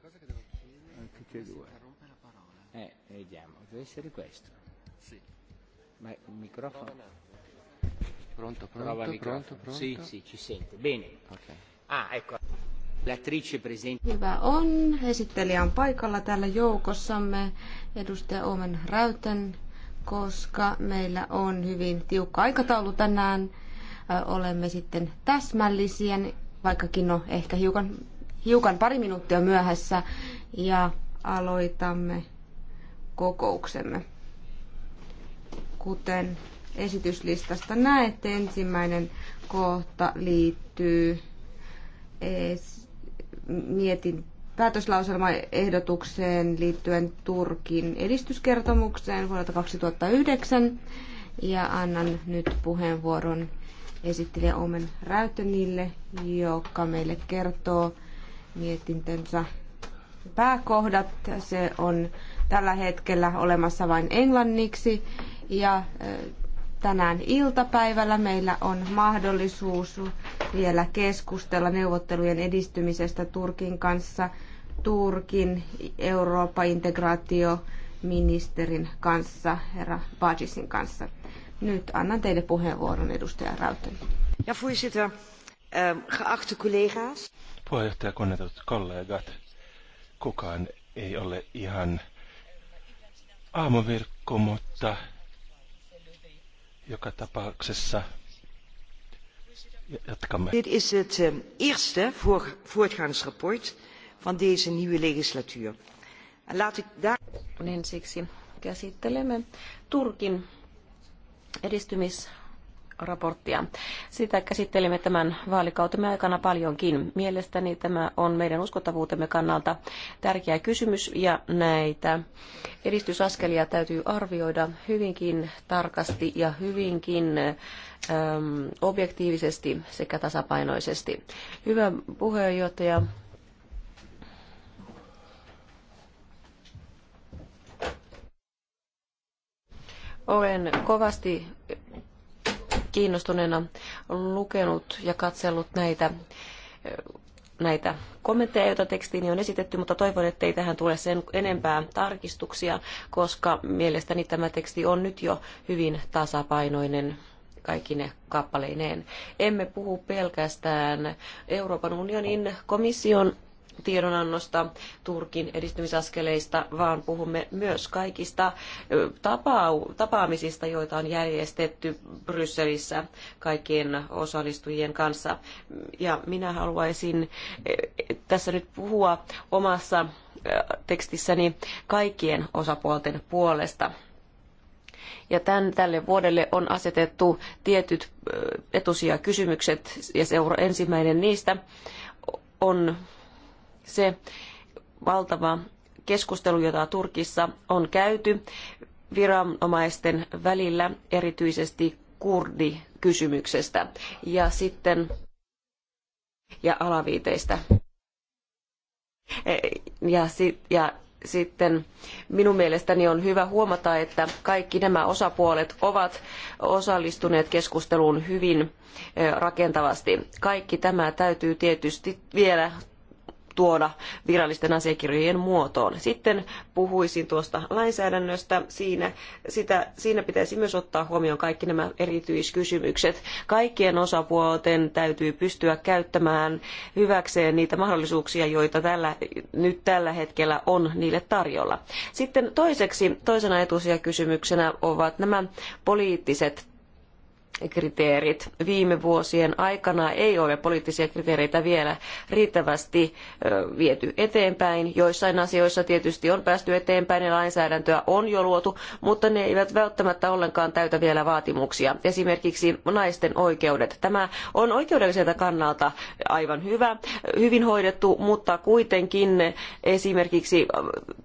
cosa che devo chiedere eh, tutti e due. interrompe la parola. Eh, vediamo, deve essere questo. Sì. Ma il microfono. Pronto, pronto, Prova pronto, pronto, pronto. Sì, sì, ci sente. Bene. Okay. Ah, ecco. L'attrice presente. Hyvä on. Esittelijä on paikalla täällä joukossamme, edustaja Omen Rauten, koska meillä on hyvin tiukka aikataulu tänään. Olemme sitten täsmällisiä, vaikkakin no ehkä hiukan hiukan pari minuuttia myöhässä ja aloitamme kokouksemme. Kuten esityslistasta näette, ensimmäinen kohta liittyy mietin päätöslauselmaehdotukseen liittyen Turkin edistyskertomukseen vuodelta 2009 ja annan nyt puheenvuoron esittelijä Omen Räytönille, joka meille kertoo mietintönsä pääkohdat. Se on tällä hetkellä olemassa vain englanniksi ja tänään iltapäivällä meillä on mahdollisuus vielä keskustella neuvottelujen edistymisestä Turkin kanssa Turkin Eurooppa-integraatio ministerin kanssa, herra Bajisin kanssa. Nyt annan teille puheenvuoron, edustaja Rauten. Ja Ehm, geachte collega's. Puheenjohtaja, kunnetut kollegat. Kukaan ei ole ihan aamuvirkku, mutta joka tapauksessa jatkamme. Dit is het ehm, eerste voortgangsrapport van deze nieuwe legislatuur. Laat ik daar... Ensiksi niin, käsittelemme Turkin edistymis raporttia. Sitä käsittelimme tämän vaalikautemme aikana paljonkin. Mielestäni tämä on meidän uskottavuutemme kannalta tärkeä kysymys ja näitä edistysaskelia täytyy arvioida hyvinkin tarkasti ja hyvinkin äm, objektiivisesti sekä tasapainoisesti. Hyvä puheenjohtaja, olen kovasti kiinnostuneena lukenut ja katsellut näitä näitä kommentteja, joita tekstiin on esitetty, mutta toivon, että ei tähän tule sen enempää tarkistuksia, koska mielestäni tämä teksti on nyt jo hyvin tasapainoinen kaikine kappaleineen. Emme puhu pelkästään Euroopan unionin komission tiedonannosta Turkin edistymisaskeleista, vaan puhumme myös kaikista tapaamisista, joita on järjestetty Brysselissä kaikkien osallistujien kanssa. Ja minä haluaisin tässä nyt puhua omassa tekstissäni kaikkien osapuolten puolesta. Ja tämän, tälle vuodelle on asetettu tietyt etusijakysymykset ja seura ensimmäinen niistä on se valtava keskustelu, jota Turkissa on käyty viranomaisten välillä, erityisesti kurdikysymyksestä ja sitten ja alaviiteistä. E, ja, ja sitten minun mielestäni on hyvä huomata, että kaikki nämä osapuolet ovat osallistuneet keskusteluun hyvin e, rakentavasti. Kaikki tämä täytyy tietysti vielä tuoda virallisten asiakirjojen muotoon. Sitten puhuisin tuosta lainsäädännöstä. Siinä, sitä, siinä pitäisi myös ottaa huomioon kaikki nämä erityiskysymykset. Kaikkien osapuolten täytyy pystyä käyttämään hyväkseen niitä mahdollisuuksia, joita tällä, nyt tällä hetkellä on niille tarjolla. Sitten toiseksi, toisena etusijakysymyksenä ovat nämä poliittiset kriteerit. Viime vuosien aikana ei ole poliittisia kriteereitä vielä riittävästi viety eteenpäin. Joissain asioissa tietysti on päästy eteenpäin ja lainsäädäntöä on jo luotu, mutta ne eivät välttämättä ollenkaan täytä vielä vaatimuksia. Esimerkiksi naisten oikeudet. Tämä on oikeudelliselta kannalta aivan hyvä, hyvin hoidettu, mutta kuitenkin esimerkiksi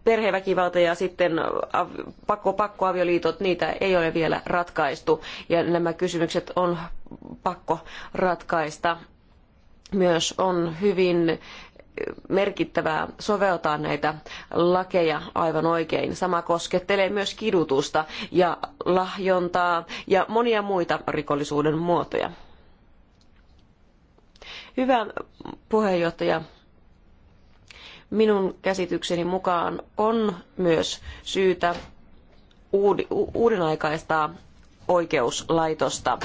perheväkivalta ja sitten pakko, pakkoavioliitot, niitä ei ole vielä ratkaistu. Ja nämä kysy kysymykset on pakko ratkaista. Myös on hyvin merkittävää soveltaa näitä lakeja aivan oikein. Sama koskettelee myös kidutusta ja lahjontaa ja monia muita rikollisuuden muotoja. Hyvä puheenjohtaja, minun käsitykseni mukaan on myös syytä uudenaikaistaa oikeuslaitosta.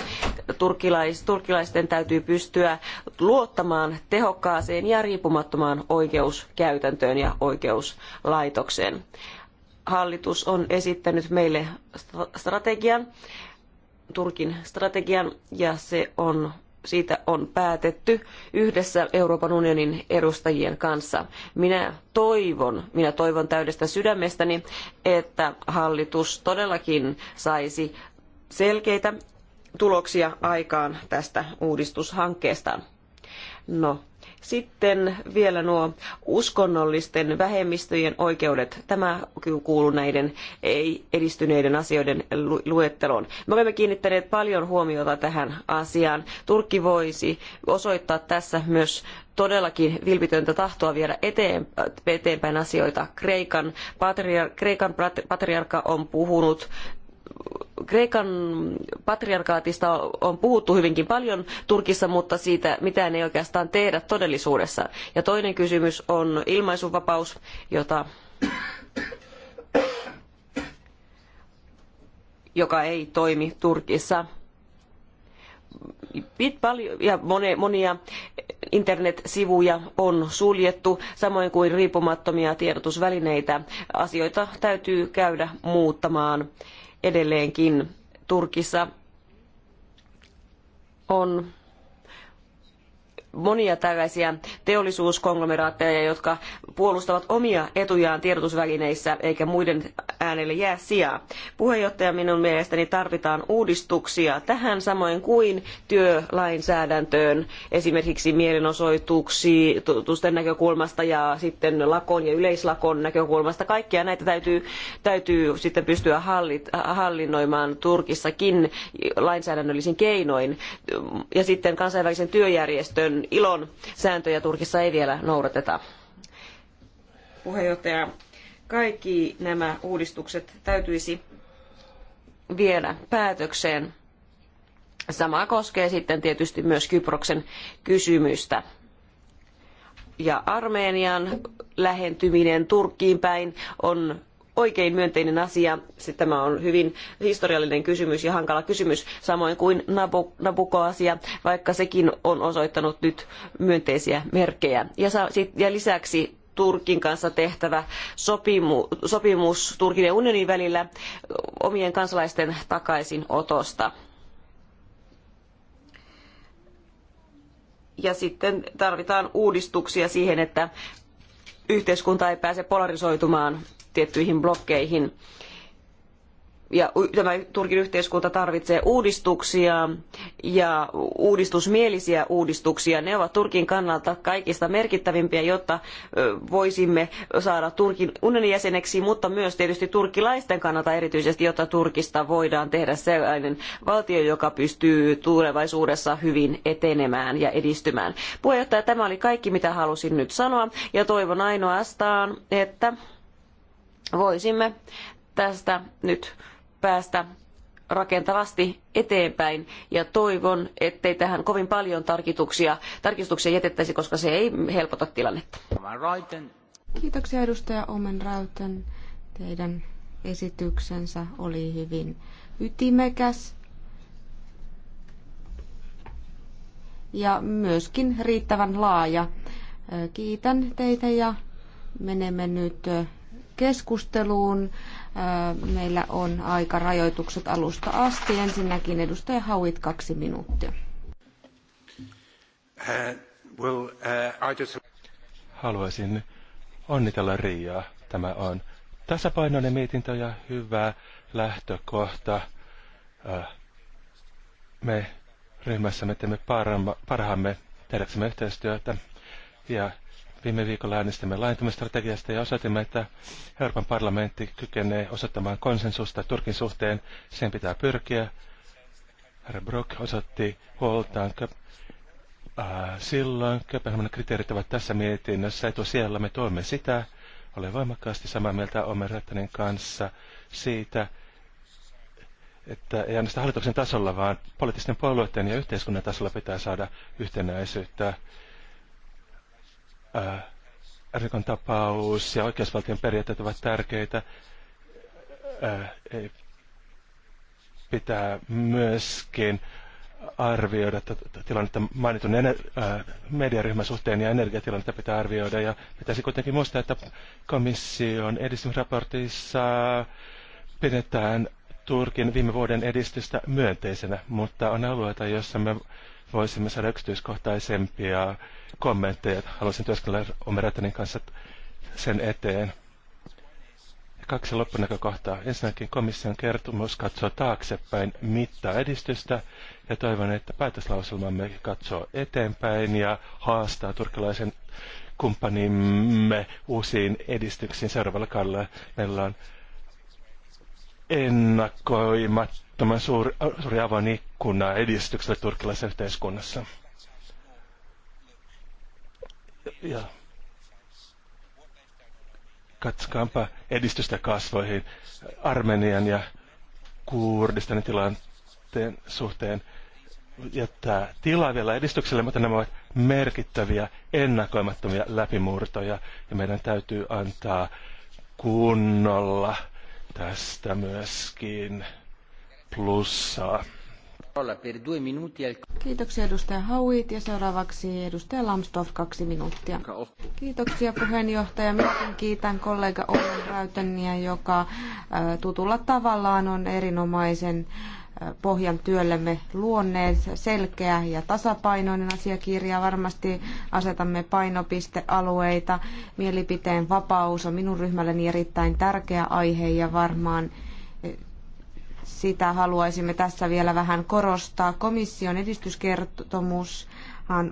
Turkilais, turkilaisten täytyy pystyä luottamaan tehokkaaseen ja riippumattomaan oikeuskäytäntöön ja oikeuslaitokseen. Hallitus on esittänyt meille strategian, Turkin strategian, ja se on siitä on päätetty yhdessä Euroopan unionin edustajien kanssa. Minä toivon, minä toivon täydestä sydämestäni, että hallitus todellakin saisi selkeitä tuloksia aikaan tästä uudistushankkeesta. No, sitten vielä nuo uskonnollisten vähemmistöjen oikeudet. Tämä kuuluu näiden ei edistyneiden asioiden luetteloon. Me olemme kiinnittäneet paljon huomiota tähän asiaan. Turkki voisi osoittaa tässä myös todellakin vilpitöntä tahtoa viedä eteenpäin asioita. Kreikan, patriar, Kreikan patriarkka on puhunut Kreikan patriarkaatista on puhuttu hyvinkin paljon Turkissa, mutta siitä mitään ei oikeastaan tehdä todellisuudessa. Ja toinen kysymys on ilmaisuvapaus, jota joka ei toimi Turkissa. Pit paljon, ja monia internetsivuja on suljettu, samoin kuin riippumattomia tiedotusvälineitä. Asioita täytyy käydä muuttamaan edelleenkin Turkissa on monia tällaisia teollisuuskonglomeraatteja, jotka puolustavat omia etujaan tiedotusvälineissä eikä muiden äänelle jää sijaa. Puheenjohtaja, minun mielestäni tarvitaan uudistuksia tähän samoin kuin työlainsäädäntöön, esimerkiksi mielenosoitusten näkökulmasta ja sitten lakon ja yleislakon näkökulmasta. Kaikkia näitä täytyy, täytyy sitten pystyä hallit, hallinnoimaan Turkissakin lainsäädännöllisin keinoin. Ja sitten kansainvälisen työjärjestön ilon sääntöjä Turkissa ei vielä noudateta. Puheenjohtaja, kaikki nämä uudistukset täytyisi viedä päätökseen. Sama koskee sitten tietysti myös Kyproksen kysymystä. Ja Armenian lähentyminen Turkkiin päin on oikein myönteinen asia. Tämä on hyvin historiallinen kysymys ja hankala kysymys, samoin kuin Nabucco-asia, vaikka sekin on osoittanut nyt myönteisiä merkkejä. Ja, lisäksi Turkin kanssa tehtävä sopimu, sopimus Turkin ja unionin välillä omien kansalaisten takaisinotosta. Ja sitten tarvitaan uudistuksia siihen, että yhteiskunta ei pääse polarisoitumaan tiettyihin blokkeihin. Ja tämä Turkin yhteiskunta tarvitsee uudistuksia ja uudistusmielisiä uudistuksia. Ne ovat Turkin kannalta kaikista merkittävimpiä, jotta voisimme saada Turkin unionin jäseneksi, mutta myös tietysti turkkilaisten kannalta erityisesti, jotta Turkista voidaan tehdä sellainen valtio, joka pystyy tulevaisuudessa hyvin etenemään ja edistymään. Puheenjohtaja, tämä oli kaikki, mitä halusin nyt sanoa ja toivon ainoastaan, että voisimme tästä nyt päästä rakentavasti eteenpäin ja toivon, ettei tähän kovin paljon tarkistuksia, tarkistuksia jätettäisi, koska se ei helpota tilannetta. Kiitoksia edustaja Omen Rauten. Teidän esityksensä oli hyvin ytimekäs ja myöskin riittävän laaja. Kiitän teitä ja menemme nyt keskusteluun. Meillä on aika rajoitukset alusta asti. Ensinnäkin edustaja Hauit kaksi minuuttia. Uh, uh, Haluaisin onnitella Riiaa. Tämä on tasapainoinen mietintö ja hyvä lähtökohta. Me ryhmässämme teemme parhaamme tehdäksemme yhteistyötä ja Viime viikolla äänestimme laajentumistrategiasta ja osoitimme, että Euroopan parlamentti kykenee osoittamaan konsensusta Turkin suhteen. Sen pitää pyrkiä. Herra Brock osoitti huoltaan silloin Kööpenhaminan kriteerit ovat tässä mietinnössä siellä Me tuomme sitä. Olen voimakkaasti samaa mieltä Omer Rättänen kanssa siitä, että ei ainoastaan hallituksen tasolla, vaan poliittisten puolueiden ja yhteiskunnan tasolla pitää saada yhtenäisyyttä ää, äh, rikon tapaus ja oikeusvaltion periaatteet ovat tärkeitä. Ää, äh, ei pitää myöskin arvioida tilannetta mainitun ener- ää, äh, mediaryhmän suhteen ja energiatilannetta pitää arvioida. Ja pitäisi kuitenkin muistaa, että komission edistysraportissa pidetään Turkin viime vuoden edistystä myönteisenä, mutta on alueita, joissa me voisimme saada yksityiskohtaisempia kommentteja. Haluaisin työskennellä Omerätänin kanssa sen eteen. Kaksi loppunäkökohtaa. Ensinnäkin komission kertomus katsoo taaksepäin mittaa edistystä ja toivon, että päätöslauselmamme katsoo eteenpäin ja haastaa turkilaisen kumppanimme uusiin edistyksiin seuraavalla kaudella. Meillä on ennakoimattoman suuri, suuri avoin ikkuna edistykselle turkilaisessa yhteiskunnassa. Ja katsokaanpa edistystä kasvoihin Armenian ja Kurdistanin tilanteen suhteen jättää tilaa vielä edistykselle, mutta nämä ovat merkittäviä ennakoimattomia läpimurtoja ja meidän täytyy antaa kunnolla – tästä myöskin plussaa. Kiitoksia edustaja Hauit ja seuraavaksi edustaja Lamstorff kaksi minuuttia. Kiitoksia puheenjohtaja. Minäkin kiitän kollega Olli Räytäniä, joka tutulla tavallaan on erinomaisen äh, pohjan työllemme luonneet selkeä ja tasapainoinen asiakirja. Varmasti asetamme painopistealueita. Mielipiteen vapaus on minun ryhmälleni erittäin tärkeä aihe ja varmaan eh, sitä haluaisimme tässä vielä vähän korostaa. Komission edistyskertomus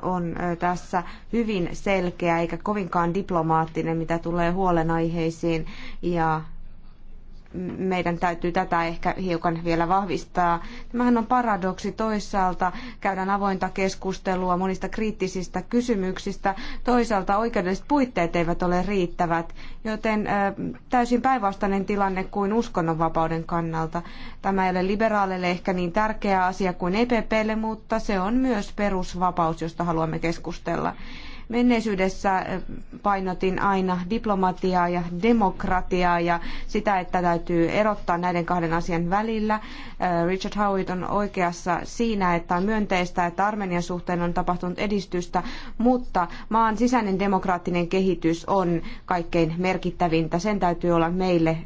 on eh, tässä hyvin selkeä eikä kovinkaan diplomaattinen, mitä tulee huolenaiheisiin ja meidän täytyy tätä ehkä hiukan vielä vahvistaa. Tämähän on paradoksi toisaalta. Käydään avointa keskustelua monista kriittisistä kysymyksistä. Toisaalta oikeudelliset puitteet eivät ole riittävät, joten täysin päinvastainen tilanne kuin uskonnonvapauden kannalta. Tämä ei ole liberaaleille ehkä niin tärkeä asia kuin EPPlle, mutta se on myös perusvapaus, josta haluamme keskustella. Menneisyydessä painotin aina diplomatiaa ja demokratiaa ja sitä, että täytyy erottaa näiden kahden asian välillä. Richard Howitt on oikeassa siinä, että on myönteistä, että Armenian suhteen on tapahtunut edistystä, mutta maan sisäinen demokraattinen kehitys on kaikkein merkittävintä. Sen täytyy olla meille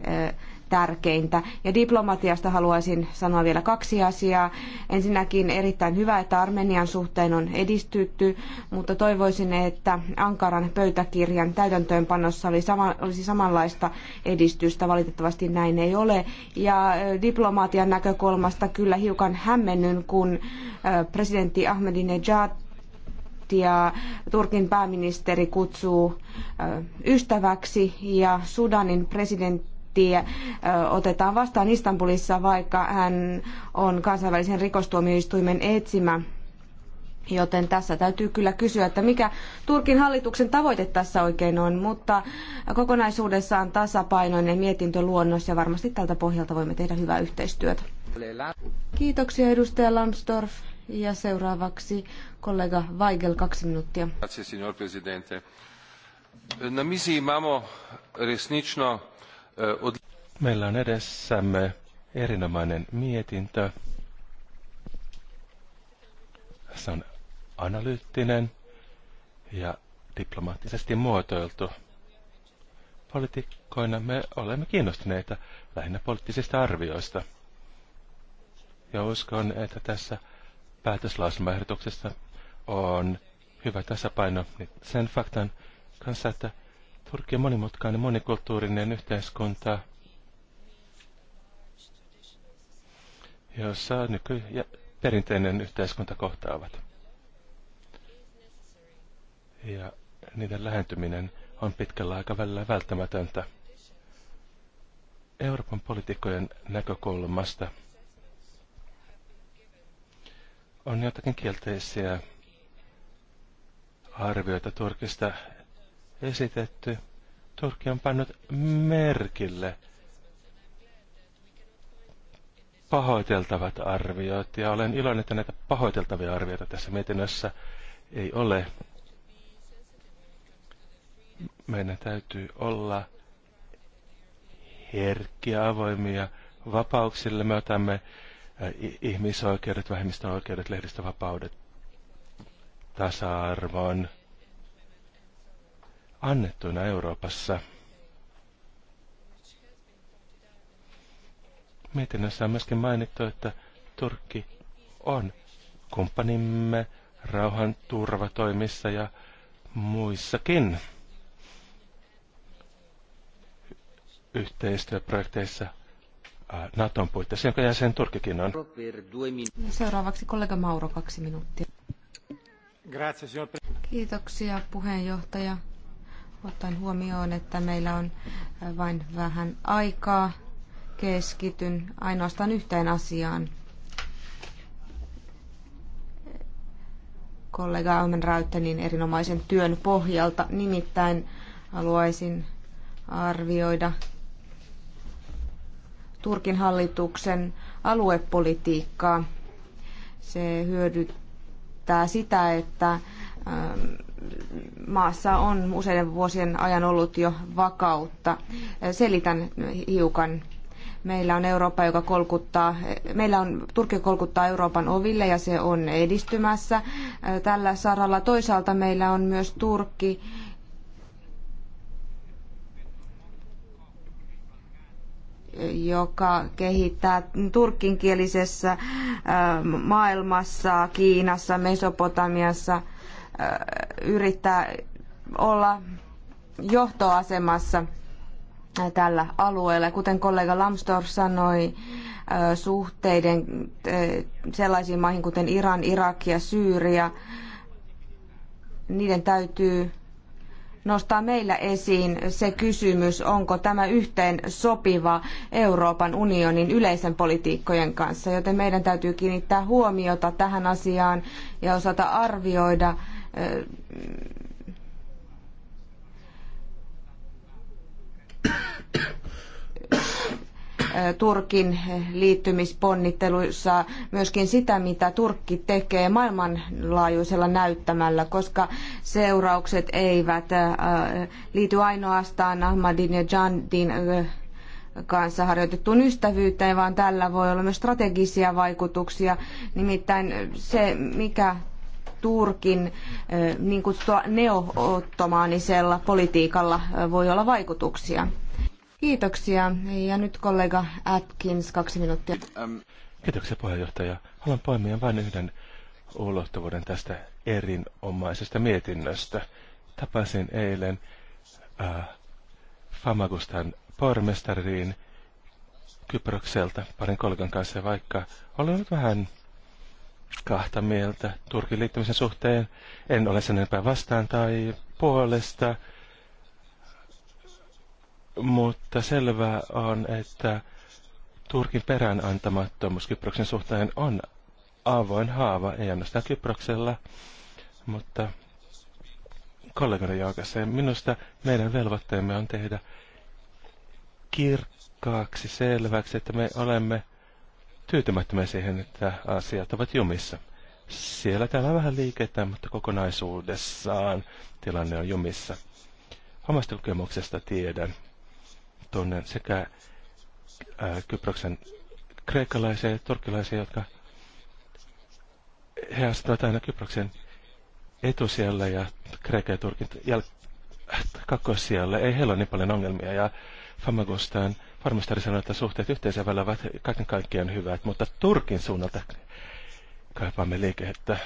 tärkeintä. Ja diplomatiasta haluaisin sanoa vielä kaksi asiaa. Ensinnäkin erittäin hyvä, että Armenian suhteen on edistytty, mutta toivoisin, että Ankaran pöytäkirjan täytäntöönpanossa oli sama, olisi samanlaista edistystä. Valitettavasti näin ei ole. Ja diplomatian näkökulmasta kyllä hiukan hämmennyn, kun presidentti Ahmadinejad ja Turkin pääministeri kutsuu ystäväksi ja Sudanin presidentti tie otetaan vastaan Istanbulissa, vaikka hän on kansainvälisen rikostuomioistuimen etsimä. Joten tässä täytyy kyllä kysyä, että mikä Turkin hallituksen tavoite tässä oikein on, mutta kokonaisuudessaan tasapainoinen mietintöluonnos ja varmasti tältä pohjalta voimme tehdä hyvää yhteistyötä. Kiitoksia edustaja Lambsdorff ja seuraavaksi kollega Weigel kaksi minuuttia. Grazie signor Presidente. Na imamo resnično Meillä on edessämme erinomainen mietintö. Se on analyyttinen ja diplomaattisesti muotoiltu. Poliitikkoina me olemme kiinnostuneita lähinnä poliittisista arvioista. Ja uskon, että tässä päätöslausumaehdotuksessa on hyvä tasapaino sen faktan kanssa, että Turkki on monimutkainen monikulttuurinen yhteiskunta, jossa nyky- ja perinteinen yhteiskunta kohtaavat. Ja niiden lähentyminen on pitkällä aikavälillä välttämätöntä. Euroopan poliitikkojen näkökulmasta on jotakin kielteisiä arvioita Turkista esitetty. Turkki on pannut merkille pahoiteltavat arviot, ja olen iloinen, että näitä pahoiteltavia arvioita tässä mietinnössä ei ole. Meidän täytyy olla herkkiä, avoimia vapauksille. Me otamme ihmisoikeudet, vähemmistöoikeudet, lehdistövapaudet, tasa-arvon, annettuina Euroopassa. Mietinnössä on myöskin mainittu, että Turkki on kumppanimme rauhan turvatoimissa ja muissakin yhteistyöprojekteissa Naton puitteissa, jonka jäsen Turkikin on. Seuraavaksi kollega Mauro, kaksi minuuttia. Kiitoksia puheenjohtaja. Ottaen huomioon, että meillä on äh, vain vähän aikaa, keskityn ainoastaan yhteen asiaan. kollega Almen Rautenin erinomaisen työn pohjalta. Nimittäin haluaisin arvioida Turkin hallituksen aluepolitiikkaa. Se hyödyttää sitä, että Ähm, maassa on useiden vuosien ajan ollut jo vakautta. Äh, selitän hiukan. Meillä on Eurooppa, joka kolkuttaa, äh, meillä on Turkki kolkuttaa Euroopan oville ja se on edistymässä äh, tällä saralla. Toisaalta meillä on myös Turkki, joka kehittää turkinkielisessä maailmassa, Kiinassa, Mesopotamiassa Äh, yrittää olla johtoasemassa tällä alueella. Kuten kollega Lambsdorff sanoi, äh, suhteiden äh, sellaisiin maihin kuten Iran, Irak ja Syyria, niiden täytyy nostaa meillä esiin se kysymys, onko tämä yhteen sopiva Euroopan unionin yleisen politiikkojen kanssa, joten meidän täytyy kiinnittää huomiota tähän asiaan ja osata arvioida Turkin liittymisponnitteluissa myöskin sitä, mitä Turkki tekee maailmanlaajuisella näyttämällä, koska seuraukset eivät liity ainoastaan Jandin kanssa harjoitettuun ystävyyteen, vaan tällä voi olla myös strategisia vaikutuksia. Nimittäin se, mikä Turkin niin kutsuttua neo-ottomaanisella politiikalla voi olla vaikutuksia. Kiitoksia. Ja nyt kollega Atkins, kaksi minuuttia. Kiitoksia puheenjohtaja. Haluan poimia vain yhden ulottuvuuden tästä erinomaisesta mietinnöstä. Tapasin eilen äh, Famagustan pormestariin Kyprokselta parin kollegan kanssa, vaikka olen ollut vähän kahta mieltä Turkin liittymisen suhteen. En ole sen enempää vastaan tai puolesta, mutta selvää on, että Turkin perään antamattomuus Kyproksen suhteen on avoin haava, ei ainoastaan Kyproksella, mutta kollegoiden joukossa. Ja minusta meidän velvoitteemme on tehdä kirkkaaksi selväksi, että me olemme tyytymättömiä siihen, että asiat ovat jumissa. Siellä täällä vähän liikettä, mutta kokonaisuudessaan tilanne on jumissa. Omasta lukemuksesta tiedän, tunnen sekä ää, äh, Kyproksen kreikkalaisia ja turkkilaisia, jotka he asettavat aina Kyproksen etusijalle ja kreikka ja Turkin jäl- äh, kakkosijalle. Ei heillä ole niin paljon ongelmia ja Famagustaan Varmistari sanoi, että suhteet yhteisön välillä ovat kaiken kaikkiaan hyvät, mutta Turkin suunnalta kaipaamme liikettä.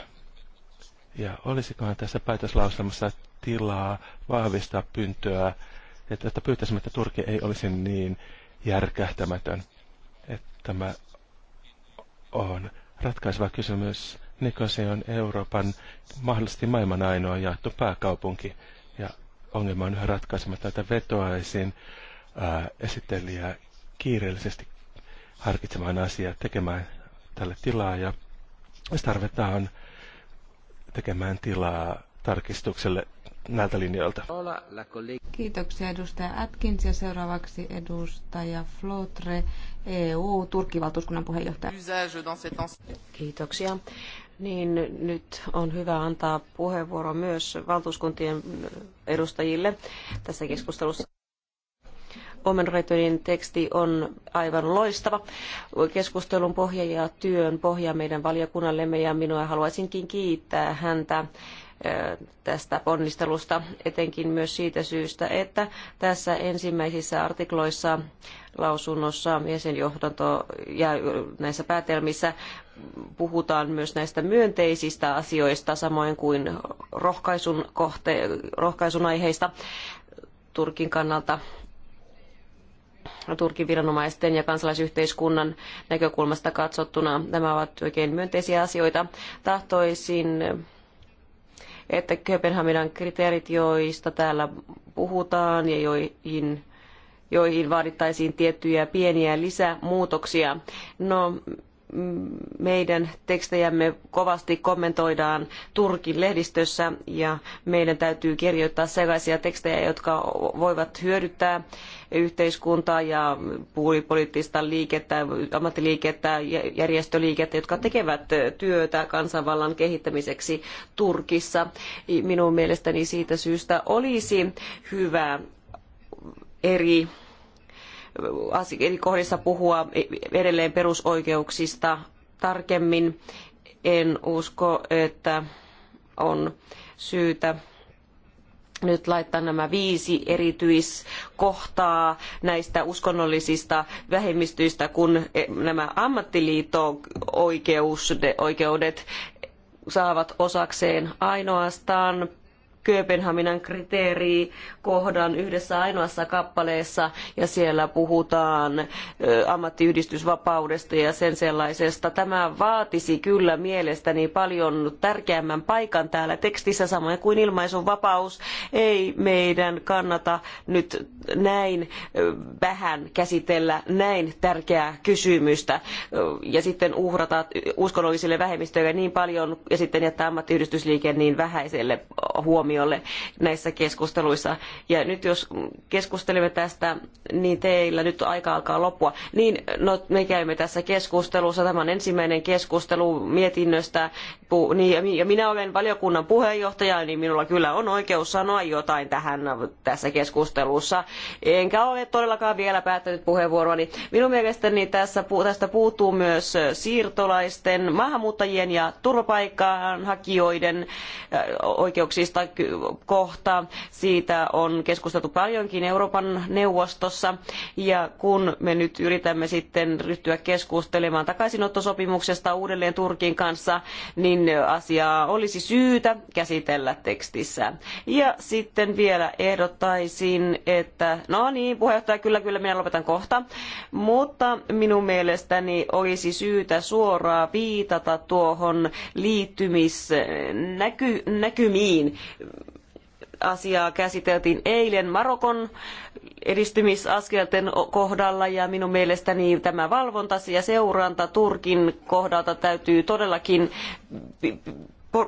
Ja olisikohan tässä päätöslauselmassa tilaa vahvistaa pyyntöä, että, että pyytäisimme, että Turki ei olisi niin järkähtämätön. Että tämä on ratkaiseva kysymys. Nikosi on Euroopan mahdollisesti maailman ainoa jaettu pääkaupunki. Ja ongelma on yhä ratkaisematta, että vetoaisin ää, esittelijää kiireellisesti harkitsemaan asiaa, tekemään tälle tilaa ja jos tarvitaan tekemään tilaa tarkistukselle näiltä linjoilta. Kiitoksia edustaja Atkins ja seuraavaksi edustaja Flotre, EU-Turkkivaltuuskunnan puheenjohtaja. Kiitoksia. Niin nyt on hyvä antaa puheenvuoro myös valtuuskuntien edustajille tässä keskustelussa. Omenreitonin teksti on aivan loistava keskustelun pohja ja työn pohja meidän valiokunnallemme ja minua haluaisinkin kiittää häntä eh, tästä ponnistelusta, etenkin myös siitä syystä, että tässä ensimmäisissä artikloissa lausunnossa ja ja näissä päätelmissä puhutaan myös näistä myönteisistä asioista, samoin kuin rohkaisun, kohte, rohkaisun aiheista Turkin kannalta Turkin viranomaisten ja kansalaisyhteiskunnan näkökulmasta katsottuna. Nämä ovat oikein myönteisiä asioita. Tahtoisin, että Kööpenhaminan kriteerit, joista täällä puhutaan ja joihin joihin vaadittaisiin tiettyjä pieniä lisämuutoksia. No, meidän tekstejämme kovasti kommentoidaan Turkin lehdistössä ja meidän täytyy kirjoittaa sellaisia tekstejä, jotka voivat hyödyttää yhteiskuntaa ja puolipoliittista liikettä, ammattiliikettä, järjestöliikettä, jotka tekevät työtä kansanvallan kehittämiseksi Turkissa. Minun mielestäni siitä syystä olisi hyvä eri eri kohdissa puhua edelleen perusoikeuksista tarkemmin. En usko, että on syytä nyt laittaa nämä viisi erityiskohtaa näistä uskonnollisista vähemmistöistä, kun e, nämä ammattiliitto-oikeudet saavat osakseen ainoastaan Kööpenhaminan kriteeri kohdan yhdessä ainoassa kappaleessa ja siellä puhutaan ammattiyhdistysvapaudesta ja sen sellaisesta. Tämä vaatisi kyllä mielestäni paljon tärkeämmän paikan täällä tekstissä samoin kuin ilmaisun vapaus. Ei meidän kannata nyt näin vähän käsitellä näin tärkeää kysymystä ja sitten uhrata uskonnollisille vähemmistöille niin paljon ja sitten jättää ammattiyhdistysliike niin vähäiselle huomiolle huomiolle näissä keskusteluissa. Ja nyt jos keskustelemme tästä, niin teillä nyt aika alkaa loppua. Niin, no me käymme tässä keskustelussa, tämä on ensimmäinen keskustelu mietinnöstä, niin, ja minä olen valiokunnan puheenjohtaja, niin minulla kyllä on oikeus sanoa jotain tähän tässä keskustelussa. Enkä ole todellakaan vielä päättänyt puheenvuoroani. Minun mielestäni tässä, tästä puuttuu myös siirtolaisten, maahanmuuttajien ja turvapaikanhakijoiden oikeuksista kohta. Siitä on keskusteltu paljonkin Euroopan neuvostossa ja kun me nyt yritämme sitten ryhtyä keskustelemaan takaisinottosopimuksesta uudelleen Turkin kanssa, niin asiaa olisi syytä käsitellä tekstissä. Ja sitten vielä ehdottaisin, että no niin, puheenjohtaja, kyllä, kyllä, minä lopetan kohta, mutta minun mielestäni olisi syytä suoraan viitata tuohon liittymisnäkymiin, asiaa käsiteltiin eilen Marokon edistymisaskelten kohdalla ja minun mielestäni tämä valvonta ja seuranta Turkin kohdalta täytyy todellakin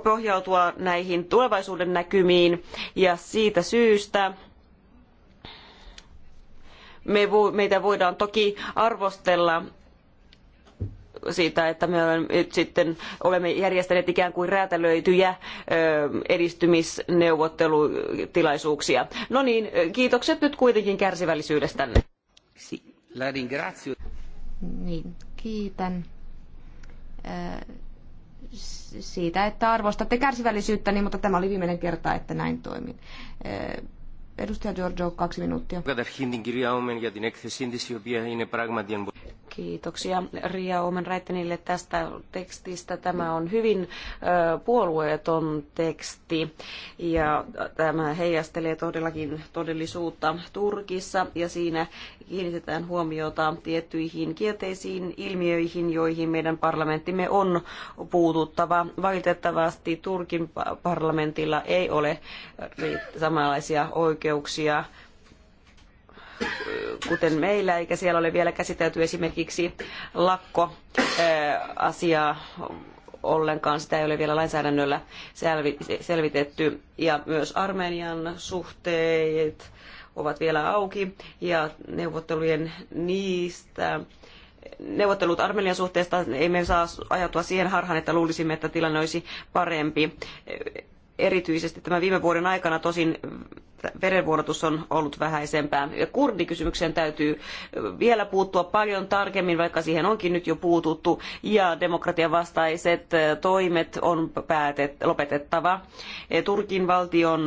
pohjautua näihin tulevaisuuden näkymiin ja siitä syystä meitä voidaan toki arvostella siitä, että me olemme nyt sitten olemme järjestäneet ikään kuin räätälöityjä edistymisneuvottelutilaisuuksia. No niin, kiitokset nyt kuitenkin kärsivällisyydestänne. Niin, kiitän siitä, että arvostatte kärsivällisyyttäni, niin, mutta tämä oli viimeinen kerta, että näin toimin. Edustaja Giorgio, kaksi minuuttia. Kiitoksia Ria Omen Räittenille tästä tekstistä. Tämä on hyvin puolueeton teksti ja tämä heijastelee todellakin todellisuutta Turkissa ja siinä kiinnitetään huomiota tiettyihin kielteisiin ilmiöihin, joihin meidän parlamenttimme on puututtava. Valitettavasti Turkin parlamentilla ei ole samanlaisia oikeuksia kuten meillä, eikä siellä ole vielä käsitelty esimerkiksi lakkoasiaa ollenkaan, sitä ei ole vielä lainsäädännöllä selvitetty. Ja myös Armenian suhteet ovat vielä auki ja neuvottelujen niistä neuvottelut Armenian suhteesta, emme saa ajatua siihen harhaan, että luulisimme, että tilanne olisi parempi erityisesti tämän viime vuoden aikana tosin verenvuodatus on ollut vähäisempää. Kurdikysymykseen täytyy vielä puuttua paljon tarkemmin, vaikka siihen onkin nyt jo puututtu, ja demokratian vastaiset toimet on päätet, lopetettava. Turkin valtion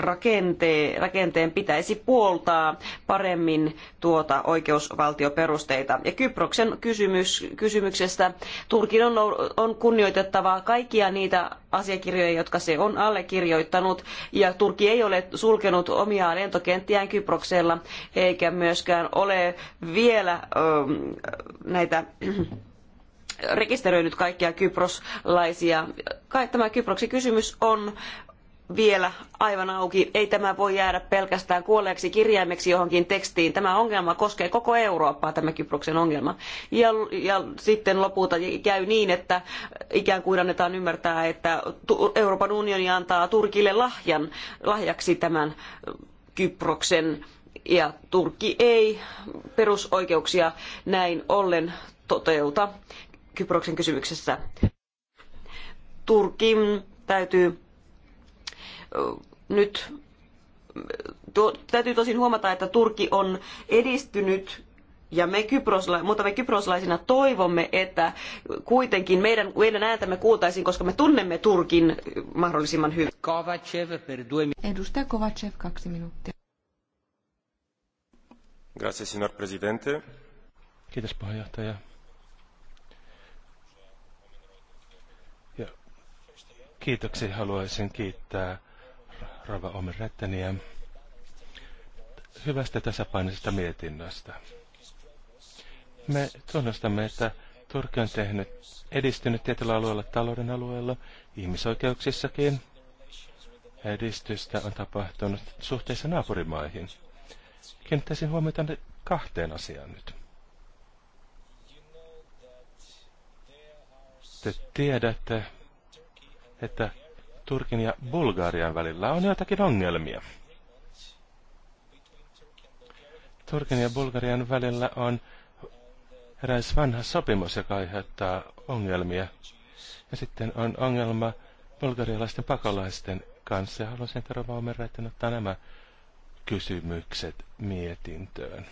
rakenteen, rakenteen pitäisi puoltaa paremmin tuota oikeusvaltioperusteita. Ja Kyproksen kysymys, kysymyksestä Turkin on, on kunnioitettava kaikkia niitä asiakirjoja, jotka se on allekirjoittanut, ja Turkki ei ole sulkenut omia lentokenttiään Kyproksella, eikä myöskään ole vielä ö, näitä rekisteröinyt kaikkia kyproslaisia. Tämä Kyproksen kysymys on vielä aivan auki. Ei tämä voi jäädä pelkästään kuolleeksi kirjaimeksi johonkin tekstiin. Tämä ongelma koskee koko Eurooppaa, tämä Kyproksen ongelma. Ja, ja sitten lopulta käy niin, että ikään kuin annetaan ymmärtää, että Euroopan unioni antaa Turkille lahjan, lahjaksi tämän Kyproksen ja Turkki ei perusoikeuksia näin ollen toteuta Kyproksen kysymyksessä. Turkin täytyy nyt to, täytyy tosin huomata, että Turkki on edistynyt ja me kyprosla, mutta me kyproslaisina toivomme, että kuitenkin meidän, meidän ääntämme kuultaisiin, koska me tunnemme Turkin mahdollisimman hyvin. Kovacev per due... Edustaja Kovacev, kaksi minuuttia. Grazie, signor Presidente. Kiitos puheenjohtaja. Ja haluaisin kiittää Rava Omer Rättäniä hyvästä tasapainoisesta mietinnöstä. Me tunnustamme, että Turkki on tehnyt edistynyt tietyllä alueella talouden alueella, ihmisoikeuksissakin. Edistystä on tapahtunut suhteessa naapurimaihin. Kiinnittäisin huomiota kahteen asiaan nyt. Te tiedätte, että Turkin ja Bulgarian välillä on joitakin ongelmia. Turkin ja Bulgarian välillä on eräs vanha sopimus, joka aiheuttaa ongelmia. Ja sitten on ongelma bulgarialaisten pakolaisten kanssa. Ja haluaisin Terova Omereiden ottaa nämä kysymykset mietintöön.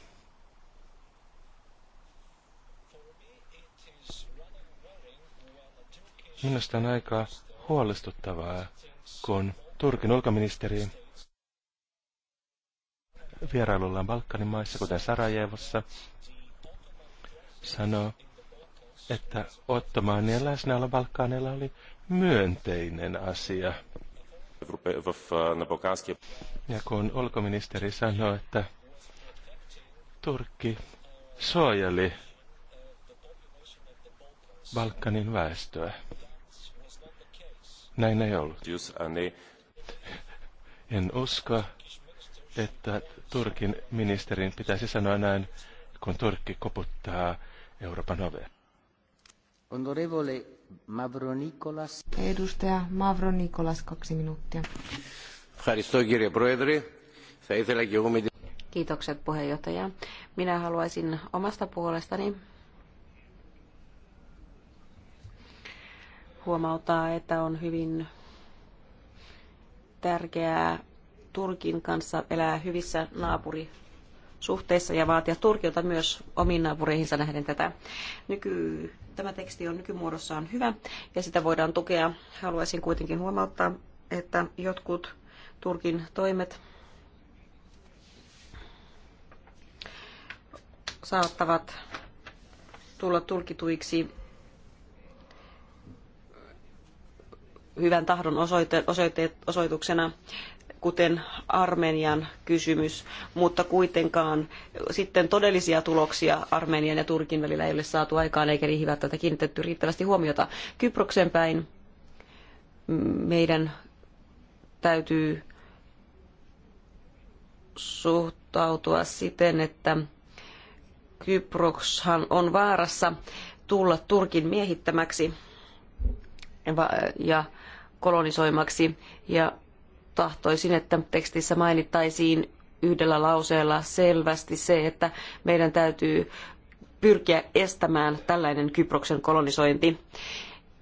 Minusta on aika huolestuttavaa, kun Turkin ulkoministeri vierailullaan Balkanin maissa, kuten Sarajevossa, sanoi, että ottomaanien läsnäolo Balkanilla oli myönteinen asia. Ja kun ulkoministeri sanoi, että Turkki suojeli Balkanin väestöä. Näin ei ollut. Äh, niin. En usko, että Turkin ministerin pitäisi sanoa näin, kun Turkki koputtaa Euroopan oveen. Onorevole Mavronikolas. Edustaja Mavronikolas, kaksi minuuttia. Kiitokset puheenjohtaja. Minä haluaisin omasta puolestani huomauttaa, että on hyvin tärkeää Turkin kanssa elää hyvissä naapurisuhteissa ja vaatia Turkilta myös omiin naapureihinsa nähden tätä. Nyky, tämä teksti on nykymuodossaan hyvä ja sitä voidaan tukea. Haluaisin kuitenkin huomauttaa, että jotkut Turkin toimet saattavat tulla tulkituiksi hyvän tahdon osoite, osoite, osoituksena kuten Armenian kysymys, mutta kuitenkaan sitten todellisia tuloksia Armenian ja Turkin välillä ei ole saatu aikaan eikä niihin välttämättä kiinnitetty riittävästi huomiota. Kyproksen päin meidän täytyy suhtautua siten, että Kyprokshan on vaarassa tulla Turkin miehittämäksi ja kolonisoimaksi ja tahtoisin, että tekstissä mainittaisiin yhdellä lauseella selvästi se, että meidän täytyy pyrkiä estämään tällainen Kyproksen kolonisointi.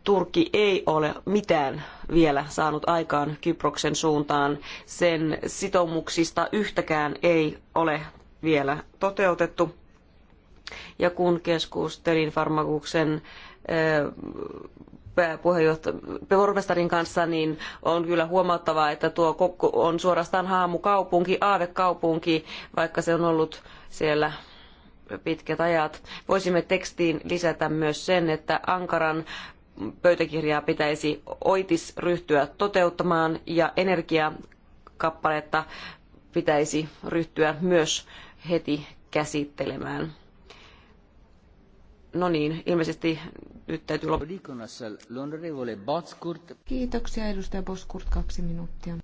Turkki ei ole mitään vielä saanut aikaan Kyproksen suuntaan. Sen sitoumuksista yhtäkään ei ole vielä toteutettu. Ja kun keskustelin Farmakuksen pormestarin kanssa, niin on kyllä huomattava, että tuo kokku on suorastaan haamukaupunki, aavekaupunki, vaikka se on ollut siellä pitkät ajat. Voisimme tekstiin lisätä myös sen, että Ankaran pöytäkirjaa pitäisi oitis ryhtyä toteuttamaan ja energiakappaletta pitäisi ryhtyä myös heti käsittelemään. No niin, ilmeisesti nyt täytyy lopettaa. Kiitoksia edustaja Boskurt, kaksi minuuttia.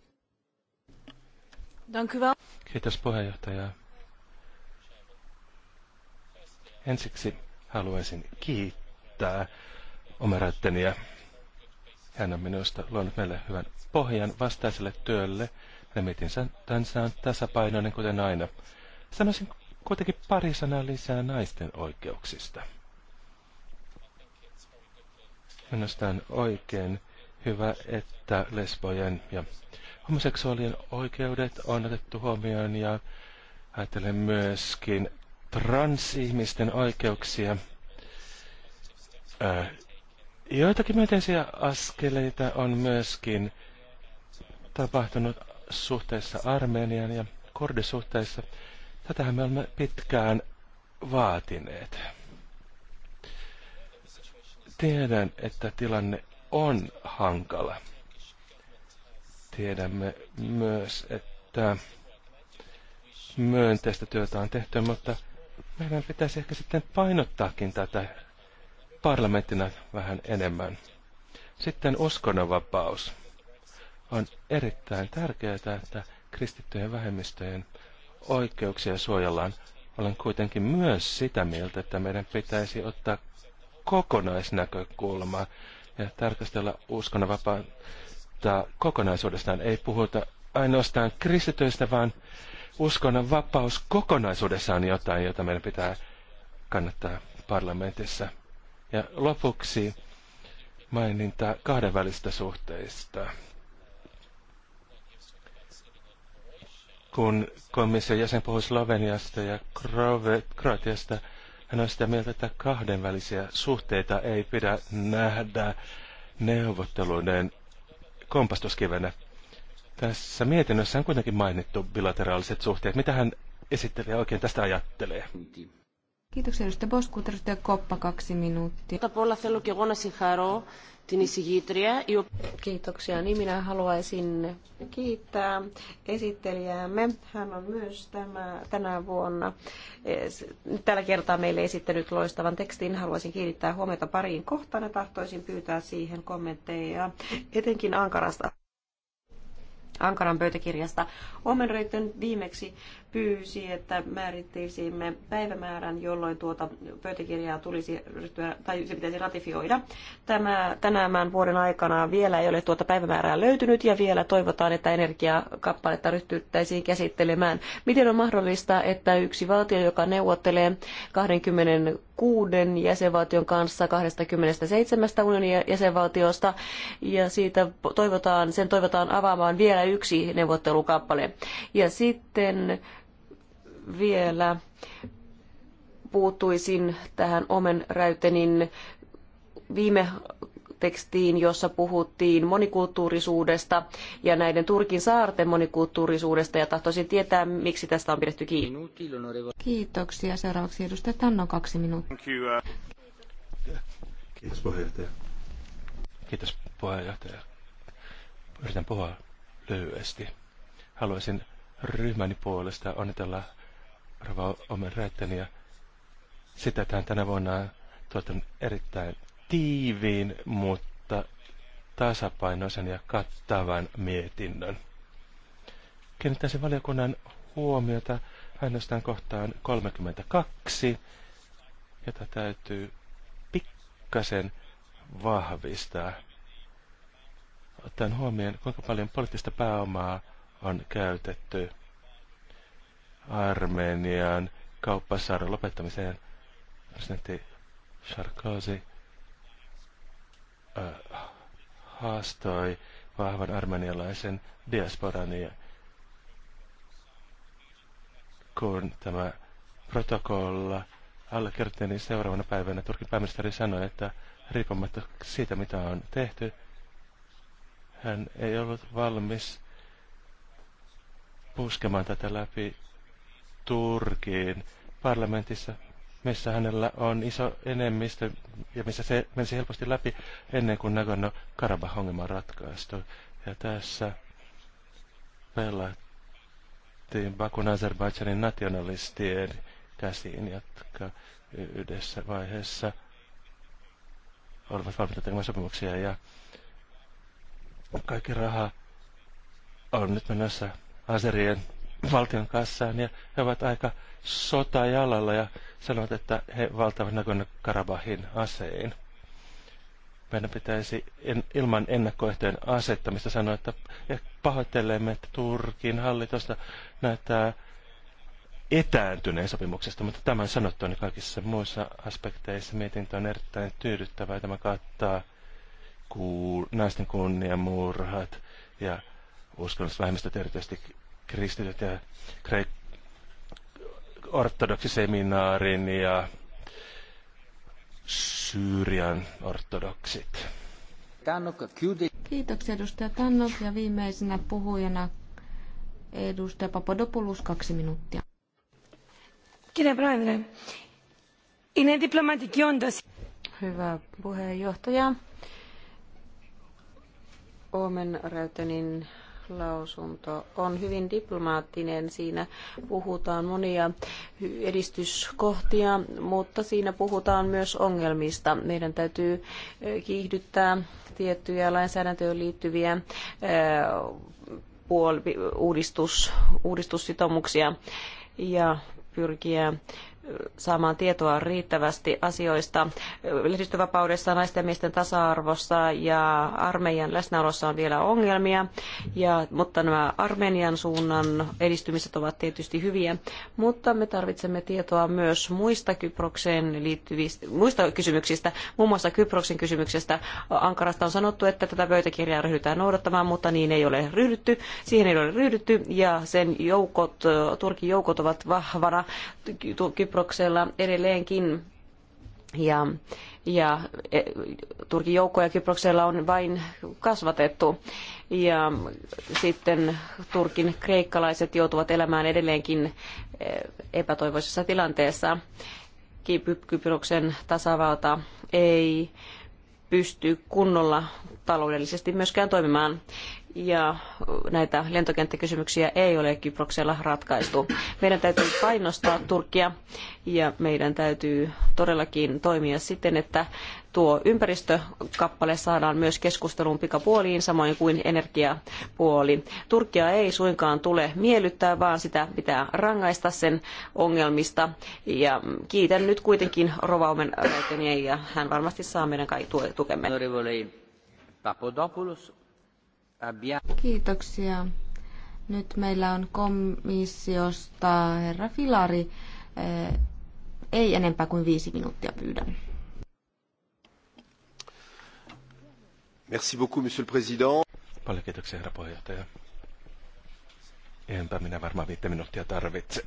Kiitos puheenjohtaja. Ensiksi haluaisin kiittää Omerattenia. Hän on minusta luonut meille hyvän pohjan vastaiselle työlle. mietin tämän on tasapainoinen kuten aina. Sanoisin kuitenkin pari sanaa lisää naisten oikeuksista. Minusta oikein hyvä, että lesbojen ja homoseksuaalien oikeudet on otettu huomioon ja ajattelen myöskin transihmisten oikeuksia. joitakin myönteisiä askeleita on myöskin tapahtunut suhteessa Armenian ja kordisuhteissa. Tätähän me olemme pitkään vaatineet. Tiedän, että tilanne on hankala. Tiedämme myös, että myönteistä työtä on tehty, mutta meidän pitäisi ehkä sitten painottaakin tätä parlamenttina vähän enemmän. Sitten uskonnonvapaus. On erittäin tärkeää, että kristittyjen vähemmistöjen oikeuksia suojellaan. Olen kuitenkin myös sitä mieltä, että meidän pitäisi ottaa kokonaisnäkökulma ja tarkastella uskonnonvapautta kokonaisuudestaan. Ei puhuta ainoastaan kristityistä, vaan uskonnonvapaus kokonaisuudessaan on jotain, jota meidän pitää kannattaa parlamentissa. Ja lopuksi maininta kahdenvälistä suhteista. Kun komission jäsen puhui Sloveniasta ja Kroatiasta, hän on sitä mieltä, että kahdenvälisiä suhteita ei pidä nähdä neuvotteluiden kompastuskivenä. Tässä mietinnössä on kuitenkin mainittu bilateraaliset suhteet. Mitä hän esittelee oikein tästä ajattelee? Kiitoksia edustaja Bosku, edustaja Koppa, kaksi minuuttia. Kiitoksia. Niin minä haluaisin kiittää esittelijäämme. Hän on myös tämä, tänä vuonna tällä kertaa meille esittänyt loistavan tekstin. Haluaisin kiinnittää huomiota pariin kohtaan ja tahtoisin pyytää siihen kommentteja, etenkin Ankarasta. Ankaran pöytäkirjasta. Omenreitten viimeksi pyysi, että määrittelisimme päivämäärän, jolloin tuota pöytäkirjaa tulisi ryhtyä, tai se pitäisi ratifioida. Tämä, tänään vuoden aikana vielä ei ole tuota päivämäärää löytynyt ja vielä toivotaan, että energiakappaletta ryhtyttäisiin käsittelemään. Miten on mahdollista, että yksi valtio, joka neuvottelee 26 jäsenvaltion kanssa 27 unionin jäsenvaltiosta ja siitä toivotaan, sen toivotaan avaamaan vielä yksi neuvottelukappale. Ja sitten vielä puuttuisin tähän Omen Räytenin viime tekstiin, jossa puhuttiin monikulttuurisuudesta ja näiden Turkin saarten monikulttuurisuudesta ja tahtoisin tietää, miksi tästä on pidetty kiinni. Kiitoksia. Seuraavaksi edustaja Tanno kaksi minuuttia. Uh, Kiitos puheenjohtaja. Kiitos puheenjohtaja. Yritän puhua lyhyesti. Haluaisin ryhmäni puolesta onnitella Rava Omen ja sitä, tähän tänä vuonna tuottanut erittäin tiiviin, mutta tasapainoisen ja kattavan mietinnön. Kiinnittäisin valiokunnan huomiota ainoastaan kohtaan 32, jota täytyy pikkasen vahvistaa. Ottaen huomioon, kuinka paljon poliittista pääomaa on käytetty – Armenian kauppasaaren lopettamiseen. Presidentti Sarkozy äh, haastoi vahvan armenialaisen diasporan ja kun tämä protokolla allekirjoitettiin, niin seuraavana päivänä Turkin pääministeri sanoi, että riippumatta siitä, mitä on tehty, hän ei ollut valmis puskemaan tätä läpi Turkiin parlamentissa, missä hänellä on iso enemmistö ja missä se menisi helposti läpi ennen kuin Nagorno-Karabah-ongelma ratkaistu. Ja tässä pelattiin Bakun Azerbaidžanin nationalistien käsiin, jotka yhdessä vaiheessa olivat valmiita tekemään sopimuksia ja kaikki raha on nyt menossa Azerien valtion kassaan ja he ovat aika sotajalalla ja sanovat, että he valtavat Nagorno-Karabahin asein. Meidän pitäisi en, ilman ennakkoehtojen asettamista sanoa, että pahoittelemme, että Turkin hallitosta näyttää etääntyneen sopimuksesta, mutta tämän sanottu niin kaikissa muissa aspekteissa mietintö on erittäin tyydyttävää. Tämä kattaa kuul- naisten kunniamurhat ja uskonnollisvähemmistöt erityisesti kristityt ja kreik- ortodoksiseminaarin ja Syyrian ortodoksit. Kiitoksia edustaja Tannok ja viimeisenä puhujana edustaja Papadopoulos kaksi minuuttia. Hyvä puheenjohtaja. Omen Räytenin lausunto on hyvin diplomaattinen. Siinä puhutaan monia edistyskohtia, mutta siinä puhutaan myös ongelmista. Meidän täytyy kiihdyttää tiettyjä lainsäädäntöön liittyviä uudistus, uudistussitoumuksia ja pyrkiä saamaan tietoa riittävästi asioista. Lehdistövapaudessa, naisten ja miesten tasa-arvossa ja armeijan läsnäolossa on vielä ongelmia, ja, mutta nämä Armenian suunnan edistymiset ovat tietysti hyviä. Mutta me tarvitsemme tietoa myös muista Kyprokseen liittyvistä, muista kysymyksistä, muun muassa Kyproksen kysymyksestä. Ankarasta on sanottu, että tätä pöytäkirjaa ryhdytään noudattamaan, mutta niin ei ole ryhdytty. Siihen ei ole ryhdytty, ja sen joukot, Turkin joukot ovat vahvana Kyproksen Kyproksella edelleenkin. Ja, ja e, Turkin joukkoja Kyproksella on vain kasvatettu. Ja sitten Turkin kreikkalaiset joutuvat elämään edelleenkin e, epätoivoisessa tilanteessa. Kyproksen tasavalta ei pysty kunnolla taloudellisesti myöskään toimimaan. Ja näitä lentokenttäkysymyksiä ei ole Kyproksella ratkaistu. Meidän täytyy painostaa Turkia ja meidän täytyy todellakin toimia siten, että tuo ympäristökappale saadaan myös keskusteluun pikapuoliin, samoin kuin energiapuoli. Turkia ei suinkaan tule miellyttää, vaan sitä pitää rangaista sen ongelmista. Ja kiitän nyt kuitenkin Rovaumen ja hän varmasti saa meidän kaikki tukemme. Kiitoksia. Nyt meillä on komissiosta herra Filari. Eh, ei enempää kuin viisi minuuttia pyydän. Merci beaucoup, monsieur le président. Paljon kiitoksia, herra puheenjohtaja. Enpä minä varmaan viittä minuuttia tarvitse.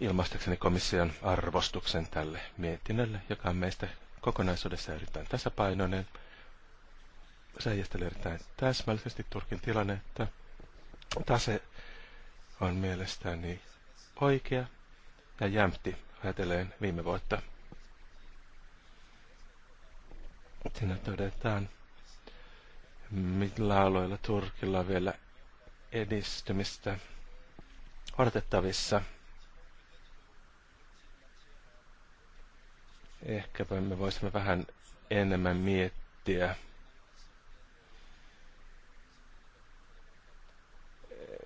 ilmaistakseni komission arvostuksen tälle mietinnölle, joka on meistä kokonaisuudessa erittäin tasapainoinen. Se heijastelee erittäin täsmällisesti Turkin tilannetta. Tase on mielestäni oikea ja jämpti ajatellen viime vuotta. Siinä todetaan, millä aloilla Turkilla on vielä edistymistä odotettavissa – Ehkäpä me voisimme vähän enemmän miettiä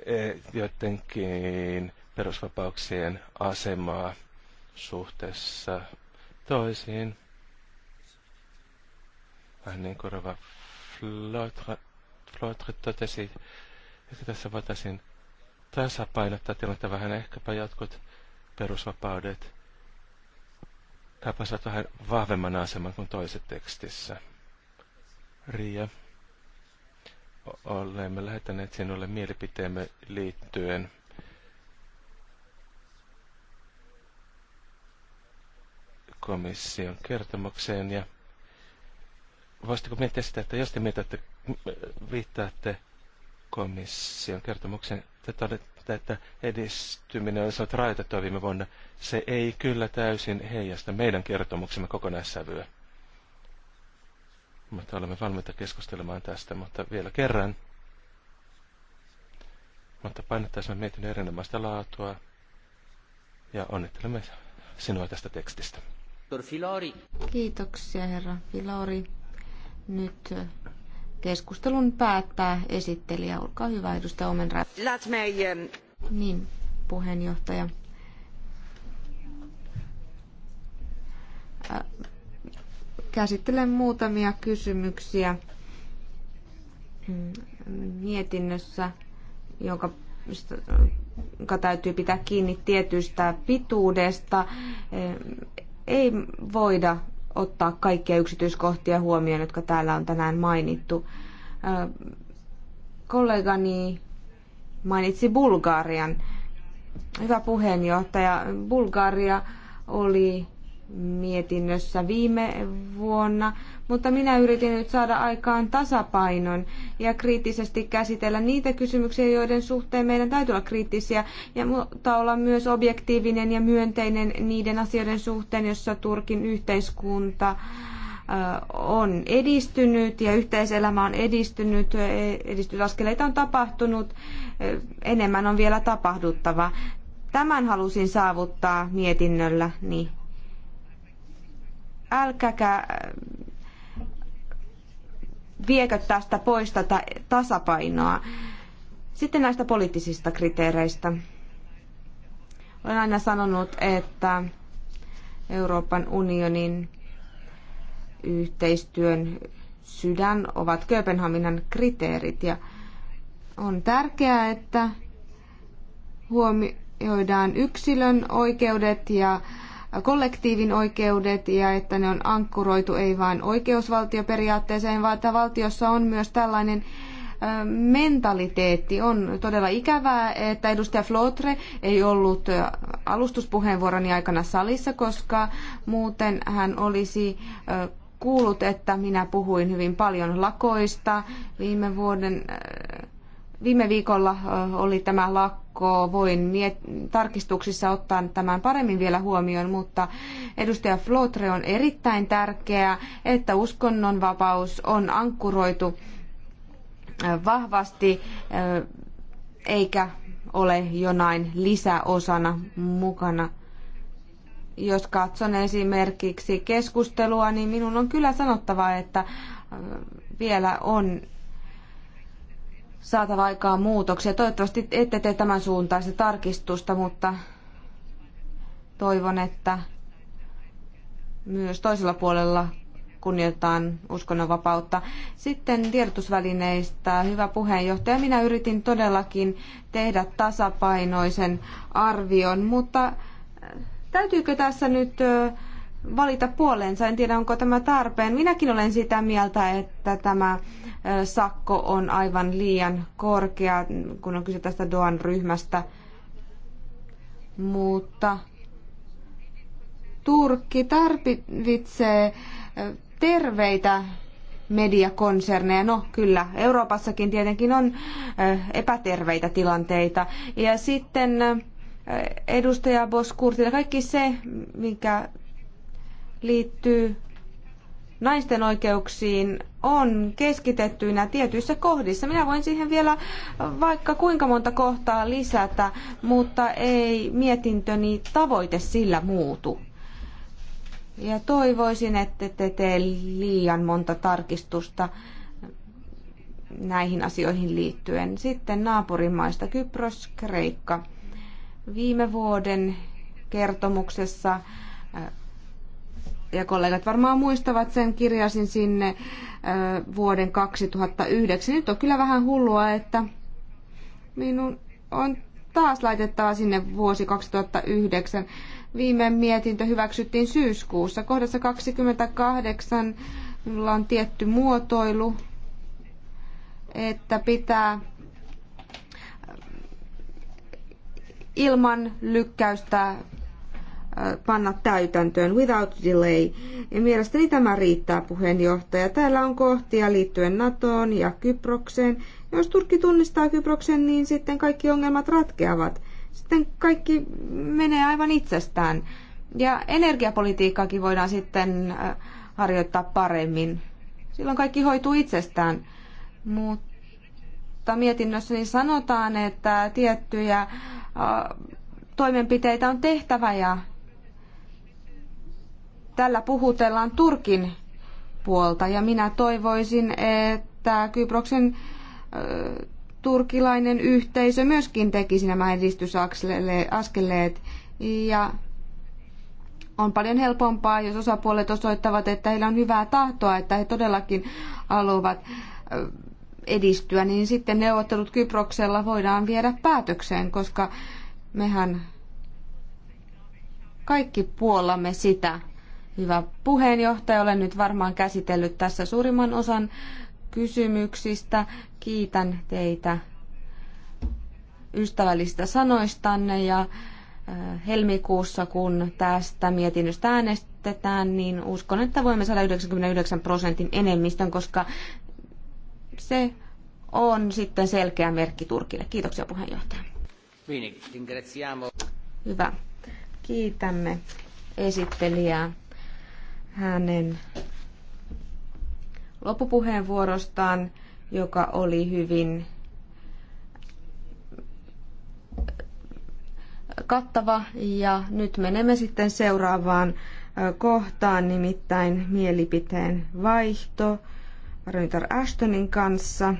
e, jotenkin perusvapauksien asemaa suhteessa toisiin. Vähän niin kuin Rova Flotre, Flotre totesi, että tässä voitaisiin tasapainottaa tilannetta vähän ehkäpä jotkut perusvapaudet tapasivat vähän vahvemman aseman kuin toiset tekstissä. Riia, olemme lähettäneet sinulle mielipiteemme liittyen komission kertomukseen ja voisitteko miettiä sitä, että jos te mietitte, viittaatte komission kertomukseen, te todet, Tätä että edistyminen on ollut rajoitettua viime vuonna, se ei kyllä täysin heijasta meidän kertomuksemme kokonaissävyä. Mutta olemme valmiita keskustelemaan tästä, mutta vielä kerran. Mutta painottaisimme mietin erinomaista laatua ja onnittelemme sinua tästä tekstistä. Kiitoksia herra Filori. Nyt Keskustelun päättää esittelijä. Olkaa hyvä, edustaja Omenra. Um, niin, puheenjohtaja. Käsittelen muutamia kysymyksiä mietinnössä, jonka joka täytyy pitää kiinni tietystä pituudesta. Ei voida ottaa kaikkia yksityiskohtia huomioon, jotka täällä on tänään mainittu. Kollegani mainitsi Bulgarian. Hyvä puheenjohtaja. Bulgaria oli mietinnössä viime vuonna mutta minä yritin nyt saada aikaan tasapainon ja kriittisesti käsitellä niitä kysymyksiä, joiden suhteen meidän täytyy olla kriittisiä, ja, mutta olla myös objektiivinen ja myönteinen niiden asioiden suhteen, jossa Turkin yhteiskunta on edistynyt ja yhteiselämä on edistynyt, edistysaskeleita on tapahtunut, enemmän on vielä tapahduttava. Tämän halusin saavuttaa mietinnöllä, niin älkääkä viekö tästä pois tätä tasapainoa. Sitten näistä poliittisista kriteereistä. Olen aina sanonut, että Euroopan unionin yhteistyön sydän ovat Kööpenhaminan kriteerit. Ja on tärkeää, että huomioidaan yksilön oikeudet ja kollektiivin oikeudet ja että ne on ankkuroitu ei vain oikeusvaltioperiaatteeseen, vaan että valtiossa on myös tällainen mentaliteetti. On todella ikävää, että edustaja Flotre ei ollut alustuspuheenvuoroni aikana salissa, koska muuten hän olisi kuullut, että minä puhuin hyvin paljon lakoista. Viime, vuoden, viime viikolla oli tämä lakko pakko, voin miet- tarkistuksissa ottaa tämän paremmin vielä huomioon, mutta edustaja Flotre on erittäin tärkeää, että uskonnonvapaus on ankkuroitu äh, vahvasti äh, eikä ole jonain lisäosana mukana. Jos katson esimerkiksi keskustelua, niin minun on kyllä sanottava, että äh, vielä on saatava aikaa muutoksia. Toivottavasti ette tee tämän suuntaista tarkistusta, mutta toivon, että myös toisella puolella kunnioitetaan uskonnonvapautta. Sitten tiedotusvälineistä, hyvä puheenjohtaja, minä yritin todellakin tehdä tasapainoisen arvion, mutta täytyykö tässä nyt valita puoleensa. En tiedä, onko tämä tarpeen. Minäkin olen sitä mieltä, että tämä sakko on aivan liian korkea, kun on kyse tästä Doan ryhmästä. Mutta Turkki tarvitsee terveitä mediakonserneja. No kyllä, Euroopassakin tietenkin on epäterveitä tilanteita. Ja sitten edustaja Boskurtilla kaikki se, mikä liittyy naisten oikeuksiin on keskitettyinä tietyissä kohdissa. Minä voin siihen vielä vaikka kuinka monta kohtaa lisätä, mutta ei mietintöni tavoite sillä muutu. Ja toivoisin, että te tee liian monta tarkistusta näihin asioihin liittyen. Sitten naapurimaista Kypros, Kreikka. Viime vuoden kertomuksessa ja kollegat varmaan muistavat sen, kirjasin sinne vuoden 2009. Nyt on kyllä vähän hullua, että minun on taas laitettava sinne vuosi 2009. Viime mietintö hyväksyttiin syyskuussa. Kohdassa 28 minulla on tietty muotoilu, että pitää ilman lykkäystä panna täytäntöön without delay. Ja mielestäni tämä riittää puheenjohtaja. Täällä on kohtia liittyen NATOon ja Kyprokseen. Jos Turkki tunnistaa Kyproksen, niin sitten kaikki ongelmat ratkeavat. Sitten kaikki menee aivan itsestään. Ja energiapolitiikkaakin voidaan sitten äh, harjoittaa paremmin. Silloin kaikki hoituu itsestään. Mutta mietinnössä niin sanotaan, että tiettyjä äh, toimenpiteitä on tehtävä ja tällä puhutellaan Turkin puolta ja minä toivoisin, että Kyproksen turkilainen yhteisö myöskin tekisi nämä edistysaskeleet ja on paljon helpompaa, jos osapuolet osoittavat, että heillä on hyvää tahtoa, että he todellakin haluavat edistyä, niin sitten neuvottelut Kyproksella voidaan viedä päätökseen, koska mehän kaikki puollamme sitä, Hyvä puheenjohtaja, olen nyt varmaan käsitellyt tässä suurimman osan kysymyksistä. Kiitän teitä ystävällistä sanoistanne ja äh, helmikuussa, kun tästä mietinnöstä äänestetään, niin uskon, että voimme saada 99 prosentin enemmistön, koska se on sitten selkeä merkki Turkille. Kiitoksia puheenjohtaja. Hyvä. Kiitämme esittelijää hänen loppupuheenvuorostaan, joka oli hyvin kattava. Ja nyt menemme sitten seuraavaan kohtaan, nimittäin mielipiteen vaihto Rönitar Ashtonin kanssa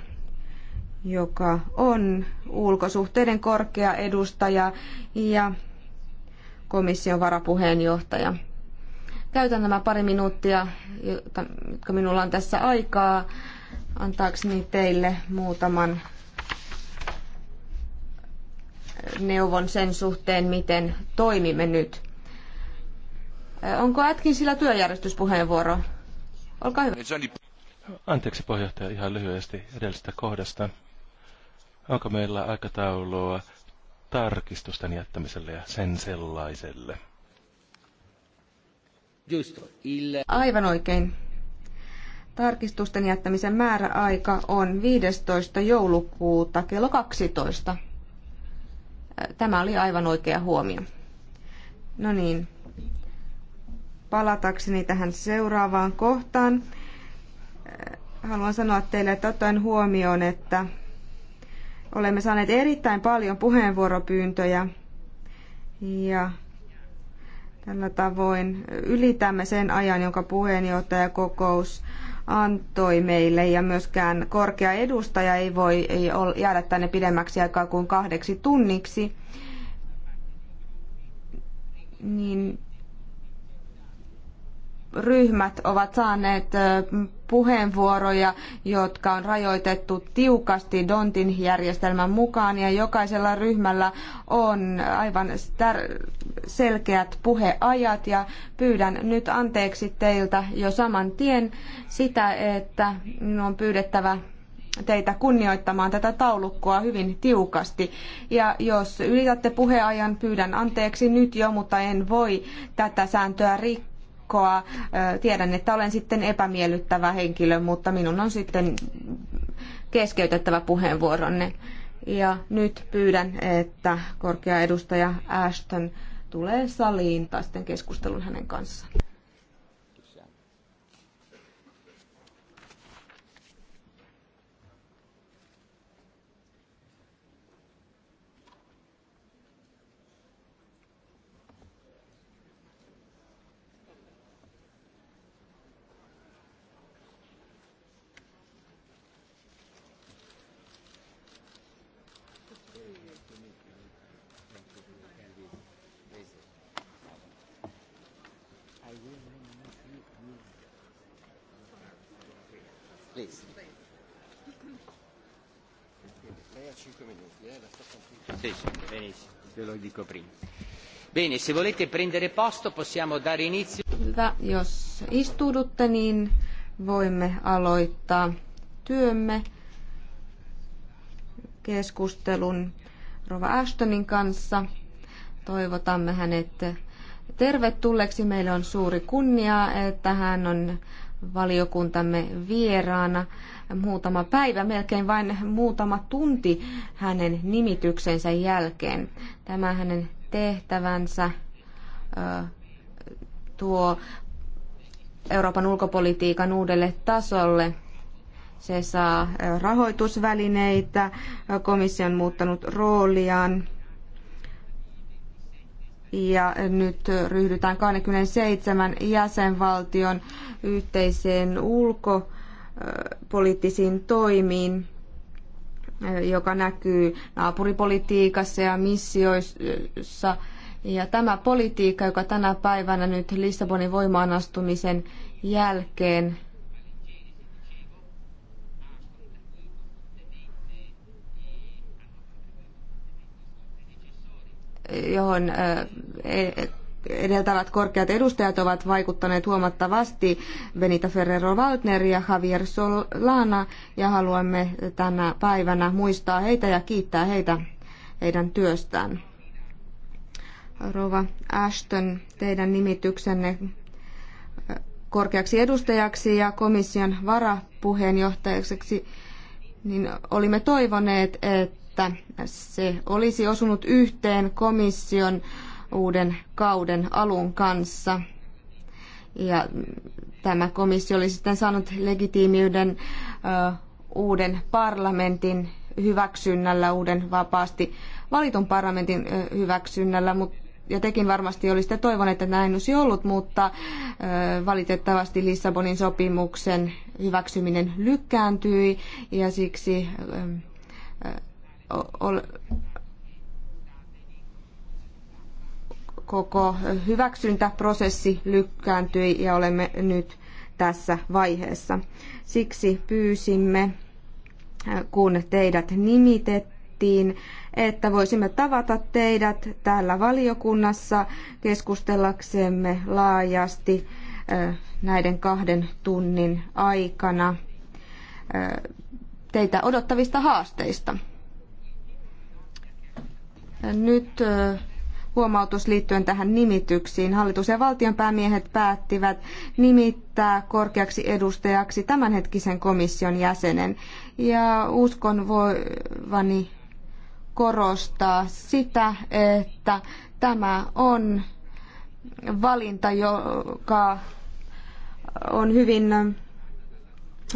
joka on ulkosuhteiden korkea edustaja ja komission varapuheenjohtaja. Käytän nämä pari minuuttia, jotka minulla on tässä aikaa, antaakseni teille muutaman neuvon sen suhteen, miten toimimme nyt. Onko sillä työjärjestyspuheenvuoro? Olkaa hyvä. Anteeksi puheenjohtaja ihan lyhyesti edellisestä kohdasta. Onko meillä aikataulua tarkistusten jättämiselle ja sen sellaiselle? Aivan oikein. Tarkistusten jättämisen määräaika on 15. joulukuuta kello 12. Äh, tämä oli aivan oikea huomio. No niin, palatakseni tähän seuraavaan kohtaan. Äh, haluan sanoa teille, että ottaen huomioon, että olemme saaneet erittäin paljon puheenvuoropyyntöjä ja Tällä tavoin ylitämme sen ajan, jonka puheenjohtajakokous antoi meille ja myöskään korkea edustaja ei voi jäädä tänne pidemmäksi aikaa kuin kahdeksi tunniksi. Niin ryhmät ovat saaneet puheenvuoroja, jotka on rajoitettu tiukasti Dontin järjestelmän mukaan ja jokaisella ryhmällä on aivan selkeät puheajat ja pyydän nyt anteeksi teiltä jo saman tien sitä, että minun on pyydettävä teitä kunnioittamaan tätä taulukkoa hyvin tiukasti. Ja jos ylitätte puheajan, pyydän anteeksi nyt jo, mutta en voi tätä sääntöä rikkoa viikkoa. Tiedän, että olen sitten epämiellyttävä henkilö, mutta minun on sitten keskeytettävä puheenvuoronne. Ja nyt pyydän, että korkea edustaja Ashton tulee saliin taas keskustelun hänen kanssaan. Please. Bene, se volete prendere posto possiamo dare inizio. Hyvä, jos istuudutte, niin voimme aloittaa työmme keskustelun Rova Ashtonin kanssa. Toivotamme hänet tervetulleeksi. Meillä on suuri kunnia, että hän on valiokuntamme vieraana muutama päivä, melkein vain muutama tunti hänen nimityksensä jälkeen. Tämä hänen tehtävänsä tuo Euroopan ulkopolitiikan uudelle tasolle. Se saa rahoitusvälineitä, komission muuttanut rooliaan ja nyt ryhdytään 27 jäsenvaltion yhteiseen ulkopoliittisiin toimiin joka näkyy naapuripolitiikassa ja missioissa. Ja tämä politiikka, joka tänä päivänä nyt Lissabonin voimaanastumisen jälkeen johon e, edeltävät korkeat edustajat ovat vaikuttaneet huomattavasti Benita Ferrero-Valtner ja Javier Solana ja haluamme tänä päivänä muistaa heitä ja kiittää heitä heidän työstään. Rova Ashton, teidän nimityksenne korkeaksi edustajaksi ja komission varapuheenjohtajaksi, niin olimme toivoneet, että että se olisi osunut yhteen komission uuden kauden alun kanssa. Ja tämä komissio oli sitten saanut legitiimiyden uuden parlamentin hyväksynnällä, uuden vapaasti valitun parlamentin hyväksynnällä, mut ja tekin varmasti olisitte toivoneet, että näin olisi ollut, mutta valitettavasti Lissabonin sopimuksen hyväksyminen lykkääntyi ja siksi koko hyväksyntäprosessi lykkääntyi ja olemme nyt tässä vaiheessa. Siksi pyysimme, kun teidät nimitettiin, että voisimme tavata teidät täällä valiokunnassa keskustellaksemme laajasti näiden kahden tunnin aikana teitä odottavista haasteista. Nyt huomautus liittyen tähän nimityksiin. Hallitus ja valtionpäämiehet päättivät nimittää korkeaksi edustajaksi tämänhetkisen komission jäsenen. Ja uskon voivani korostaa sitä, että tämä on valinta, joka on hyvin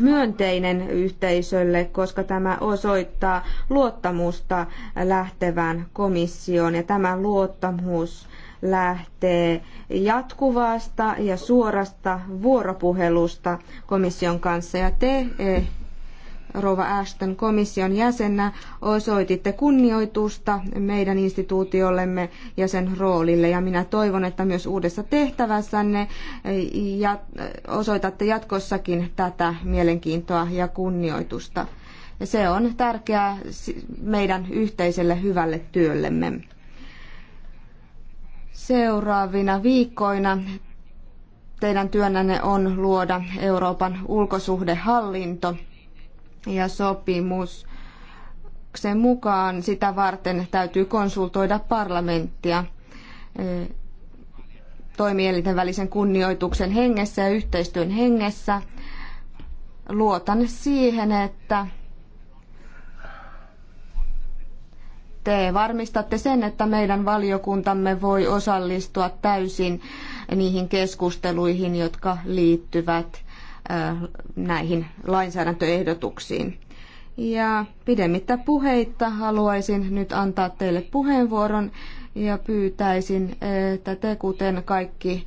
myönteinen yhteisölle, koska tämä osoittaa luottamusta lähtevään komissioon ja tämä luottamus lähtee jatkuvasta ja suorasta vuoropuhelusta komission kanssa. Ja te, eh, Rova Ashton komission jäsenä osoititte kunnioitusta meidän instituutiollemme ja sen roolille. Ja minä toivon, että myös uudessa tehtävässänne ja osoitatte jatkossakin tätä mielenkiintoa ja kunnioitusta. Ja se on tärkeää meidän yhteiselle hyvälle työllemme. Seuraavina viikkoina teidän työnänne on luoda Euroopan ulkosuhdehallinto ja sopimus sen mukaan sitä varten täytyy konsultoida parlamenttia e, toimielinten välisen kunnioituksen hengessä ja yhteistyön hengessä. Luotan siihen, että te varmistatte sen, että meidän valiokuntamme voi osallistua täysin niihin keskusteluihin, jotka liittyvät näihin lainsäädäntöehdotuksiin. Ja pidemmittä puheitta haluaisin nyt antaa teille puheenvuoron ja pyytäisin, että te kuten kaikki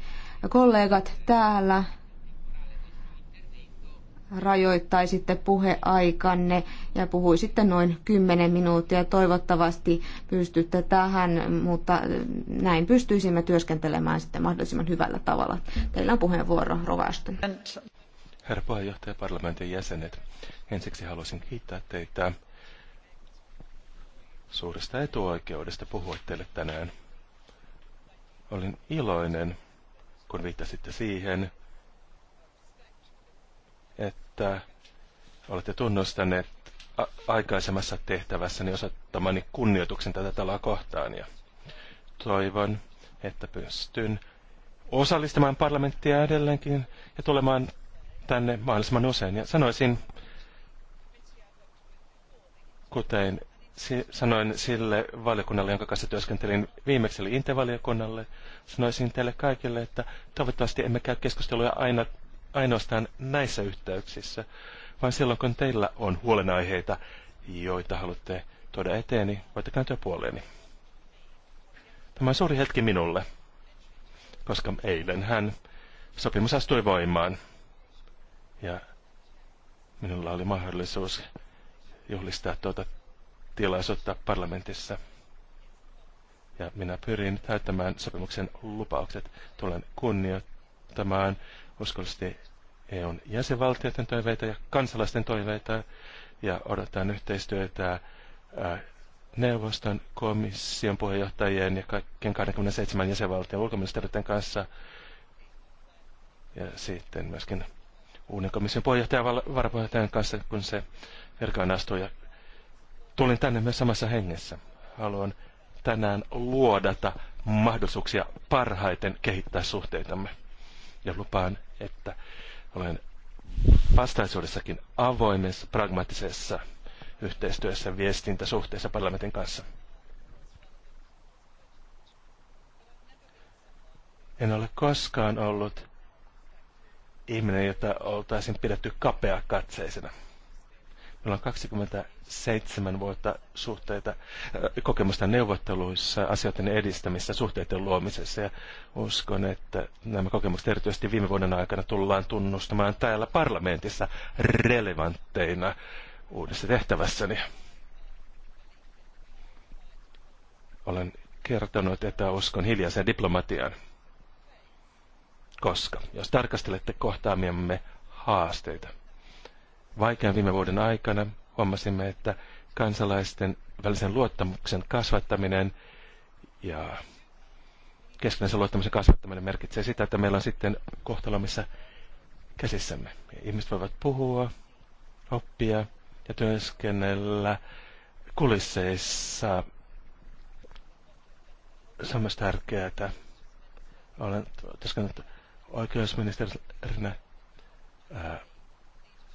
kollegat täällä rajoittaisitte puheaikanne ja puhuisitte noin 10 minuuttia. Toivottavasti pystytte tähän, mutta näin pystyisimme työskentelemään sitten mahdollisimman hyvällä tavalla. Teillä on puheenvuoro, Rovaston. Herra puheenjohtaja, parlamentin jäsenet, ensiksi haluaisin kiittää teitä suuresta etuoikeudesta puhua teille tänään. Olin iloinen, kun viittasitte siihen, että olette tunnustaneet aikaisemmassa tehtävässäni osoittamani kunnioituksen tätä taloa kohtaan ja toivon, että pystyn osallistamaan parlamenttia edelleenkin ja tulemaan tänne mahdollisimman usein. Ja sanoisin, kuten sanoin sille valiokunnalle, jonka kanssa työskentelin viimeksi, eli intervaliokunnalle, sanoisin teille kaikille, että toivottavasti emme käy keskusteluja aina, ainoastaan näissä yhteyksissä, vaan silloin kun teillä on huolenaiheita, joita haluatte tuoda eteeni, voitte kääntyä puoleeni. Tämä on suuri hetki minulle, koska eilen hän sopimus astui voimaan. Ja minulla oli mahdollisuus juhlistaa tuota tilaisuutta parlamentissa. Ja minä pyrin täyttämään sopimuksen lupaukset. Tulen kunnioittamaan uskollisesti EUn jäsenvaltioiden toiveita ja kansalaisten toiveita ja odotan yhteistyötä äh, neuvoston, komission puheenjohtajien ja kaikkien 27 jäsenvaltion ulkoministeriöiden kanssa ja sitten myöskin unikomission puheenjohtajan varapuheenjohtajan kanssa, kun se virkaan astui. Ja tulin tänne myös samassa hengessä. Haluan tänään luodata mahdollisuuksia parhaiten kehittää suhteitamme. Ja lupaan, että olen vastaisuudessakin avoimessa, pragmaattisessa yhteistyössä viestintäsuhteessa parlamentin kanssa. En ole koskaan ollut ihminen, jota oltaisiin pidetty kapea katseisena. Meillä on 27 vuotta suhteita, äh, kokemusta neuvotteluissa, asioiden edistämisessä, suhteiden luomisessa ja uskon, että nämä kokemukset erityisesti viime vuoden aikana tullaan tunnustamaan täällä parlamentissa relevantteina uudessa tehtävässäni. Olen kertonut, että uskon hiljaiseen diplomatiaan koska, jos tarkastelette kohtaamiamme haasteita. Vaikean viime vuoden aikana huomasimme, että kansalaisten välisen luottamuksen kasvattaminen ja keskinäisen luottamuksen kasvattaminen merkitsee sitä, että meillä on sitten kohtalo, missä käsissämme. Ihmiset voivat puhua, oppia ja työskennellä kulisseissa. Se on myös tärkeää, että olen työskennellyt oikeusministerinä ää,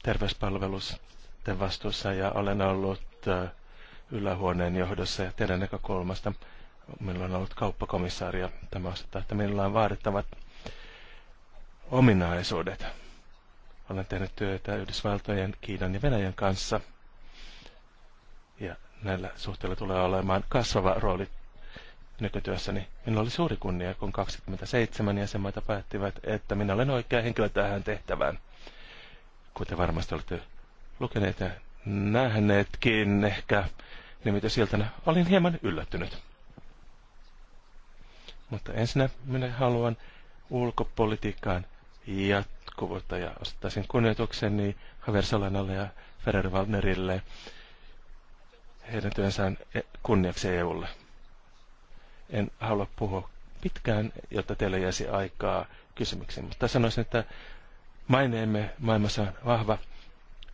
terveyspalvelusten vastuussa ja olen ollut ää, ylähuoneen johdossa ja teidän näkökulmasta minulla on ollut kauppakomissaari ja tämä osoittaa, että minulla on vaadittavat ominaisuudet. Olen tehnyt työtä Yhdysvaltojen, Kiinan ja Venäjän kanssa ja näillä suhteilla tulee olemaan kasvava rooli nykytyössäni. Minulla oli suuri kunnia, kun 27 jäsenmaita päättivät, että minä olen oikea henkilö tähän tehtävään. Kuten varmasti olette lukeneet ja nähneetkin ehkä nimitysiltana, olin hieman yllättynyt. Mutta ensin minä haluan ulkopolitiikkaan jatkuvuutta ja osoittaisin kunnioitukseni Javier Solanalle ja Ferrer Wagnerille heidän työnsä e- kunniaksi EUlle. En halua puhua pitkään, jotta teille jäisi aikaa kysymyksiin, mutta sanoisin, että maineemme maailmassa on vahva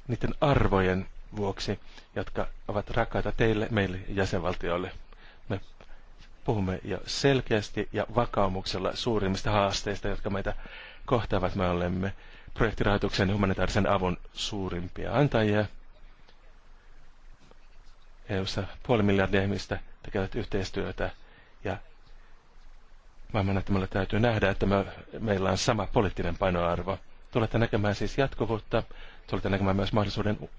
niiden arvojen vuoksi, jotka ovat rakkaita teille, meille jäsenvaltioille. Me puhumme jo selkeästi ja vakaumuksella suurimmista haasteista, jotka meitä kohtaavat. Me olemme projektirahoituksen ja humanitaarisen avun suurimpia antajia. EU-ssa puoli miljardia ihmistä tekevät yhteistyötä näyttämällä täytyy nähdä, että me, meillä on sama poliittinen painoarvo. Tulette näkemään siis jatkuvuutta, tulette näkemään myös mahdollisuuden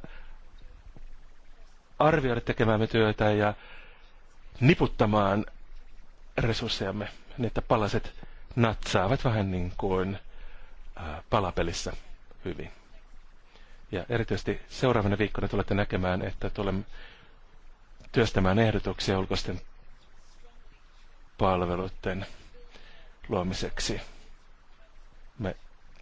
arvioida tekemäämme työtä ja niputtamaan resurssejamme, niin että palaset natsaavat vähän niin kuin palapelissä hyvin. Ja erityisesti seuraavana viikkona tulette näkemään, että tulemme työstämään ehdotuksia ulkoisten palveluiden luomiseksi. Me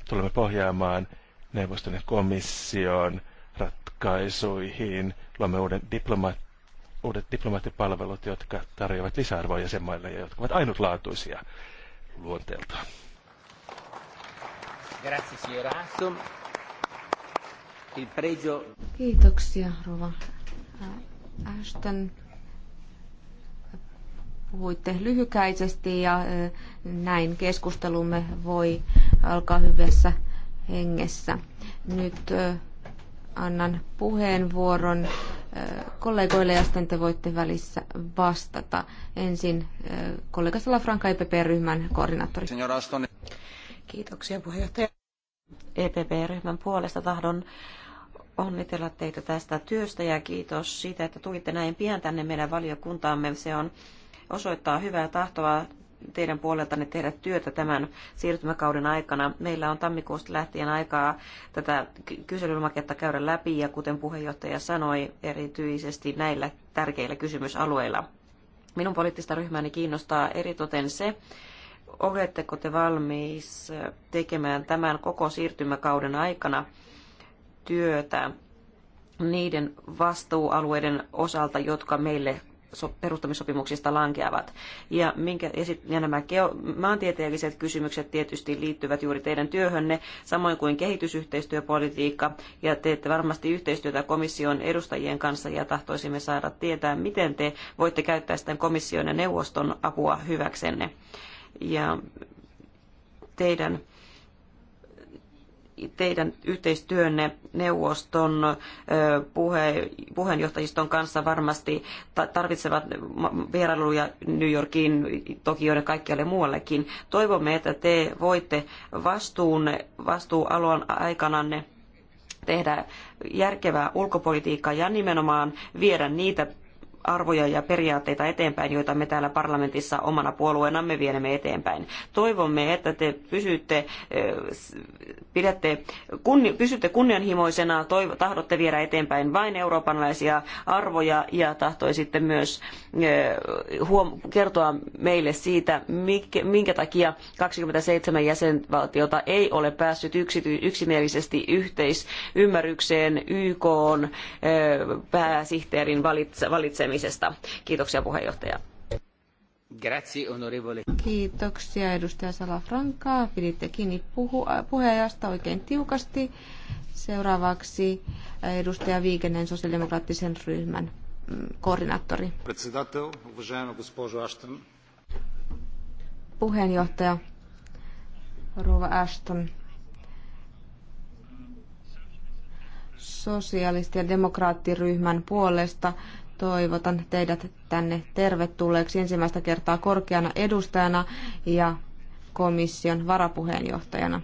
tulemme pohjaamaan neuvoston ja komission ratkaisuihin, luomme uuden diploma- uudet diplomaattipalvelut, jotka tarjoavat lisäarvoa jäsenmaille ja jotka ovat ainutlaatuisia luonteelta. Kiitoksia, Rova Ashton. Puhuitte lyhykäisesti ja näin keskustelumme voi alkaa hyvässä hengessä. Nyt annan puheenvuoron kollegoille ja sitten te voitte välissä vastata. Ensin kollega Salafranka EPP-ryhmän koordinaattori. Kiitoksia puheenjohtaja. EPP-ryhmän puolesta tahdon onnitella teitä tästä työstä ja kiitos siitä, että tulitte näin pian tänne meidän valiokuntaamme. Se on osoittaa hyvää tahtoa teidän puoleltanne tehdä työtä tämän siirtymäkauden aikana. Meillä on tammikuusta lähtien aikaa tätä kyselylomaketta käydä läpi ja kuten puheenjohtaja sanoi, erityisesti näillä tärkeillä kysymysalueilla. Minun poliittista ryhmääni kiinnostaa eritoten se, oletteko te valmis tekemään tämän koko siirtymäkauden aikana työtä niiden vastuualueiden osalta, jotka meille perustamissopimuksista lankeavat. Ja, minkä, ja, sit, ja nämä geo, maantieteelliset kysymykset tietysti liittyvät juuri teidän työhönne, samoin kuin kehitysyhteistyöpolitiikka, ja teette varmasti yhteistyötä komission edustajien kanssa, ja tahtoisimme saada tietää, miten te voitte käyttää sitten komission ja neuvoston apua hyväksenne. Ja teidän teidän yhteistyönne neuvoston puhe, puheenjohtajiston kanssa varmasti tarvitsevat vierailuja New Yorkiin, Tokioon ja kaikkialle muuallekin. Toivomme, että te voitte vastuun, vastuualon aikananne tehdä järkevää ulkopolitiikkaa ja nimenomaan viedä niitä arvoja ja periaatteita eteenpäin, joita me täällä parlamentissa omana puolueenamme vienemme eteenpäin. Toivomme, että te pysytte, pidätte, kunni, pysytte kunnianhimoisena, toivo, tahdotte viedä eteenpäin vain eurooppalaisia arvoja ja tahtoisitte myös huom- kertoa meille siitä, minkä takia 27 jäsenvaltiota ei ole päässyt yksity- yksimielisesti yhteisymmärrykseen YK pääsihteerin valitse- tukemisesta. Kiitoksia puheenjohtaja. Grazie, onorevole. Kiitoksia edustaja Salafranca. Piditte kiinni puhu, äh, puheenjohtajasta oikein tiukasti. Seuraavaksi äh, edustaja Viikenen sosiaalidemokraattisen ryhmän mm, koordinaattori. Puheenjohtaja Rova Ashton. Sosialisti- ja demokraattiryhmän puolesta Toivotan teidät tänne tervetulleeksi ensimmäistä kertaa korkeana edustajana ja komission varapuheenjohtajana.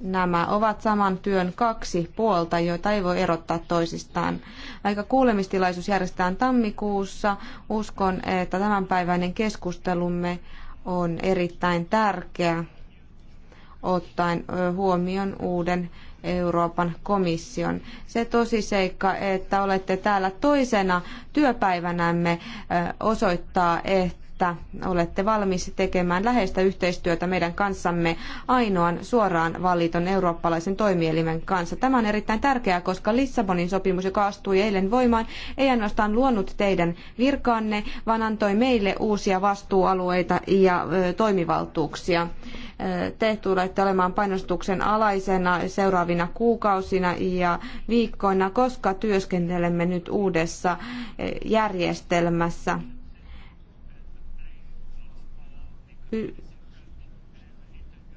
Nämä ovat saman työn kaksi puolta, joita ei voi erottaa toisistaan. Aika kuulemistilaisuus järjestetään tammikuussa. Uskon, että tämänpäiväinen keskustelumme on erittäin tärkeä ottaen huomioon uuden Euroopan komission. Se tosiseikka, että olette täällä toisena työpäivänämme osoittaa, että että olette valmis tekemään läheistä yhteistyötä meidän kanssamme ainoan suoraan valiton eurooppalaisen toimielimen kanssa. Tämä on erittäin tärkeää, koska Lissabonin sopimus, joka astui eilen voimaan, ei ainoastaan luonut teidän virkaanne, vaan antoi meille uusia vastuualueita ja toimivaltuuksia. Te tulette olemaan painostuksen alaisena seuraavina kuukausina ja viikkoina, koska työskentelemme nyt uudessa järjestelmässä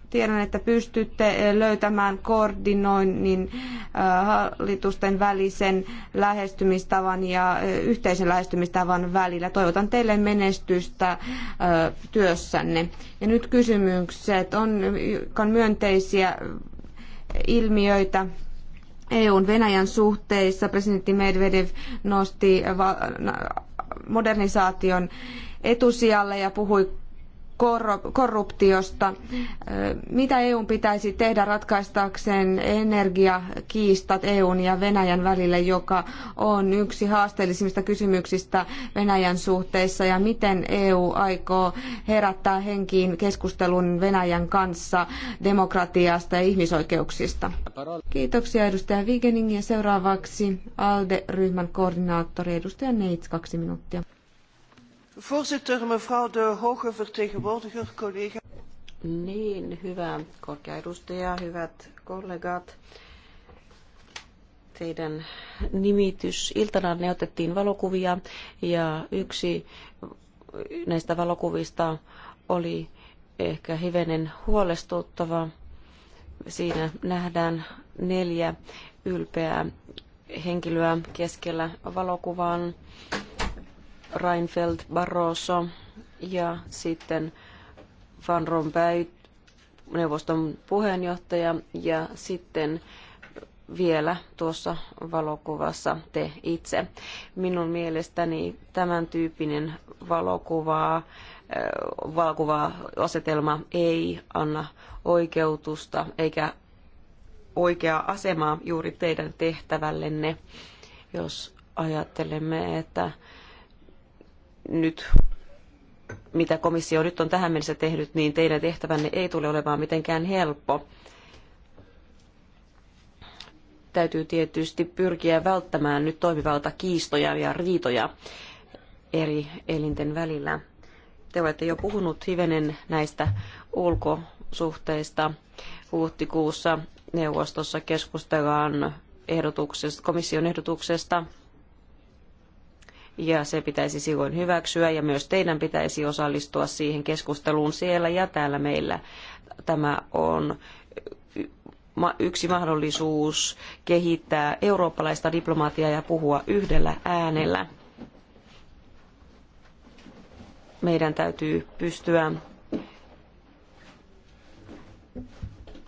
tiedän, että pystytte löytämään koordinoinnin äh, hallitusten välisen lähestymistavan ja äh, yhteisen lähestymistavan välillä. Toivotan teille menestystä äh, työssänne. Ja nyt kysymykset. On, on myönteisiä ilmiöitä EUn Venäjän suhteissa. Presidentti Medvedev nosti modernisaation etusijalle ja puhui korruptiosta. Mitä EU pitäisi tehdä ratkaistakseen energiakiistat EUn ja Venäjän välille, joka on yksi haasteellisimmista kysymyksistä Venäjän suhteissa ja miten EU aikoo herättää henkiin keskustelun Venäjän kanssa demokratiasta ja ihmisoikeuksista? Kiitoksia edustaja Vigening ja seuraavaksi ALDE-ryhmän koordinaattori edustaja Neits, kaksi minuuttia. Voorzitter, mevrouw de hoge vertegenwoordiger, collega. Niin, hyvä korkea edustaja, hyvät kollegat. Teidän nimitysiltananne otettiin valokuvia ja yksi näistä valokuvista oli ehkä hivenen huolestuttava. Siinä nähdään neljä ylpeää henkilöä keskellä valokuvan Reinfeldt, Barroso ja sitten Van Rompuy, neuvoston puheenjohtaja, ja sitten vielä tuossa valokuvassa te itse. Minun mielestäni tämän tyyppinen äh, valokuvaa, asetelma ei anna oikeutusta eikä oikeaa asemaa juuri teidän tehtävällenne, jos ajattelemme, että nyt mitä komissio nyt on tähän mennessä tehnyt, niin teidän tehtävänne ei tule olemaan mitenkään helppo. Täytyy tietysti pyrkiä välttämään nyt toimivaltakiistoja ja riitoja eri elinten välillä. Te olette jo puhunut hivenen näistä ulkosuhteista. Huhtikuussa neuvostossa keskustellaan ehdotuksesta, komission ehdotuksesta ja se pitäisi silloin hyväksyä ja myös teidän pitäisi osallistua siihen keskusteluun siellä ja täällä meillä. Tämä on yksi mahdollisuus kehittää eurooppalaista diplomaatiaa ja puhua yhdellä äänellä. Meidän täytyy pystyä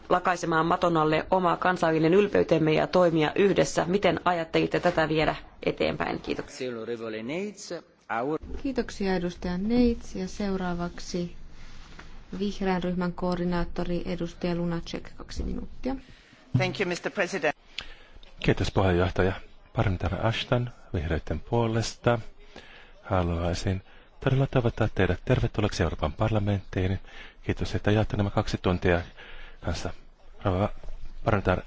lakaisemaan maton alle oma kansallinen ylpeytemme ja toimia yhdessä. Miten ajattelitte tätä viedä eteenpäin? Kiitoksia. Kiitoksia edustaja Neits ja seuraavaksi vihreän ryhmän koordinaattori edustaja Lunacek, kaksi minuuttia. Thank you, Mr. President. Kiitos puheenjohtaja. Parmitar Ashton vihreiden puolesta. Haluaisin todella toivottaa teidät tervetulleeksi Euroopan parlamenttiin. Kiitos, että jaatte nämä kaksi tuntia kanssa. Rava parantaa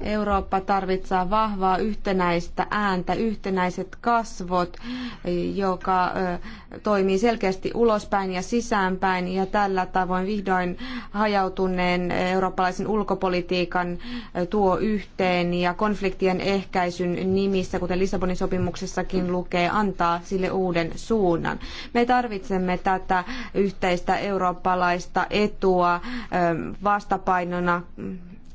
Eurooppa tarvitsee vahvaa yhtenäistä ääntä, yhtenäiset kasvot, joka toimii selkeästi ulospäin ja sisäänpäin ja tällä tavoin vihdoin hajautuneen eurooppalaisen ulkopolitiikan tuo yhteen ja konfliktien ehkäisyn nimissä, kuten Lissabonin sopimuksessakin lukee, antaa sille uuden suunnan. Me tarvitsemme tätä yhteistä eurooppalaista etua vastapainona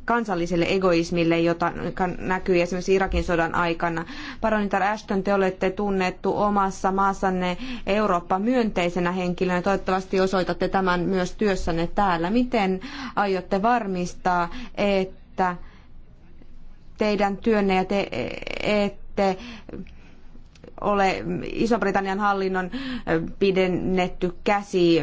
kansalliselle egoismille, jota näkyy esimerkiksi Irakin sodan aikana. Paronitar Ashton, te olette tunnettu omassa maassanne Eurooppa myönteisenä henkilönä. Toivottavasti osoitatte tämän myös työssänne täällä. Miten aiotte varmistaa, että teidän työnne ja te ette ole Iso-Britannian hallinnon pidennetty käsi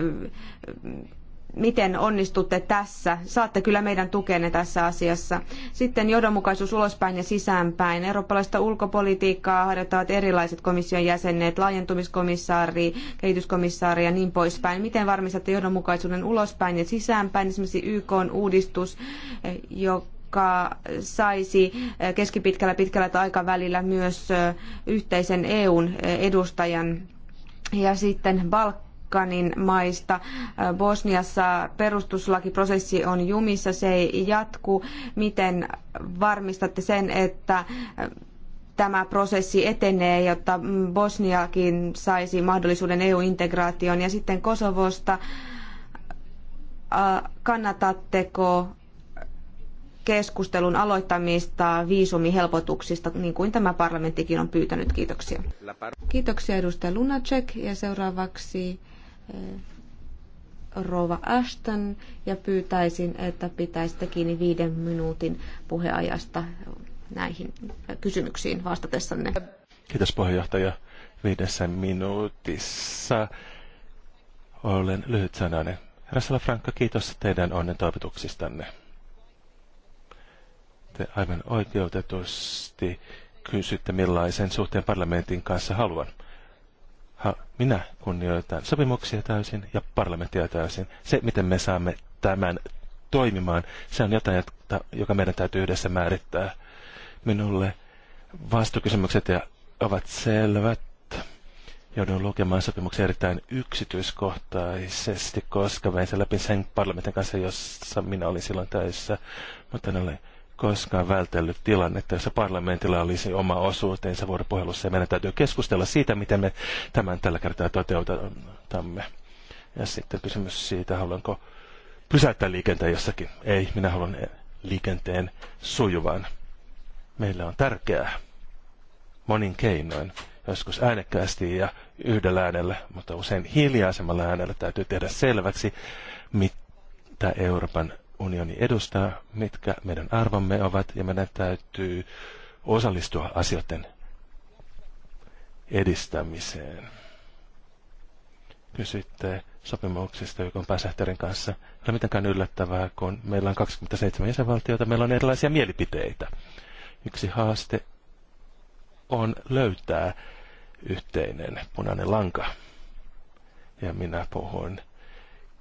miten onnistutte tässä. Saatte kyllä meidän tukenne tässä asiassa. Sitten johdonmukaisuus ulospäin ja sisäänpäin. Eurooppalaista ulkopolitiikkaa harjoittavat erilaiset komission jäsenet, laajentumiskomissaari, kehityskomissaari ja niin poispäin. Miten varmistatte johdonmukaisuuden ulospäin ja sisäänpäin? Esimerkiksi YK on uudistus, joka saisi keskipitkällä pitkällä aikavälillä myös yhteisen EUn edustajan ja sitten Balkan Balkanin maista. Äh, Bosniassa perustuslakiprosessi on jumissa, se ei jatku. Miten varmistatte sen, että äh, tämä prosessi etenee, jotta Bosniakin saisi mahdollisuuden EU-integraatioon. Ja sitten Kosovosta, äh, kannatatteko keskustelun aloittamista viisumihelpotuksista, niin kuin tämä parlamenttikin on pyytänyt. Kiitoksia. Kiitoksia edustaja Lunacek ja seuraavaksi Rova Ashton ja pyytäisin, että pitäisitte kiinni viiden minuutin puheajasta näihin kysymyksiin vastatessanne. Kiitos puheenjohtaja. Viidessä minuutissa olen lyhyt sanainen. Rassala Frankka, kiitos teidän onnen toivotuksistanne. Te aivan oikeutetusti kysytte, millaisen suhteen parlamentin kanssa haluan ha, minä kunnioitan sopimuksia täysin ja parlamenttia täysin. Se, miten me saamme tämän toimimaan, se on jotain, jota, joka meidän täytyy yhdessä määrittää. Minulle vastuukysymykset ja ovat selvät. Joudun lukemaan sopimuksia erittäin yksityiskohtaisesti, koska vein sen läpi sen parlamentin kanssa, jossa minä olin silloin töissä. Mutta en ole koskaan vältellyt tilannetta, jossa parlamentilla olisi oma osuutensa vuoropuhelussa ja meidän täytyy keskustella siitä, miten me tämän tällä kertaa toteutamme. Ja sitten kysymys siitä, haluanko pysäyttää liikenteen jossakin. Ei, minä haluan liikenteen sujuvan. Meillä on tärkeää monin keinoin, joskus äänekkäästi ja yhdellä äänellä, mutta usein hiljaisemmalla äänellä täytyy tehdä selväksi, mitä Euroopan unioni edustaa, mitkä meidän arvomme ovat, ja meidän täytyy osallistua asioiden edistämiseen. Kysytte sopimuksista YK pääsähterin kanssa. Ei ole mitenkään yllättävää, kun meillä on 27 jäsenvaltiota, meillä on erilaisia mielipiteitä. Yksi haaste on löytää yhteinen punainen lanka. Ja minä puhun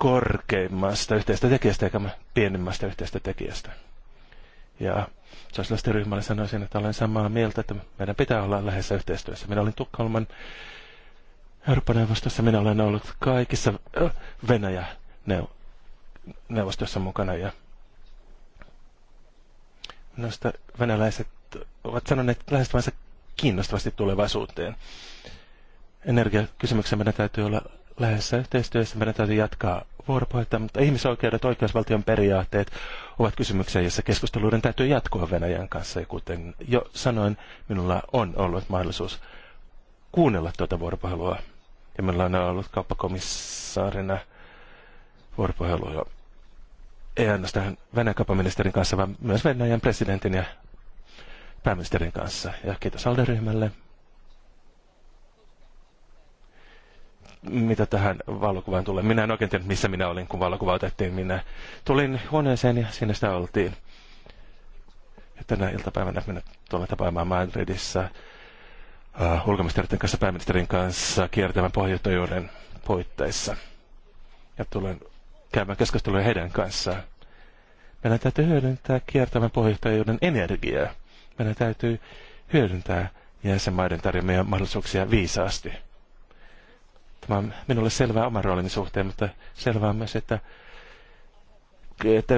korkeimmasta yhteistä tekijästä eikä pienimmästä yhteistä tekijästä. Ja sosialistiryhmälle sanoisin, että olen samaa mieltä, että meidän pitää olla lähes yhteistyössä. Minä olin Tukholman Euroopan neuvostossa, minä olen ollut kaikissa Venäjä neuvostossa mukana ja minusta venäläiset ovat sanoneet lähestymänsä kiinnostavasti tulevaisuuteen. Energiakysymyksessä meidän täytyy olla lähes yhteistyössä, meidän täytyy jatkaa vuoropuhetta, mutta ihmisoikeudet, oikeusvaltion periaatteet ovat kysymyksiä, joissa keskusteluiden täytyy jatkua Venäjän kanssa. Ja kuten jo sanoin, minulla on ollut mahdollisuus kuunnella tuota vuoropuhelua. Ja minulla on ollut kauppakomissaarina vuoropuhelua ei ainoastaan Venäjän kauppaministerin kanssa, vaan myös Venäjän presidentin ja pääministerin kanssa. Ja kiitos alderyhmälle mitä tähän valokuvaan tulee. Minä en oikein tiedä, missä minä olin, kun valokuva otettiin. Minä tulin huoneeseen ja siinä sitä oltiin. Ja tänä iltapäivänä minä tulen tapaamaan Madridissa uh, äh, ulkoministeriön kanssa, pääministerin kanssa kiertämään pohjoittajuuden puitteissa. Ja tulen käymään keskustelua heidän kanssaan. Meidän täytyy hyödyntää kiertämään pohjoittajuuden energiaa. Meidän täytyy hyödyntää jäsenmaiden tarjoamia mahdollisuuksia viisaasti. Tämä on minulle selvää oman roolini suhteen, mutta selvää on myös, että, että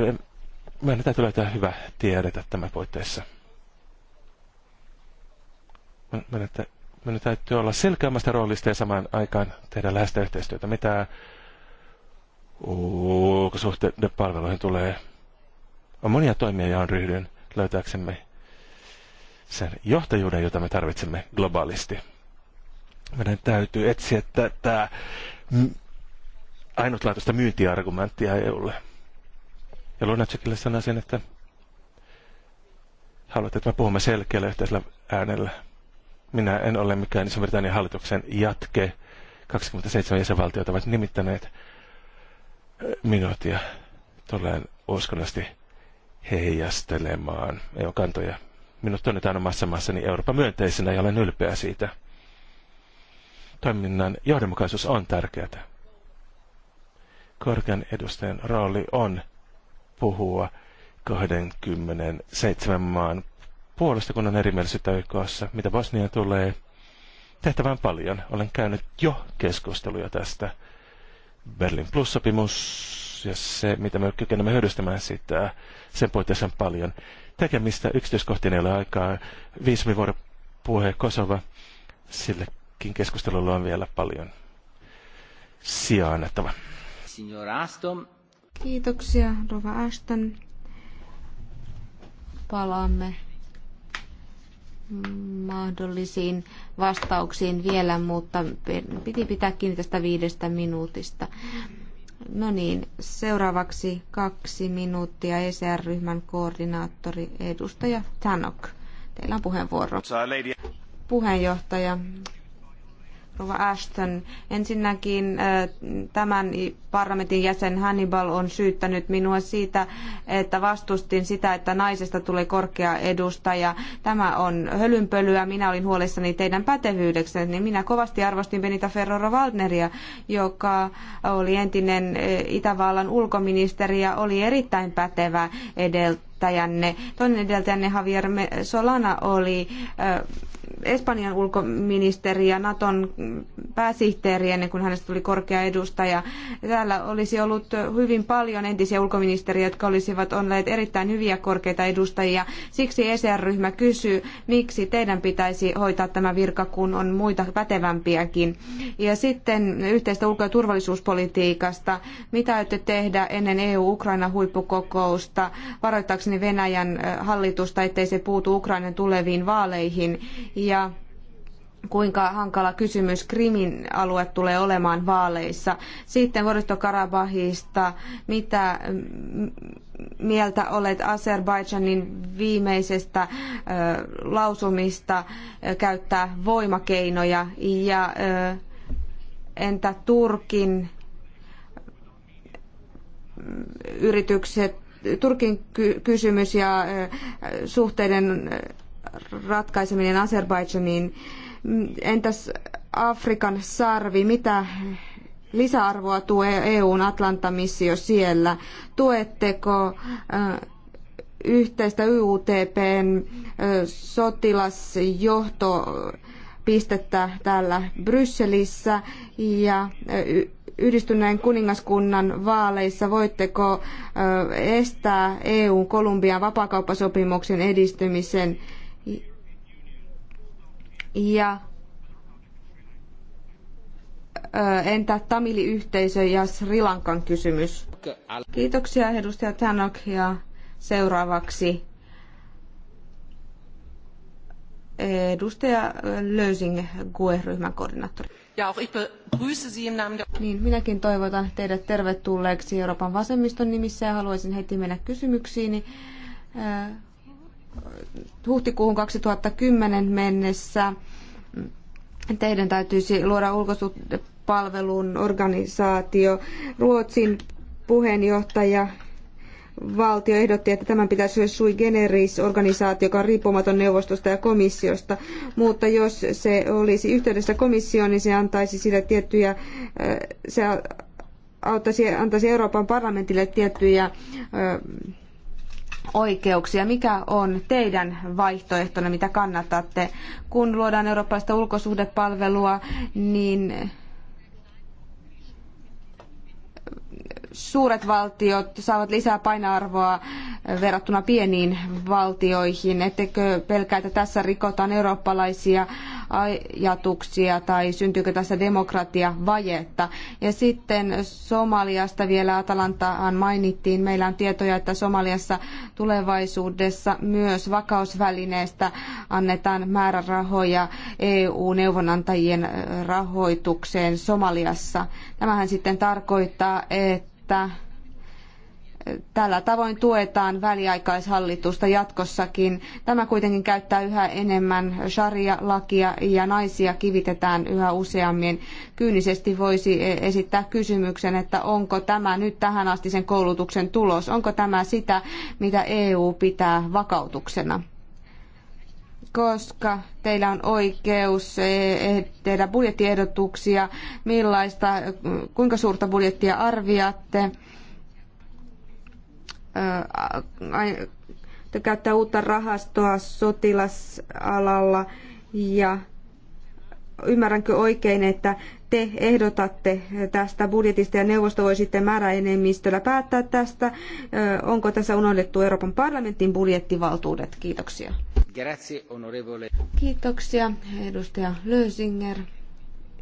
meidän täytyy löytää hyvä tiedetä tämä tämän puitteissa. meidän täytyy olla selkeämmästä roolista ja samaan aikaan tehdä läheistä yhteistyötä. Mitä ulkosuhteiden palveluihin tulee, on monia toimia, joihin ryhdyn löytääksemme sen johtajuuden, jota me tarvitsemme globaalisti. Meidän täytyy etsiä tätä ainutlaatuista myyntiargumenttia EUlle. Ja Lunacekille sanoisin, että haluatte, että me puhumme selkeällä yhteisellä äänellä. Minä en ole mikään Iso-Britannian hallituksen jatke. 27 jäsenvaltiota ovat nimittäneet minut ja tulen uskonnollisesti heijastelemaan EU-kantoja. Minut tunnetaan omassa maassani Euroopan myönteisenä ja olen ylpeä siitä toiminnan johdonmukaisuus on tärkeää. Korkean edustajan rooli on puhua 27 maan puolesta, kun on erimielisyyttä YKssa. Mitä Bosnia tulee, Tehtävän paljon. Olen käynyt jo keskusteluja tästä. Berlin plus-sopimus ja se, mitä me kykenemme hyödystämään sitä, sen puitteissa on paljon. Tekemistä yksityiskohtiin ei ole aikaa. Viisumivuoropuhe Kosova, sille tällekin keskustelulla on vielä paljon sijaa annettava. Signor Aston. Kiitoksia, Rova Ashton. Palaamme mahdollisiin vastauksiin vielä, mutta piti pitää kiinni tästä viidestä minuutista. No niin, seuraavaksi kaksi minuuttia ECR-ryhmän koordinaattori edustaja Tanok. Teillä on puheenvuoro. Puheenjohtaja, Rova Ashton, ensinnäkin tämän parlamentin jäsen Hannibal on syyttänyt minua siitä, että vastustin sitä, että naisesta tulee korkea edustaja. Tämä on hölynpölyä. Minä olin huolissani teidän pätevyydeksenne. Niin minä kovasti arvostin Benita Ferrero Waldneria, joka oli entinen Itävallan ulkoministeri ja oli erittäin pätevä edeltäjänne. Toinen edeltäjänne Javier Solana oli Espanjan ulkoministeri ja Naton pääsihteeri ennen kuin hänestä tuli korkea edustaja. Täällä olisi ollut hyvin paljon entisiä ulkoministeriä, jotka olisivat olleet erittäin hyviä korkeita edustajia. Siksi ECR-ryhmä kysyy, miksi teidän pitäisi hoitaa tämä virka, kun on muita pätevämpiäkin. Ja sitten yhteistä ulko- ja turvallisuuspolitiikasta. Mitä aiotte tehdä ennen EU-Ukraina-huippukokousta? Varoittaakseni Venäjän eh, hallitusta, ettei se puutu Ukrainan tuleviin vaaleihin ja kuinka hankala kysymys Krimin alue tulee olemaan vaaleissa. Sitten Vuoristo-Karabahista, mitä mieltä olet Azerbaidžanin viimeisestä lausumista käyttää voimakeinoja ja entä Turkin yritykset Turkin kysymys ja suhteiden ratkaiseminen Azerbaidžaniin. Entäs Afrikan sarvi, mitä lisäarvoa tuo EUn Atlanta-missio siellä? Tuetteko yhteistä YUTPn sotilasjohtopistettä täällä Brysselissä ja yhdistyneen kuningaskunnan vaaleissa voitteko estää EUn Kolumbian vapaakauppasopimuksen edistymisen ja entä Tamiliyhteisö ja Sri Lankan kysymys? Kiitoksia edustaja Tanok ja seuraavaksi edustaja löysing GUE-ryhmän koordinaattori. Ja auch ich begrüße Sie im Namen der... Niin, minäkin toivotan teidät tervetulleeksi Euroopan vasemmiston nimissä ja haluaisin heti mennä kysymyksiini huhtikuuhun 2010 mennessä teidän täytyisi luoda ulkosuhdepalvelun organisaatio. Ruotsin puheenjohtaja valtio ehdotti, että tämän pitäisi olla sui generis organisaatio, joka on riippumaton neuvostosta ja komissiosta, mutta jos se olisi yhteydessä komissioon, niin se antaisi sille tiettyjä, äh, se auttaisi, antaisi Euroopan parlamentille tiettyjä äh, oikeuksia. Mikä on teidän vaihtoehtonne, mitä kannatatte? Kun luodaan eurooppalaista ulkosuhdepalvelua, niin suuret valtiot saavat lisää painoarvoa verrattuna pieniin valtioihin. Ettekö pelkää, että tässä rikotaan eurooppalaisia ajatuksia tai syntyykö tässä demokratiavajetta. Ja sitten Somaliasta vielä Atalantaan mainittiin. Meillä on tietoja, että Somaliassa tulevaisuudessa myös vakausvälineestä annetaan määrärahoja EU-neuvonantajien rahoitukseen Somaliassa. Tämähän sitten tarkoittaa, että Tällä tavoin tuetaan väliaikaishallitusta jatkossakin. Tämä kuitenkin käyttää yhä enemmän sharia-lakia ja naisia kivitetään yhä useammin. Kyynisesti voisi e- esittää kysymyksen, että onko tämä nyt tähän asti sen koulutuksen tulos, onko tämä sitä, mitä EU pitää vakautuksena koska teillä on oikeus e- e- tehdä budjettiehdotuksia, millaista, kuinka suurta budjettia arviatte käyttää uutta rahastoa sotilasalalla ja ymmärränkö oikein, että te ehdotatte tästä budjetista ja neuvosto voi sitten määräenemmistöllä päättää tästä. Onko tässä unohdettu Euroopan parlamentin budjettivaltuudet? Kiitoksia. Grazie, onorevole. Kiitoksia, edustaja Lösinger.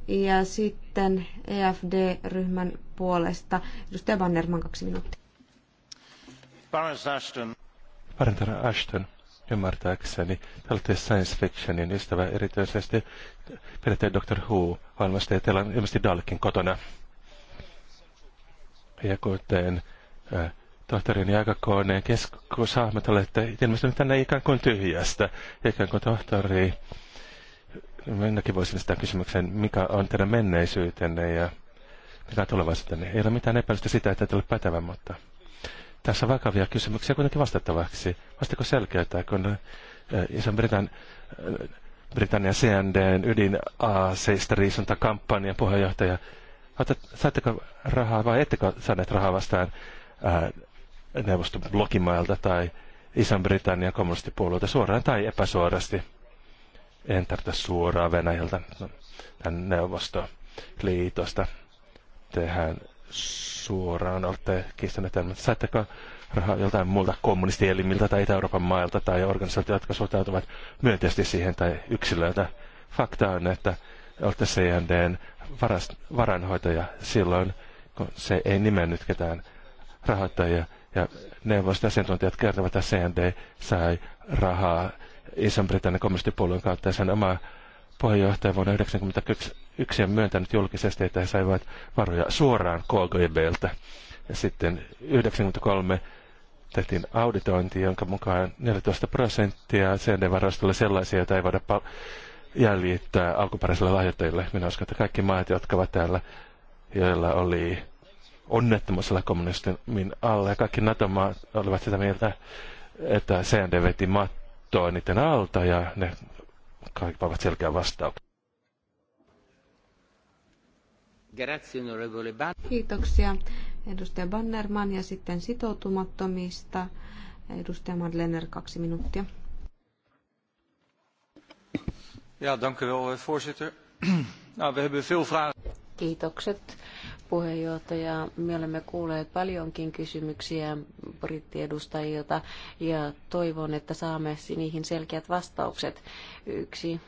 Ja sitten EFD-ryhmän puolesta edustaja Bannerman kaksi minuuttia. Baroness Ashton. Ashton, ymmärtääkseni. Te olette science fictionin ystävä erityisesti. Pidätte Dr. Who-ohjelmasta ja teillä on ilmeisesti Dalkin kotona. Ja kuten äh, tohtorin ja aikakooneen keskushahmot olette ilmestynyt tänne ikään kuin tyhjästä. Ikään kuin tohtori. Minäkin voisin sitä kysymyksen, mikä on teidän menneisyytenne ja mikä on tulevaisuutenne. Ei ole mitään epäilystä sitä, että te ole pätevä, mutta tässä vakavia kysymyksiä kuitenkin vastattavaksi. Vastako selkeytää, kun äh, Ison-Britannian äh, Britannian CNDn ydin aseista kampanjan puheenjohtaja. Saatteko rahaa vai ettekö saaneet rahaa vastaan ää, äh, neuvoston tai Ison-Britannian kommunistipuolueelta suoraan tai epäsuorasti? En tarvitse suoraan Venäjältä no, tämän neuvostoliitosta. tehdään suoraan olette kiistäneet tämän. Saatteko rahaa joltain muulta kommunistielimiltä tai Itä-Euroopan mailta tai organisaatioilta, jotka suhtautuvat myönteisesti siihen tai yksilöiltä? Fakta on, että olette CNDn varas, varanhoitaja silloin, kun se ei nimennyt ketään rahoittajia. Ja neuvosta asiantuntijat kertovat, että CND sai rahaa iso britannian kommunistipuolueen kautta ja sen omaa puheenjohtaja vuonna 1991 on myöntänyt julkisesti, että he saivat varoja suoraan KGBltä. Ja sitten 1993 tehtiin auditointi, jonka mukaan 14 prosenttia CD-varoista oli sellaisia, joita ei voida jäljittää alkuperäisille lahjoittajille. Minä uskon, että kaikki maat, jotka ovat täällä, joilla oli onnettomuusella kommunismin alla, ja kaikki NATO-maat olivat sitä mieltä, että CND veti mattoa niiden alta, ja ne kaipaavat selkeän vastauksen. Kiitoksia edustaja Bannerman ja sitten sitoutumattomista. Edustaja Madlener, kaksi minuuttia. Ja, dank u wel, voorzitter. Nou, we hebben veel vragen. Kiitokset puheenjohtaja. Me olemme kuulleet paljonkin kysymyksiä brittiedustajilta ja toivon, että saamme niihin selkeät vastaukset. Yksi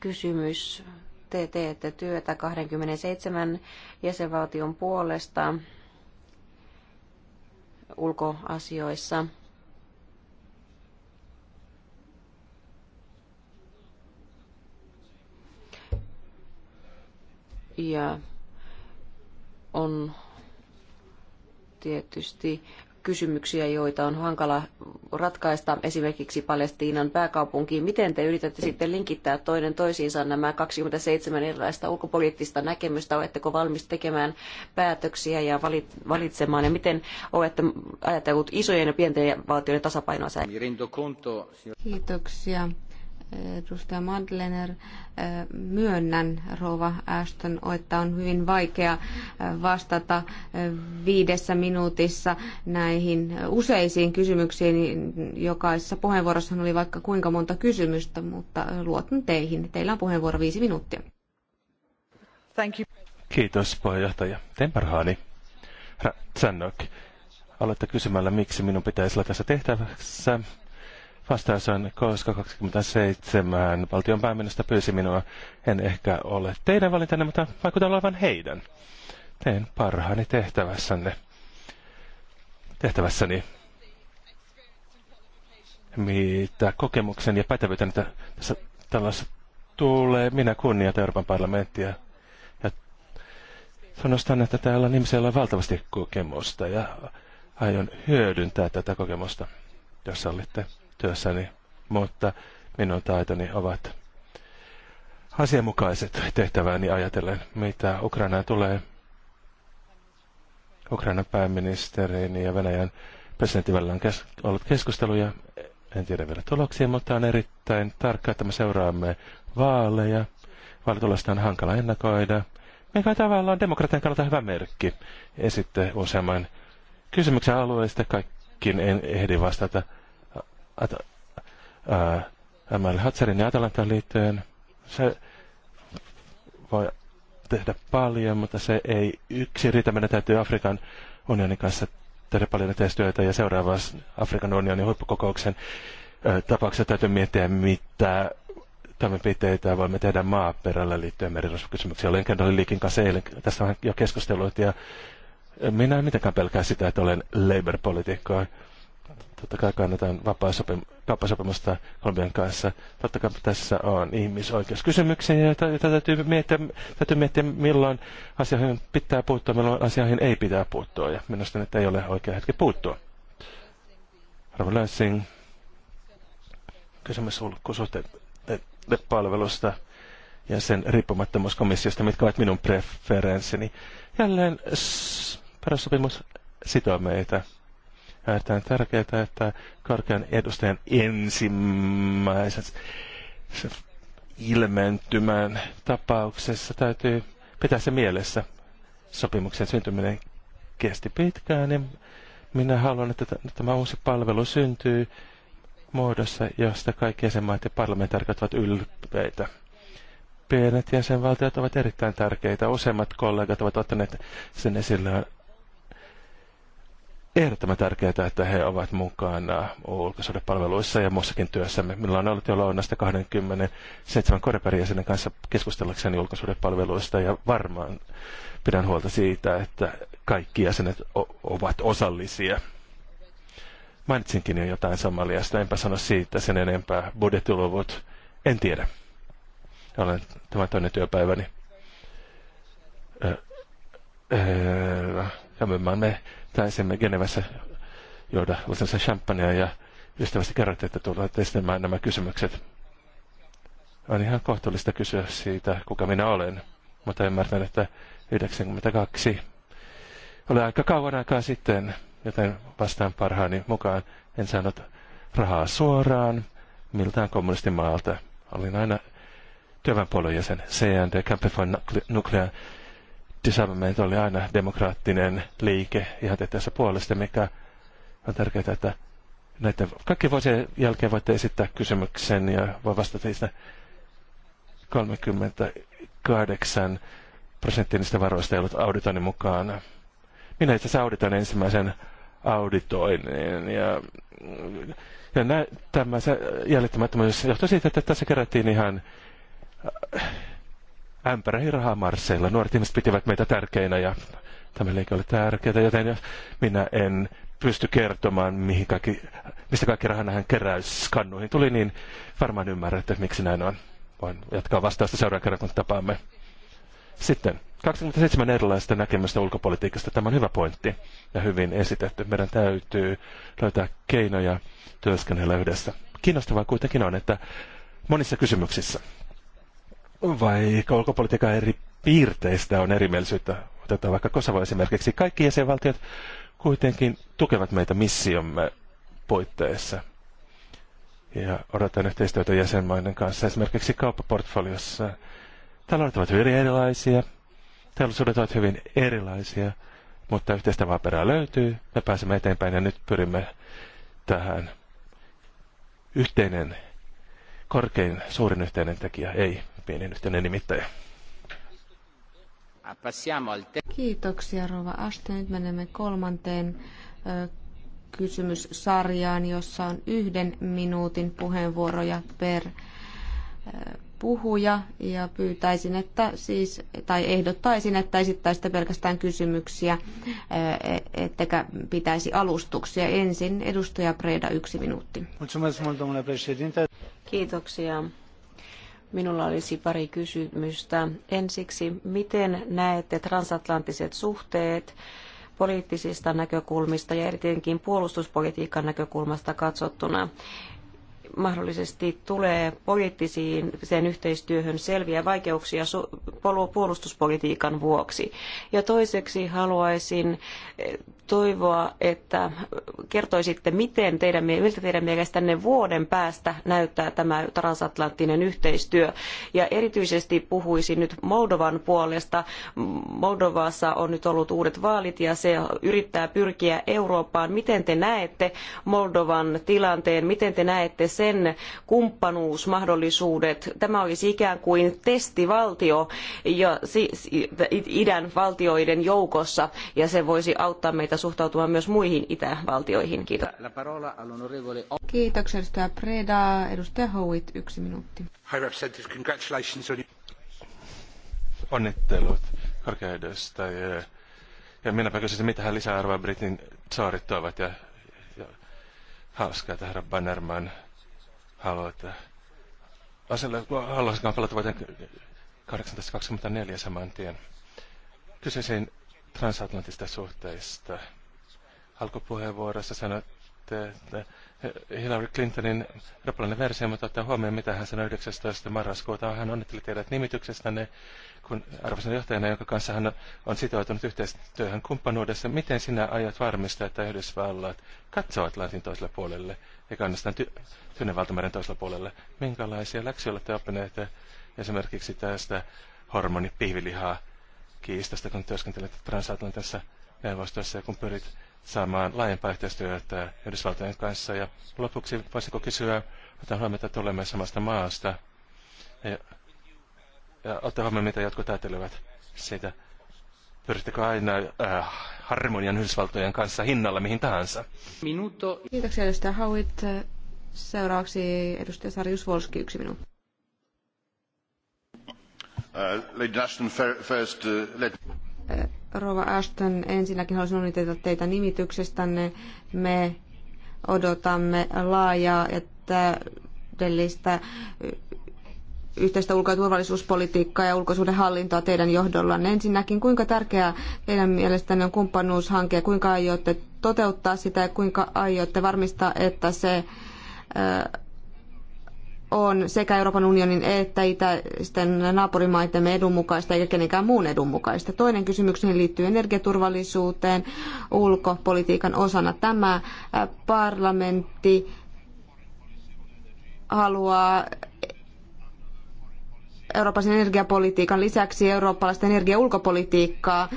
kysymys. Te teette työtä 27 jäsenvaltion puolesta ulkoasioissa. ja on tietysti kysymyksiä, joita on hankala ratkaista, esimerkiksi Palestiinan pääkaupunkiin. Miten te yritätte sitten linkittää toinen toisiinsa nämä 27 erilaista ulkopoliittista näkemystä? Oletteko valmis tekemään päätöksiä ja valitsemaan? Ja miten olette ajatellut isojen ja pienten valtioiden tasapainoa säilyttää? Kiitoksia edustaja Madlener, myönnän Rova Ashton, että on hyvin vaikea äh, vastata äh, viidessä minuutissa näihin useisiin kysymyksiin. Jokaisessa puheenvuorossa oli vaikka kuinka monta kysymystä, mutta luotan teihin. Teillä on puheenvuoro viisi minuuttia. Thank you. Kiitos puheenjohtaja. Temperhaani. parhaani. Ra- aloitte kysymällä, miksi minun pitäisi olla tässä tehtävässä. Vastaus on, koska 27 valtion pääministeri pyysi minua. En ehkä ole teidän valintanne, mutta vaikutan olevan heidän. Teen parhaani tehtävässänne. Tehtävässäni. Mitä kokemuksen ja pätevyyteni tässä tällaisessa tulee. Minä kunnia Euroopan parlamenttia. Ja sanostan, että täällä on ihmisiä, on valtavasti kokemusta ja aion hyödyntää tätä kokemusta, jos sallitte työssäni, mutta minun taitoni ovat asianmukaiset tehtävääni ajatellen, mitä Ukrainaan tulee. Ukrainan pääministerin ja Venäjän presidentin välillä on kes- ollut keskusteluja. En tiedä vielä tuloksia, mutta on erittäin tarkkaa, että me seuraamme vaaleja. Vaalitulosta on hankala ennakoida, mikä tavallaan demokratian kannalta hyvä merkki. Esitte useamman kysymyksen alueesta, kaikkiin en ehdi vastata ää, äh, äh, ML Hatsarin ja Atalantaan liittyen. Se voi tehdä paljon, mutta se ei yksin riitä. Meidän täytyy Afrikan unionin kanssa tehdä paljon yhteistyötä ja seuraavaan Afrikan unionin huippukokouksen äh, tapauksessa täytyy miettiä, mitä toimenpiteitä voimme tehdä maaperällä liittyen merirosvokysymyksiin. Olen kerran Liikin kanssa eilen tästä vähän jo keskustellut ja minä en mitenkään pelkää sitä, että olen labor-politiikkoa. Totta kai kannetaan vapaa kauppasopimusta Kolumbian kanssa. Totta kai tässä on ihmisoikeuskysymyksiä, joita, täytyy, miettiä, täytyy miettiä, milloin asioihin pitää puuttua, milloin asioihin ei pitää puuttua. Ja minusta nyt ei ole oikea hetki puuttua. Arvo Lönsing, kysymys palvelusta ja sen riippumattomuuskomissiosta, mitkä ovat minun preferenssini. Jälleen perussopimus sitoo meitä äärettömän tärkeää, että karkean edustajan ensimmäisen ilmentymän tapauksessa täytyy pitää se mielessä. Sopimuksen syntyminen kesti pitkään niin minä haluan, että tämä uusi palvelu syntyy muodossa, josta kaikki jäsenmaat ja parlamentaarikot ovat ylpeitä. Pienet jäsenvaltiot ovat erittäin tärkeitä. Useimmat kollegat ovat ottaneet sen esille ehdottoman tärkeää, että he ovat mukana palveluissa ja muussakin työssämme. Minulla on ollut jo lounasta 27 korepärjäsenen kanssa keskustellakseni palveluista ja varmaan pidän huolta siitä, että kaikki jäsenet ovat osallisia. Mainitsinkin jo jotain Somaliasta, enpä sano siitä sen enempää. Budjettiluvut, en tiedä. Olen tämä toinen työpäiväni. Äh, öö, ja me taisimme Genevässä juoda lasissa champagnea ja ystävästi kerrotte, että tulette esittämään nämä kysymykset. On ihan kohtuullista kysyä siitä, kuka minä olen, mutta ymmärtän, että 92 oli aika kauan aikaa sitten, joten vastaan parhaani mukaan. En saanut rahaa suoraan miltään kommunistimaalta. Olin aina työväenpuolueen jäsen, CND, Campefon Nuclear disarmament oli aina demokraattinen liike ihan tässä puolesta, mikä on tärkeää, että näitä kaikki vuosien jälkeen voitte esittää kysymyksen ja voi vastata siitä 38 prosenttia niistä varoista ei ollut auditoinnin mukaan. Minä itse asiassa auditoin ensimmäisen auditoinnin ja, ja nä, tämä jäljittämättömyys johtui siitä, että tässä kerättiin ihan ämpäräihin rahamarsseilla. Nuoret ihmiset pitivät meitä tärkeinä ja tämä leikki oli tärkeää, joten minä en pysty kertomaan, mihin kaikki, mistä kaikki rahan keräyskannuihin tuli, niin varmaan ymmärrätte, miksi näin on. Voin jatkaa vastausta seuraavan kerran, kun tapaamme. Sitten 27 erilaista näkemystä ulkopolitiikasta. Tämä on hyvä pointti ja hyvin esitetty. Meidän täytyy löytää keinoja työskennellä yhdessä. Kiinnostavaa kuitenkin on, että monissa kysymyksissä vai ulkopolitiikan eri piirteistä on erimielisyyttä. Otetaan vaikka Kosovo esimerkiksi. Kaikki jäsenvaltiot kuitenkin tukevat meitä missiomme puitteissa. Ja odotan yhteistyötä jäsenmaiden kanssa esimerkiksi kauppaportfoliossa. Taloudet ovat hyvin erilaisia, teollisuudet ovat hyvin erilaisia, mutta yhteistä vaaperää löytyy. Me pääsemme eteenpäin ja nyt pyrimme tähän. Yhteinen, korkein, suurin yhteinen tekijä, ei yhteinen nimittäjä. Ah, Kiitoksia Rova Ashton. Nyt menemme kolmanteen kysymyssarjaan, jossa on yhden minuutin puheenvuoroja per puhuja ja pyytäisin, että siis, tai ehdottaisin, että esittäisitte pelkästään kysymyksiä, e, ettekä pitäisi alustuksia. Ensin edustaja Preda, yksi minuutti. Kiitoksia Minulla olisi pari kysymystä. Ensiksi, miten näette transatlanttiset suhteet poliittisista näkökulmista ja erityisesti puolustuspolitiikan näkökulmasta katsottuna? mahdollisesti tulee poliittisiin sen yhteistyöhön selviä vaikeuksia puolustuspolitiikan vuoksi. Ja toiseksi haluaisin toivoa, että kertoisitte, miten teidän, miltä teidän mielestänne vuoden päästä näyttää tämä transatlanttinen yhteistyö. Ja erityisesti puhuisin nyt Moldovan puolesta. Moldovassa on nyt ollut uudet vaalit ja se yrittää pyrkiä Eurooppaan. Miten te näette Moldovan tilanteen? Miten te näette sen kumppanuusmahdollisuudet? Tämä olisi ikään kuin testivaltio ja idän valtioiden joukossa ja se voisi auttaa meitä suhtautumaan myös muihin itävaltioihin. Kiitos. Kiitoksia edustaja Preda. Edustaja Howitt, yksi minuutti. High representative, congratulations on you. Onnittelut korkea edustaja. Ja minäpä kysyisin, mitä hän lisäarvoa Britin saarit tuovat ja, ja hauskaa, että herra Bannerman haluaa, että haluaisinkaan palata vuoteen 1824 saman tien. Kysyisin, Transatlantista suhteista. Alkupuheenvuorossa sanoitte, että Hillary Clintonin eurooppalainen versio, mutta ottaa huomioon, mitä hän sanoi 19. marraskuuta. Hän onnitteli teidät nimityksestänne kun arvoisena johtajana, jonka kanssa hän on sitoutunut yhteistyöhön kumppanuudessa. Miten sinä aiot varmistaa, että Yhdysvallat katsoo Atlantin toiselle puolelle ja kannastaan ty- Tyynenvaltameren toiselle puolelle? Minkälaisia läksyjä olette oppineet esimerkiksi tästä hormonipihvilihaa kiistasta, kun työskentelet transatlantissa neuvostossa ja kun pyrit saamaan laajempaa yhteistyötä Yhdysvaltojen kanssa. Ja lopuksi voisiko kysyä, otan huomioon, että tulemme samasta maasta. Ja, ja ottaa huomioon, mitä jotkut ajattelevat siitä. Pyrittekö aina äh, harmonian Yhdysvaltojen kanssa hinnalla mihin tahansa? Minuutto. Kiitoksia edustaja Hauit. Seuraavaksi edustaja Sarjus Volski, yksi minuutti. Uh, uh, uh, Rouva Ashton, ensinnäkin haluaisin onnitella teitä nimityksestänne. Me odotamme laajaa ja täydellistä yhteistä ulko- ja turvallisuuspolitiikkaa ja ulkosuhdehallintoa teidän johdollanne. Ensinnäkin, kuinka tärkeää teidän mielestänne on kumppanuushanke ja kuinka aiotte toteuttaa sitä ja kuinka aiotte varmistaa, että se on sekä Euroopan unionin että itäisten naapurimaitemme edun mukaista eikä kenenkään muun edun mukaista. Toinen kysymykseni liittyy energiaturvallisuuteen ulkopolitiikan osana. Tämä parlamentti haluaa Euroopan energiapolitiikan lisäksi eurooppalaista energiaulkopolitiikkaa.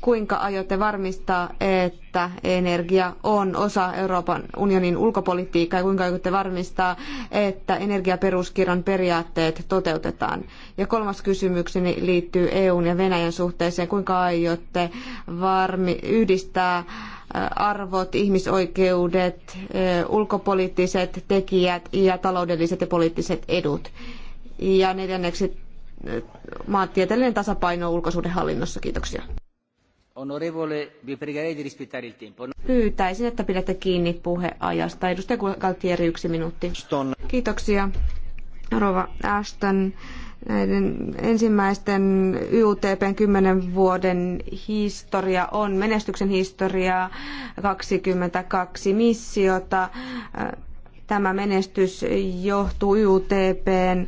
Kuinka aiotte varmistaa, että energia on osa Euroopan unionin ulkopolitiikkaa ja kuinka aiotte varmistaa, että energiaperuskirjan periaatteet toteutetaan? Ja kolmas kysymykseni liittyy EUn ja Venäjän suhteeseen. Kuinka aiotte varmi- yhdistää arvot, ihmisoikeudet, ulkopoliittiset tekijät ja taloudelliset ja poliittiset edut? Ja neljänneksi eh, maantieteellinen tasapaino ulkosuhdehallinnossa. Kiitoksia. Onorevole, vi pregherei di rispettare il tempo. Pyytäisin, että pidätte kiinni puheajasta. Edustaja Galtieri, yksi minuutti. Kiitoksia, Rova Ashton. Näiden ensimmäisten YUTPn kymmenen vuoden historia on menestyksen historiaa, 22 missiota, Tämä menestys johtuu YUTPn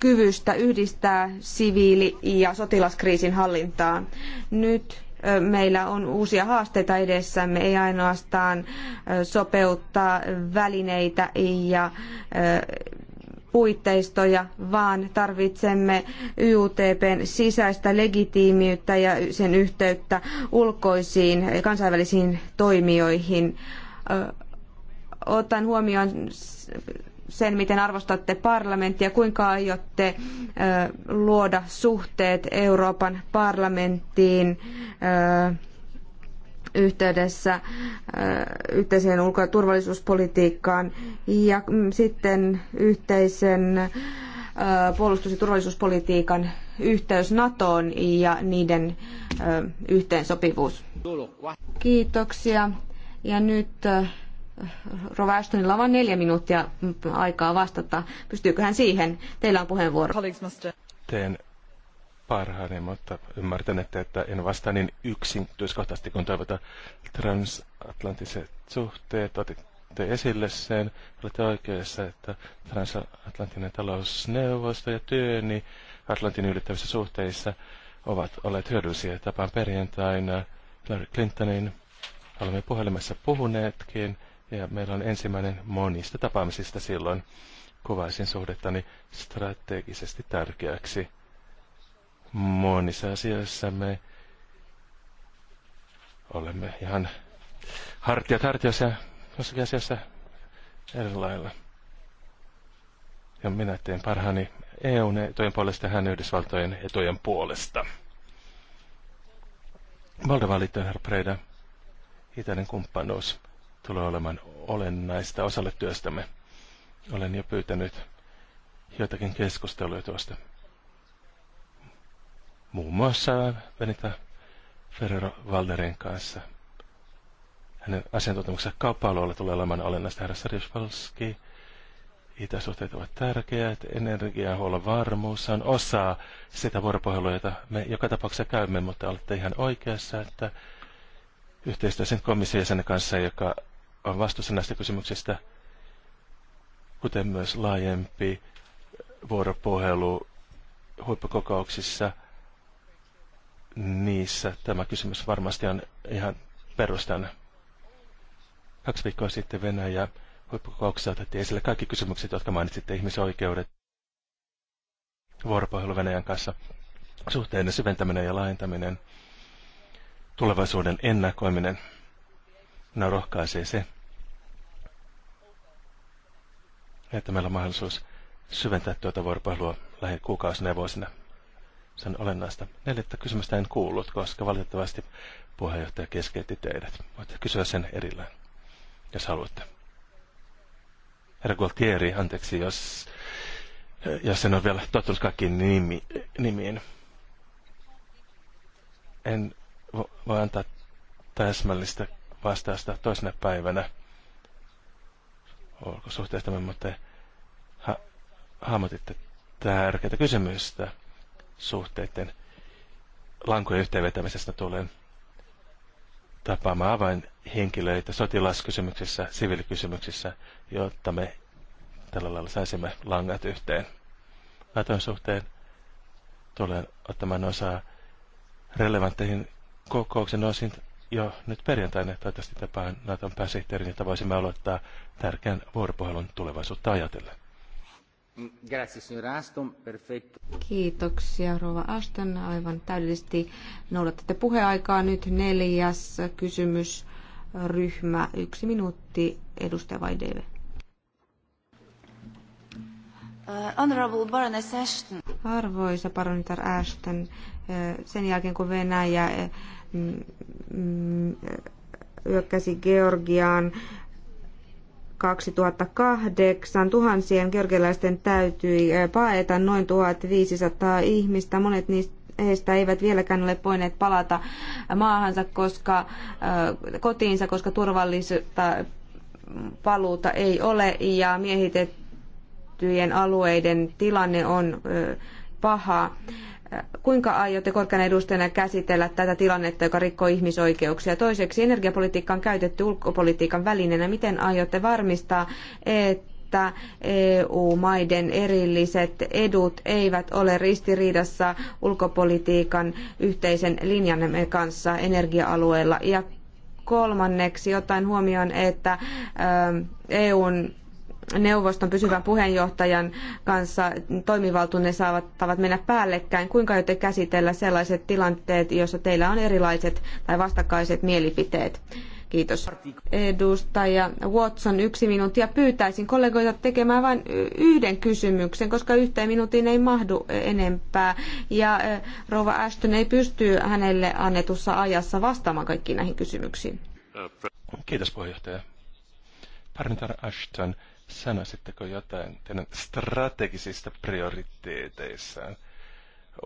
kyvystä yhdistää siviili- ja sotilaskriisin hallintaa. Nyt meillä on uusia haasteita edessämme, ei ainoastaan sopeuttaa välineitä ja puitteistoja, vaan tarvitsemme YUTPn sisäistä legitiimiyttä ja sen yhteyttä ulkoisiin kansainvälisiin toimijoihin ottaen huomioon sen, miten arvostatte parlamenttia, kuinka aiotte luoda suhteet Euroopan parlamenttiin yhteydessä yhteiseen ulko- ja turvallisuuspolitiikkaan ja mm, sitten yhteisen puolustus- ja turvallisuuspolitiikan yhteys NATOon ja niiden yhteensopivuus. Kiitoksia. Ja nyt äh, Rova Ashtonilla on vain neljä minuuttia aikaa vastata. Pystyykö hän siihen? Teillä on puheenvuoro. Teen parhaani, mutta ymmärtän, että, että en vastaa niin yksityiskohtaisesti kun toivota transatlanttiset suhteet. Otitte esille sen, olette oikeassa, että transatlanttinen talousneuvosto ja työni Atlantin ylittävissä suhteissa ovat olleet hyödyllisiä tapaan perjantaina Hillary Clintonin Olemme puhelimessa puhuneetkin ja meillä on ensimmäinen monista tapaamisista silloin. Kuvaisin suhdettani strategisesti tärkeäksi. Monissa asioissa me olemme ihan hartiat hartiossa ja jossakin asiassa erilailla. Ja minä teen parhaani EUn etujen puolesta ja hän Yhdysvaltojen etujen puolesta. Moldovaan liittyen, herra Preda, Itäinen kumppanuus tulee olemaan olennaista osalle työstämme. Olen jo pyytänyt joitakin keskusteluja tuosta. Muun muassa Benita Ferrero Valderin kanssa. Hänen asiantuntemuksensa kauppa-alueella tulee olemaan olennaista. Herra Sarjusvalski. itäsuhteet ovat tärkeät, energiahuollon varmuus on osa sitä vuoropuhelua, jota me joka tapauksessa käymme, mutta olette ihan oikeassa, että yhteistyö sen komission kanssa, joka on vastuussa näistä kysymyksistä, kuten myös laajempi vuoropuhelu huippukokouksissa. Niissä tämä kysymys varmasti on ihan perustana. Kaksi viikkoa sitten Venäjä huippukokouksessa otettiin esille kaikki kysymykset, jotka mainitsitte, ihmisoikeudet, vuoropuhelu Venäjän kanssa, suhteiden syventäminen ja laajentaminen – tulevaisuuden ennakoiminen. Minä rohkaisee se, että meillä on mahdollisuus syventää tuota vuoropuhelua lähikuukausina ja vuosina. Se on olennaista. Neljättä kysymystä en kuullut, koska valitettavasti puheenjohtaja keskeytti teidät. Voitte kysyä sen erillään, jos haluatte. Herra Gualtieri, anteeksi, jos, jos en ole vielä tottunut kaikkiin nimi, nimiin. En voi antaa täsmällistä vastausta toisena päivänä ulkosuhteistamme, mutta ha- hahmotitte tärkeitä kysymystä suhteiden lankojen yhteenvetämisestä tulee tapaamaan henkilöitä sotilaskysymyksissä, siviilikysymyksissä, jotta me tällä lailla saisimme langat yhteen. Naton suhteen tulen ottamaan osaa relevantteihin kokouksen osin jo nyt perjantaina. tästä tapaan Naton pääsihteeri, että voisimme aloittaa tärkeän vuoropuhelun tulevaisuutta ajatellen. Kiitoksia, Rova Aston. Aivan täydellisesti noudatatte puheaikaa. Nyt neljäs kysymys. Ryhmä, yksi minuutti. Edustaja Vaideve. Uh, Arvoisa paronitar Ashton, uh, sen jälkeen kun Venäjä uh, Mm, hyökkäsi Georgiaan 2008. Tuhansien georgialaisten täytyi eh, paeta noin 1500 ihmistä. Monet niistä heistä eivät vieläkään ole poineet palata maahansa, koska, eh, kotiinsa, koska turvallista paluuta ei ole ja miehitettyjen alueiden tilanne on eh, paha. Kuinka aiotte korkeana edustajana käsitellä tätä tilannetta, joka rikkoo ihmisoikeuksia? Toiseksi, energiapolitiikka on käytetty ulkopolitiikan välineenä. Miten aiotte varmistaa, että EU-maiden erilliset edut eivät ole ristiriidassa ulkopolitiikan yhteisen linjamme kanssa energia-alueella? Ja kolmanneksi, ottaen huomioon, että EUn neuvoston pysyvän puheenjohtajan kanssa toimivaltuunne saavat mennä päällekkäin. Kuinka aiotte käsitellä sellaiset tilanteet, joissa teillä on erilaiset tai vastakkaiset mielipiteet? Kiitos. Edustaja Watson, yksi minuuttia. Pyytäisin kollegoita tekemään vain yhden kysymyksen, koska yhteen minuutin ei mahdu enempää. Ja Rova Ashton ei pysty hänelle annetussa ajassa vastaamaan kaikkiin näihin kysymyksiin. Kiitos puheenjohtaja. Parintar Ashton, Sanoisitteko jotain teidän strategisista prioriteeteissaan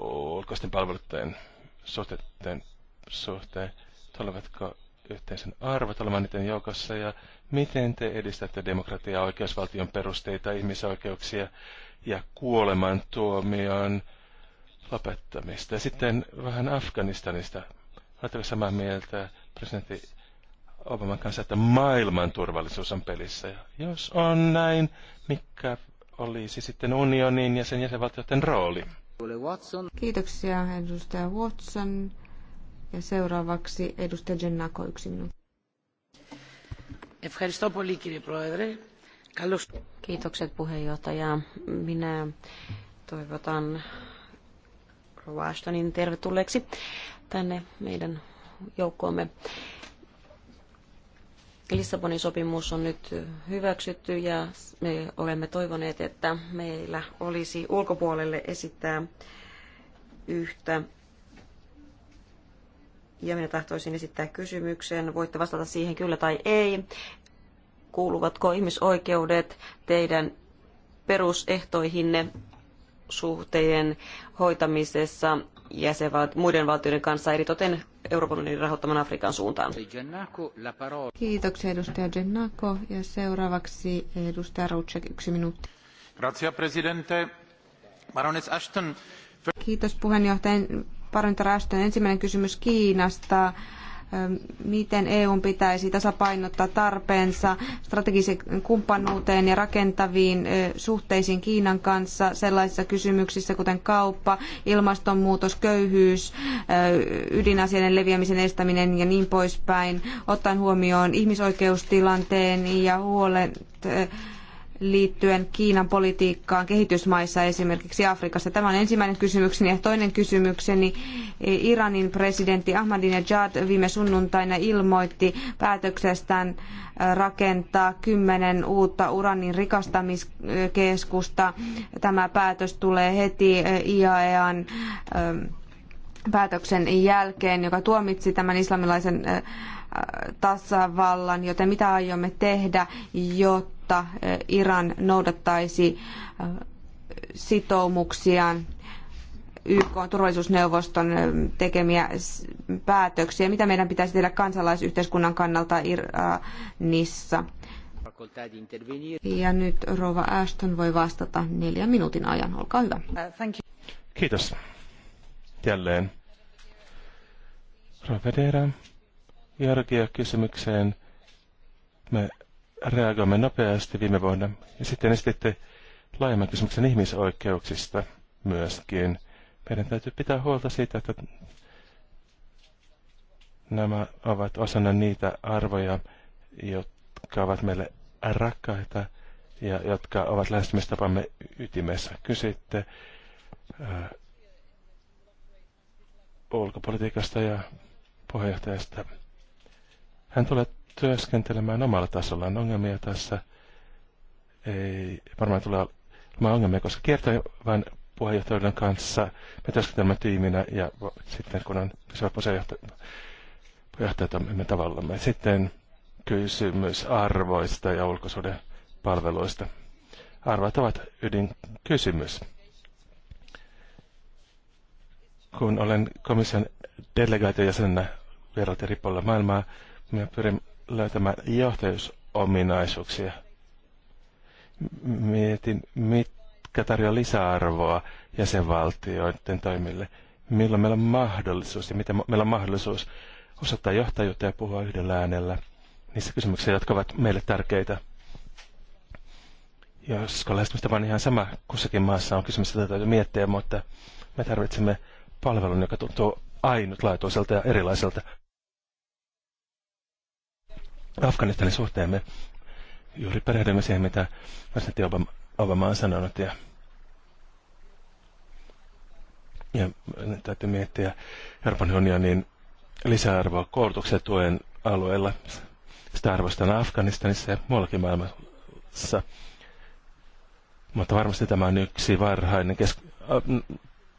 ulkoisten palveluiden suhteen, suhteen tulevatko yhteisen arvot olemaan niiden joukossa ja miten te edistätte demokratiaa, oikeusvaltion perusteita, ihmisoikeuksia ja kuoleman tuomion lopettamista. Ja sitten vähän Afganistanista. Oletteko samaa mieltä presidentti Obama kanssa, että maailman turvallisuus on pelissä. Ja jos on näin, mikä olisi sitten unionin ja sen jäsenvaltioiden rooli? Kiitoksia edustaja Watson. Ja seuraavaksi edustaja Jennako yksi minuutti. Kiitokset puheenjohtaja. Minä toivotan Rova Ashtonin tervetulleeksi tänne meidän joukkoomme. Lissabonin sopimus on nyt hyväksytty ja me olemme toivoneet, että meillä olisi ulkopuolelle esittää yhtä. Ja minä tahtoisin esittää kysymyksen. Voitte vastata siihen kyllä tai ei. Kuuluvatko ihmisoikeudet teidän perusehtoihinne suhteen hoitamisessa jäsenval- muiden valtioiden kanssa, eritoten Euroopan unionin rahoittaman Afrikan suuntaan. Kiitoksia edustaja Gennako ja seuraavaksi edustaja Roucek, yksi minuutti. Grazie, presidente. Baroness Ashton. Kiitos puheenjohtaja. Parantar Ashton. Ensimmäinen kysymys Kiinasta Ähm, miten EU pitäisi tasapainottaa tarpeensa strategisen kumppanuuteen ja rakentaviin suhteisiin Kiinan kanssa sellaisissa kysymyksissä kuten kauppa, ilmastonmuutos, köyhyys, ydinaseiden leviämisen estäminen ja niin poispäin, ottaen huomioon ihmisoikeustilanteen ja huolet liittyen Kiinan politiikkaan kehitysmaissa, esimerkiksi Afrikassa? Tämä on ensimmäinen kysymykseni. Ja toinen kysymykseni, Iranin presidentti Ahmadinejad viime sunnuntaina ilmoitti päätöksestään äh, rakentaa kymmenen uutta uranin rikastamiskeskusta. Tämä päätös tulee heti äh, IAEAn ähm, päätöksen jälkeen, joka tuomitsi tämän islamilaisen äh, tasavallan, joten mitä aiomme tehdä, jotta eh, Iran noudattaisi eh, sitoumuksiaan YK turvallisuusneuvoston eh, tekemiä päätöksiä, mitä meidän pitäisi tehdä kansalaisyhteiskunnan kannalta Iranissa. Ja nyt Rova Ashton voi vastata neljän minuutin ajan. Olkaa hyvä. Kiitos. Jälleen. Ravedera järkeä kysymykseen me reagoimme nopeasti viime vuonna. Ja sitten esititte laajemman kysymyksen ihmisoikeuksista myöskin. Meidän täytyy pitää huolta siitä, että nämä ovat osana niitä arvoja, jotka ovat meille rakkaita ja jotka ovat lähestymistapamme ytimessä. Kysitte äh, ulkopolitiikasta ja puheenjohtajasta hän tulee työskentelemään omalla tasollaan ongelmia tässä. Ei varmaan tule olemaan ongelmia, koska kiertää vain puheenjohtajan kanssa. Me työskentelemme tiiminä ja sitten kun on kysyvä puheenjohtaja, me tavallamme. Sitten kysymys arvoista ja ulkosuuden palveluista. Arvat ovat ydinkysymys. Kun olen komission delegaatiojäsenenä vierailut eri puolilla maailmaa, minä pyrin löytämään johtajuusominaisuuksia. Mietin, mitkä tarjoaa lisäarvoa jäsenvaltioiden toimille. Milloin meillä on mahdollisuus ja miten meillä on mahdollisuus osoittaa johtajuutta ja puhua yhdellä äänellä niissä kysymyksissä, jotka ovat meille tärkeitä. Josko lähestymistapa vaan ihan sama kussakin maassa on kysymys, että täytyy miettiä, mutta me tarvitsemme palvelun, joka tuntuu ainutlaatuiselta ja erilaiselta. Afganistanin suhteemme. Juuri perehdymme siihen, mitä presidentti Obama, Obama on sanonut. Ja, ja täytyy miettiä Euroopan unionin lisäarvoa koulutuksen tuen alueella. Sitä arvostan Afganistanissa ja muuallakin maailmassa. Mutta varmasti tämä on yksi varhainen,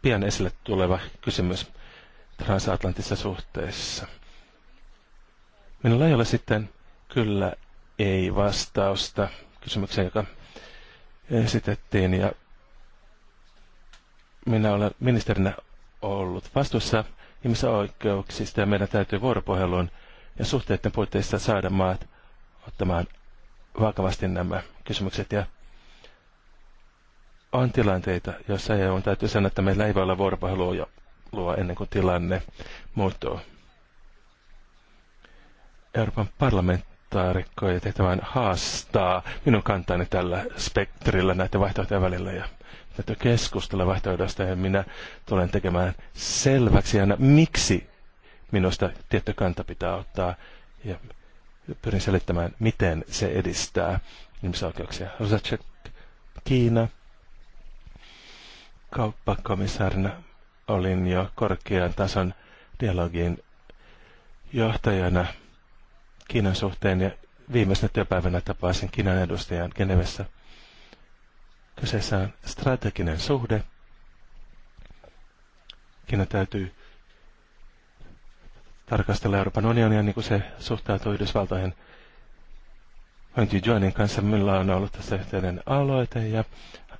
pian esille tuleva kysymys transatlanttisissa suhteissa. Minulla ei ole sitten kyllä ei vastausta kysymykseen, joka esitettiin. Ja minä olen ministerinä ollut vastuussa ihmisoikeuksista ja meidän täytyy vuoropuhelun ja suhteiden puitteissa saada maat ottamaan vakavasti nämä kysymykset. Ja on tilanteita, joissa EU täytyy sanoa, että meillä ei voi olla vuoropuhelua jo luo ennen kuin tilanne muuttuu. Euroopan parlamentti ja tehtävän haastaa minun kantani tällä spektrillä näiden vaihtoehtojen välillä ja täytyy keskustella vaihtoehdosta ja minä tulen tekemään selväksi aina, miksi minusta tietty kanta pitää ottaa ja pyrin selittämään, miten se edistää ihmisoikeuksia. Rosacek, Kiina, kauppakomissaarina olin jo korkean tason dialogin johtajana Kiinan suhteen ja viimeisenä työpäivänä tapasin Kiinan edustajan Genevessä. Kyseessä on strateginen suhde. Kiina täytyy tarkastella Euroopan unionia, niin kuin se suhtautuu Yhdysvaltojen Hönti Joanin kanssa minulla on ollut tässä yhteinen aloite, ja,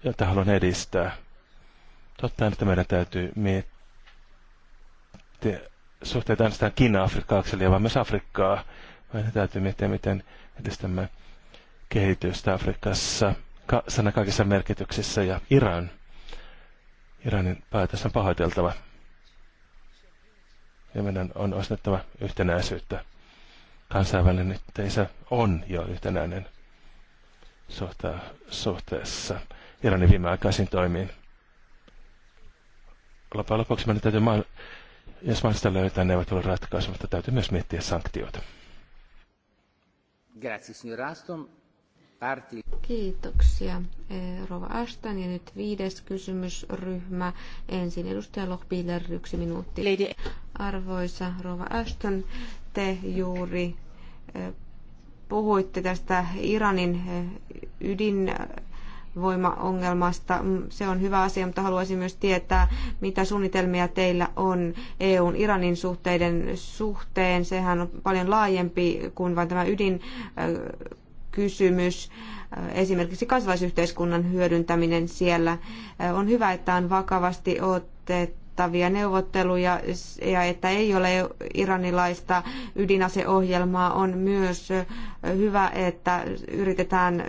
jota haluan edistää. Totta on, että meidän täytyy miettiä suhteita ainoastaan Kiina-Afrikkaa, vaan myös Afrikkaa. Meidän täytyy miettiä, miten edistämme kehitystä Afrikassa, ka- sana kaikissa merkityksissä ja Iran. Iranin päätös on pahoiteltava. Ja meidän on ostettava yhtenäisyyttä. Kansainvälinen yhteisö on jo yhtenäinen suhte- suhteessa Iranin viimeaikaisiin toimiin. Loppujen lopuksi meidän täytyy, ma- jos mahdollista löytää ole ratkaisu, mutta täytyy myös miettiä sanktioita. Kiitoksia, eh, Rova Ashton. Ja nyt viides kysymysryhmä. Ensin edustaja Lohbiller, yksi minuutti. Arvoisa Rova Ashton, te juuri eh, puhuitte tästä Iranin eh, ydin voimaongelmasta. Mm, se on hyvä asia, mutta haluaisin myös tietää, mitä suunnitelmia teillä on EUn Iranin suhteiden suhteen. Sehän on paljon laajempi kuin vain tämä ydinkysymys. Esimerkiksi kansalaisyhteiskunnan hyödyntäminen siellä. On hyvä, että on vakavasti otettu neuvotteluja ja että ei ole iranilaista ydinaseohjelmaa on myös hyvä, että yritetään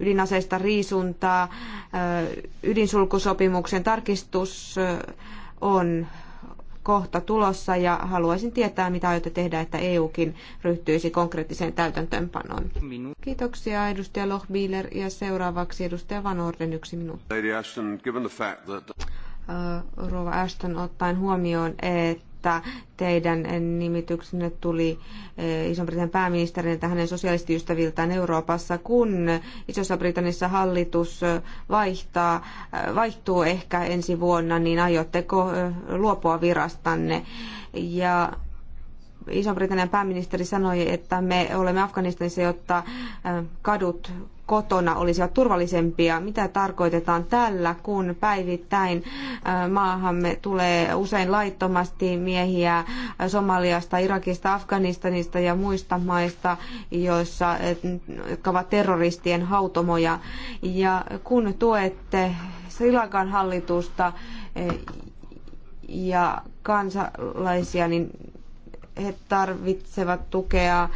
ydinaseista riisuntaa. Ydinsulkusopimuksen tarkistus on kohta tulossa ja haluaisin tietää, mitä aiotte tehdä, että EUkin ryhtyisi konkreettiseen täytäntöönpanoon. Minu. Kiitoksia edustaja Lohbiler ja seuraavaksi edustaja Van Orden yksi minuutti. Lady Ashton, given the fact that... Rova Ashton ottaen huomioon, että että teidän nimityksenne tuli eh, Iso-Britannian pääministeriltä hänen sosialistiystäviltään Euroopassa, kun Isossa Britannissa hallitus eh, vaihtaa, eh, vaihtuu ehkä ensi vuonna, niin aiotteko luopua virastanne? Ja Iso-Britannian pääministeri sanoi, että me olemme Afganistanissa, jotta kadut kotona olisivat turvallisempia. Mitä tarkoitetaan tällä, kun päivittäin maahamme tulee usein laittomasti miehiä Somaliasta, Irakista, Afganistanista ja muista maista, joissa, jotka ovat terroristien hautomoja. Ja kun tuette Sri Lankan hallitusta ja kansalaisia, niin he tarvitsevat tukea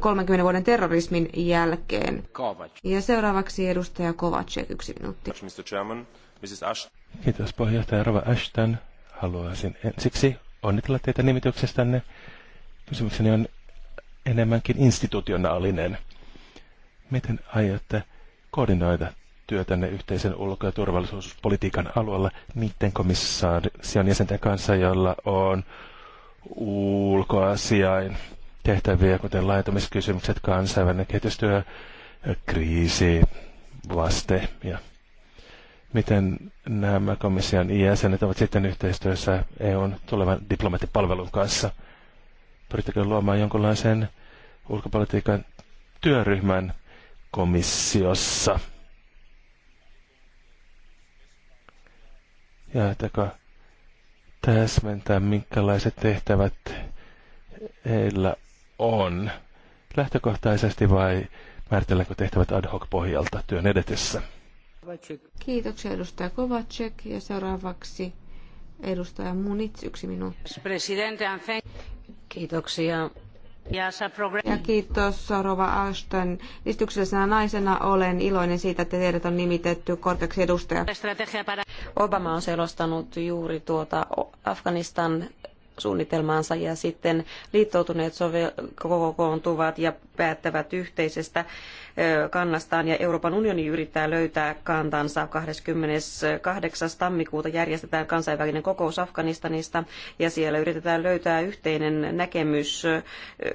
30 vuoden terrorismin jälkeen. Kovac. Ja seuraavaksi edustaja Kovacek, yksi minuutti. Mr. Chairman, Mrs. Ashton. Kiitos puheenjohtaja Rova Ashton. Haluaisin ensiksi onnitella teitä nimityksestänne. Kysymykseni on enemmänkin institutionaalinen. Miten aiotte koordinoida työtänne yhteisen ulko- ja turvallisuuspolitiikan alueella niiden komission jäsenten kanssa, jolla on ulkoasiain tehtäviä, kuten laitumiskysymykset, kansainvälinen kehitystyö, kriisi, vaste ja miten nämä komission jäsenet ovat sitten yhteistyössä EUn tulevan diplomaattipalvelun kanssa. Pyrittekö luomaan jonkinlaisen ulkopolitiikan työryhmän komissiossa? ja että täsmentää, minkälaiset tehtävät heillä on lähtökohtaisesti vai määritelläänkö tehtävät ad hoc pohjalta työn edetessä? Kiitoksia edustaja Kovacek ja seuraavaksi edustaja Munits, yksi minuutti. Kiitoksia ja kiitos Rova Ashton. Edistyksellisenä naisena olen iloinen siitä, että teidät on nimitetty korkeaksi edustaja. Obama on selostanut juuri tuota Afganistan suunnitelmaansa ja sitten liittoutuneet kokoontuvat ja päättävät yhteisestä kannastaan ja Euroopan unioni yrittää löytää kantansa. 28. tammikuuta järjestetään kansainvälinen kokous Afganistanista ja siellä yritetään löytää yhteinen näkemys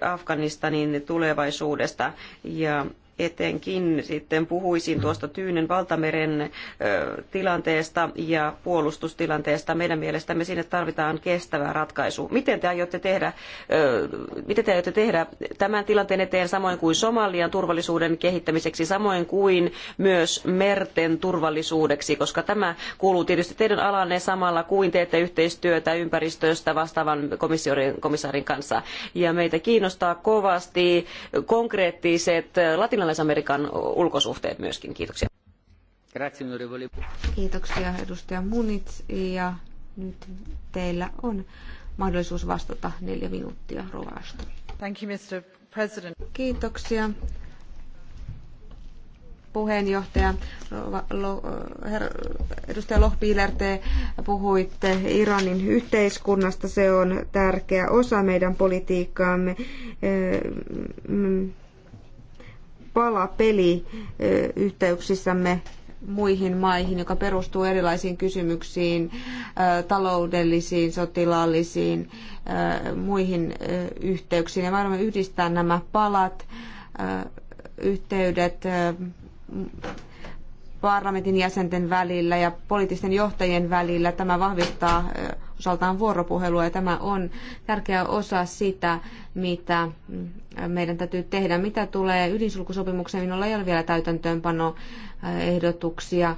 Afganistanin tulevaisuudesta ja etenkin sitten puhuisin tuosta Tyynen valtameren tilanteesta ja puolustustilanteesta. Meidän mielestämme sinne tarvitaan kestävä ratkaisu. Miten te aiotte tehdä, miten te aiotte tehdä tämän tilanteen eteen samoin kuin Somalian turvallisuuden kehittämiseksi, samoin kuin myös merten turvallisuudeksi, koska tämä kuuluu tietysti teidän alanne samalla kuin teette yhteistyötä ympäristöstä vastaavan komissaarin kanssa. Ja meitä kiinnostaa kovasti konkreettiset latinalaiset Pohjois-Amerikan ulkosuhteet myöskin. Kiitoksia. Kiitoksia edustaja Munits ja nyt teillä on mahdollisuus vastata neljä minuuttia Rovasta. Thank you, Mr. President. Kiitoksia puheenjohtaja, eh, edustaja Lohpiiler, te puhuitte Iranin yhteiskunnasta. Se on tärkeä osa meidän politiikkaamme. Eh, mm, palapeli yhteyksissämme muihin maihin, joka perustuu erilaisiin kysymyksiin, taloudellisiin, sotilaallisiin, muihin yhteyksiin. Ja me yhdistää nämä palat, yhteydet parlamentin jäsenten välillä ja poliittisten johtajien välillä. Tämä vahvistaa osaltaan vuoropuhelua ja tämä on tärkeä osa sitä, mitä mm, meidän täytyy tehdä. Mitä tulee ydinsulkusopimukseen, minulla ei ole vielä täytäntöönpanoehdotuksia.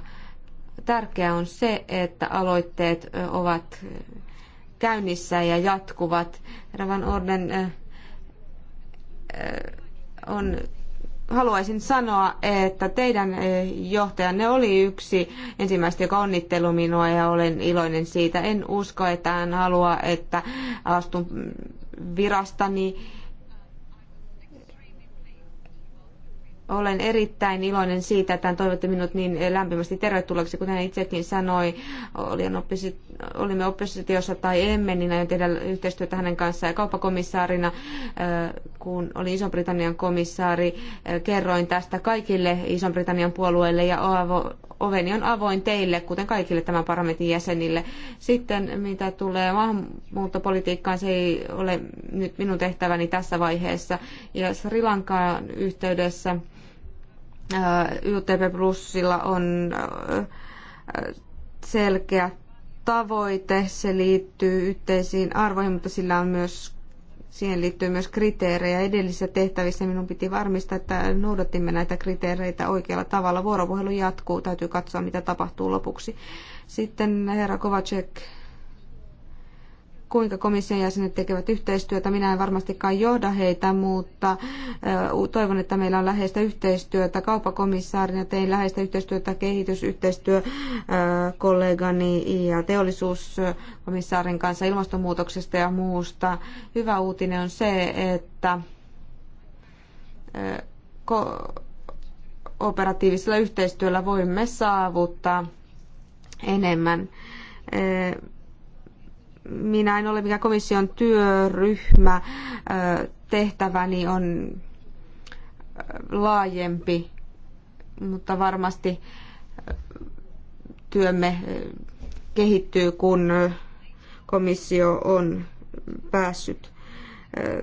Tärkeää on se, että aloitteet ovat käynnissä ja jatkuvat. Ravan Orden on haluaisin sanoa, että teidän eh, johtajanne oli yksi ensimmäistä, joka onnittelu minua ja olen iloinen siitä. En usko, että hän haluaa, että astun virastani olen erittäin iloinen siitä, että hän toivotti minut niin lämpimästi tervetulleeksi, kuten hän itsekin sanoi. olimme oppositiossa tai emme, niin aion tehdä yhteistyötä hänen kanssaan. Ja kauppakomissaarina, äh, kun olin Iso-Britannian komissaari, äh, kerroin tästä kaikille Iso-Britannian puolueille ja oveni on avoin teille, kuten kaikille tämän parlamentin jäsenille. Sitten mitä tulee maahanmuuttopolitiikkaan, se ei ole nyt minun tehtäväni tässä vaiheessa. Ja Sri Lankaan yhteydessä Äh, UTP Plusilla on äh, selkeä tavoite, se liittyy yhteisiin arvoihin, mutta sillä on myös, siihen liittyy myös kriteerejä. Edellisissä tehtävissä minun piti varmistaa, että noudattimme näitä kriteereitä oikealla tavalla. Vuoropuhelu jatkuu, täytyy katsoa mitä tapahtuu lopuksi. Sitten herra Kovacek kuinka komission jäsenet tekevät yhteistyötä. Minä en varmastikaan johda heitä, mutta toivon, että meillä on läheistä yhteistyötä kaupakomissaarin ja tein läheistä yhteistyötä kehitysyhteistyökollegani ja teollisuuskomissaarin kanssa ilmastonmuutoksesta ja muusta. Hyvä uutinen on se, että operatiivisella yhteistyöllä voimme saavuttaa enemmän minä en ole mikään komission työryhmä. Tehtäväni on laajempi, mutta varmasti työmme kehittyy, kun komissio on päässyt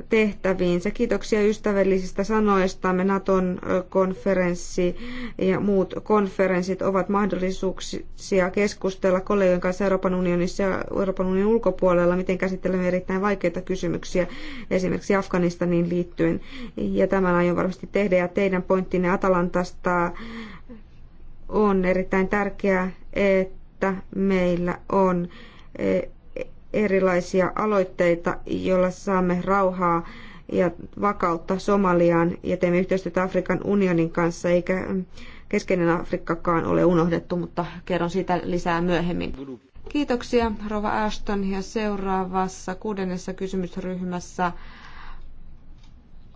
tehtäviinsä. Kiitoksia ystävällisistä sanoista me Naton konferenssi ja muut konferenssit ovat mahdollisuuksia keskustella kollegojen kanssa Euroopan unionissa ja Euroopan unionin ulkopuolella, miten käsittelemme erittäin vaikeita kysymyksiä esimerkiksi Afganistaniin liittyen. Ja tämän aion varmasti tehdä. Ja teidän pointtinne Atalantasta on erittäin tärkeää, että meillä on e, erilaisia aloitteita, joilla saamme rauhaa ja vakautta Somaliaan ja teemme yhteistyötä Afrikan unionin kanssa, eikä keskeinen Afrikkakaan ole unohdettu, mutta kerron siitä lisää myöhemmin. Kiitoksia Rova Ashton ja seuraavassa kuudennessa kysymysryhmässä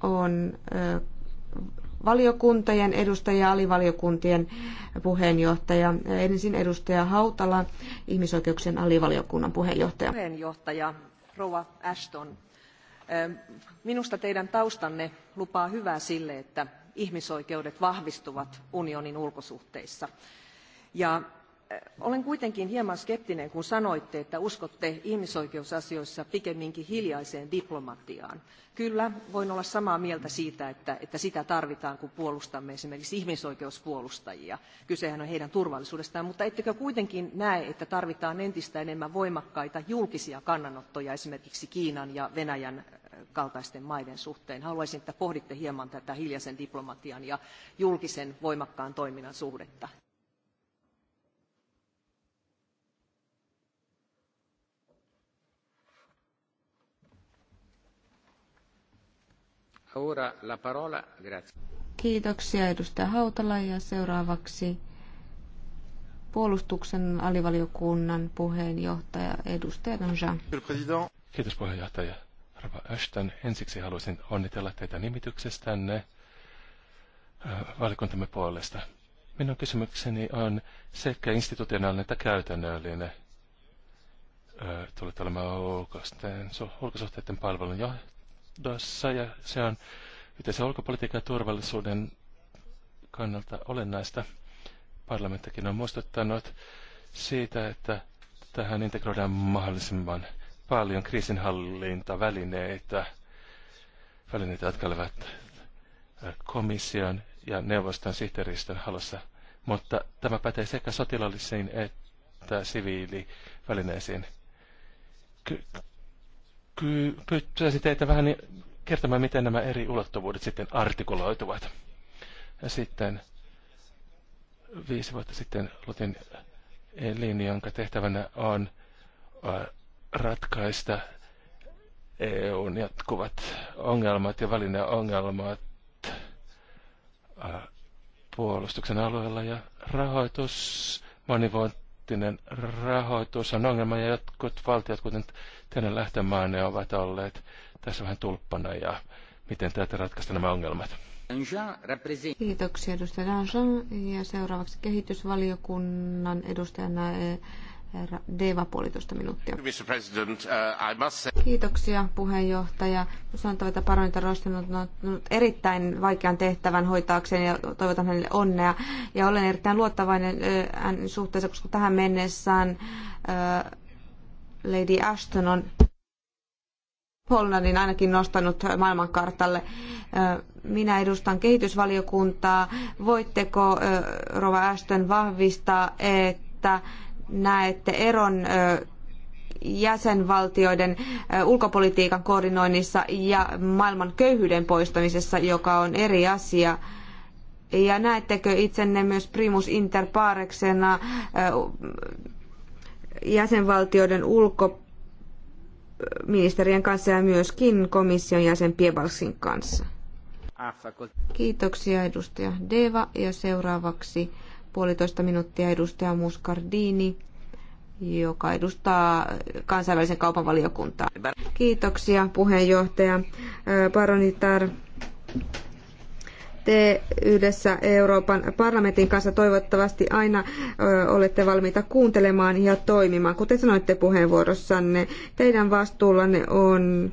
on valiokuntien edustajia ja alivaliokuntien puheenjohtaja. Ensin edustaja Hautala, ihmisoikeuksien alivaliokunnan puheenjohtaja. Puheenjohtaja Rova Ashton, ähm, minusta teidän taustanne lupaa hyvää sille, että ihmisoikeudet vahvistuvat unionin ulkosuhteissa. Ja olen kuitenkin hieman skeptinen, kun sanoitte, että uskotte ihmisoikeusasioissa pikemminkin hiljaiseen diplomatiaan. Kyllä, voin olla samaa mieltä siitä, että, että sitä tarvitaan, kun puolustamme esimerkiksi ihmisoikeuspuolustajia. Kysehän on heidän turvallisuudestaan, mutta ettekö kuitenkin näe, että tarvitaan entistä enemmän voimakkaita julkisia kannanottoja esimerkiksi Kiinan ja Venäjän kaltaisten maiden suhteen. Haluaisin, että pohditte hieman tätä hiljaisen diplomatian ja julkisen voimakkaan toiminnan suhdetta. Kiitoksia edustaja Hautala ja seuraavaksi puolustuksen alivaliokunnan puheenjohtaja edustaja Donjan. Kiitos puheenjohtaja. Rava Ashton, ensiksi haluaisin onnitella teitä nimityksestänne äh, valikuntamme puolesta. Minun kysymykseni on sekä institutionaalinen että käytännöllinen. Äh, tulette olemaan ulkosuhteiden palvelun johtaja Dossa ja se on yhteisen ulkopolitiikan ja turvallisuuden kannalta olennaista. Parlamenttakin on muistuttanut siitä, että tähän integroidaan mahdollisimman paljon kriisinhallintavälineitä, välineitä, jotka olivat äh, komission ja neuvoston sihteeristön halussa. Mutta tämä pätee sekä sotilaallisiin että siviilivälineisiin. Ky- pyytäisin teitä vähän kertomaan, miten nämä eri ulottuvuudet sitten artikuloituvat. Ja sitten viisi vuotta sitten luotin elin, jonka tehtävänä on ratkaista EUn jatkuvat ongelmat ja valinnan ongelmat puolustuksen alueella ja rahoitus monivuotiset poliittinen rahoitus on ongelma ja jotkut valtiot, kuten teidän lähtömaanne, ovat olleet tässä vähän tulppana ja miten täytyy ratkaista nämä ongelmat. Kiitoksia edustaja Danjean ja seuraavaksi kehitysvaliokunnan edustajana eh, Herra Deva, puolitoista minuuttia. Uh, Kiitoksia puheenjohtaja. Sanotaan, että Paronita Rosten niin on ottanut erittäin vaikean tehtävän hoitaakseen ja toivotan hänelle onnea. Ja olen erittäin luottavainen hänen suhteessa, koska tähän mennessään Lady Ashton on Hollandin ainakin nostanut maailmankartalle. Minä edustan kehitysvaliokuntaa. Voitteko, Rova Ashton, vahvistaa, että näette eron jäsenvaltioiden ulkopolitiikan koordinoinnissa ja maailman köyhyyden poistamisessa, joka on eri asia? Ja näettekö itsenne myös primus inter pareksena jäsenvaltioiden ulkoministerien kanssa ja myöskin komission jäsen Piebalsin kanssa? Ah, Kiitoksia edustaja Deva ja seuraavaksi puolitoista minuuttia edustaja Muscardini, joka edustaa kansainvälisen kaupan valiokuntaa. Kiitoksia puheenjohtaja Baronitar. Te yhdessä Euroopan parlamentin kanssa toivottavasti aina olette valmiita kuuntelemaan ja toimimaan. Kuten sanoitte puheenvuorossanne, teidän vastuullanne on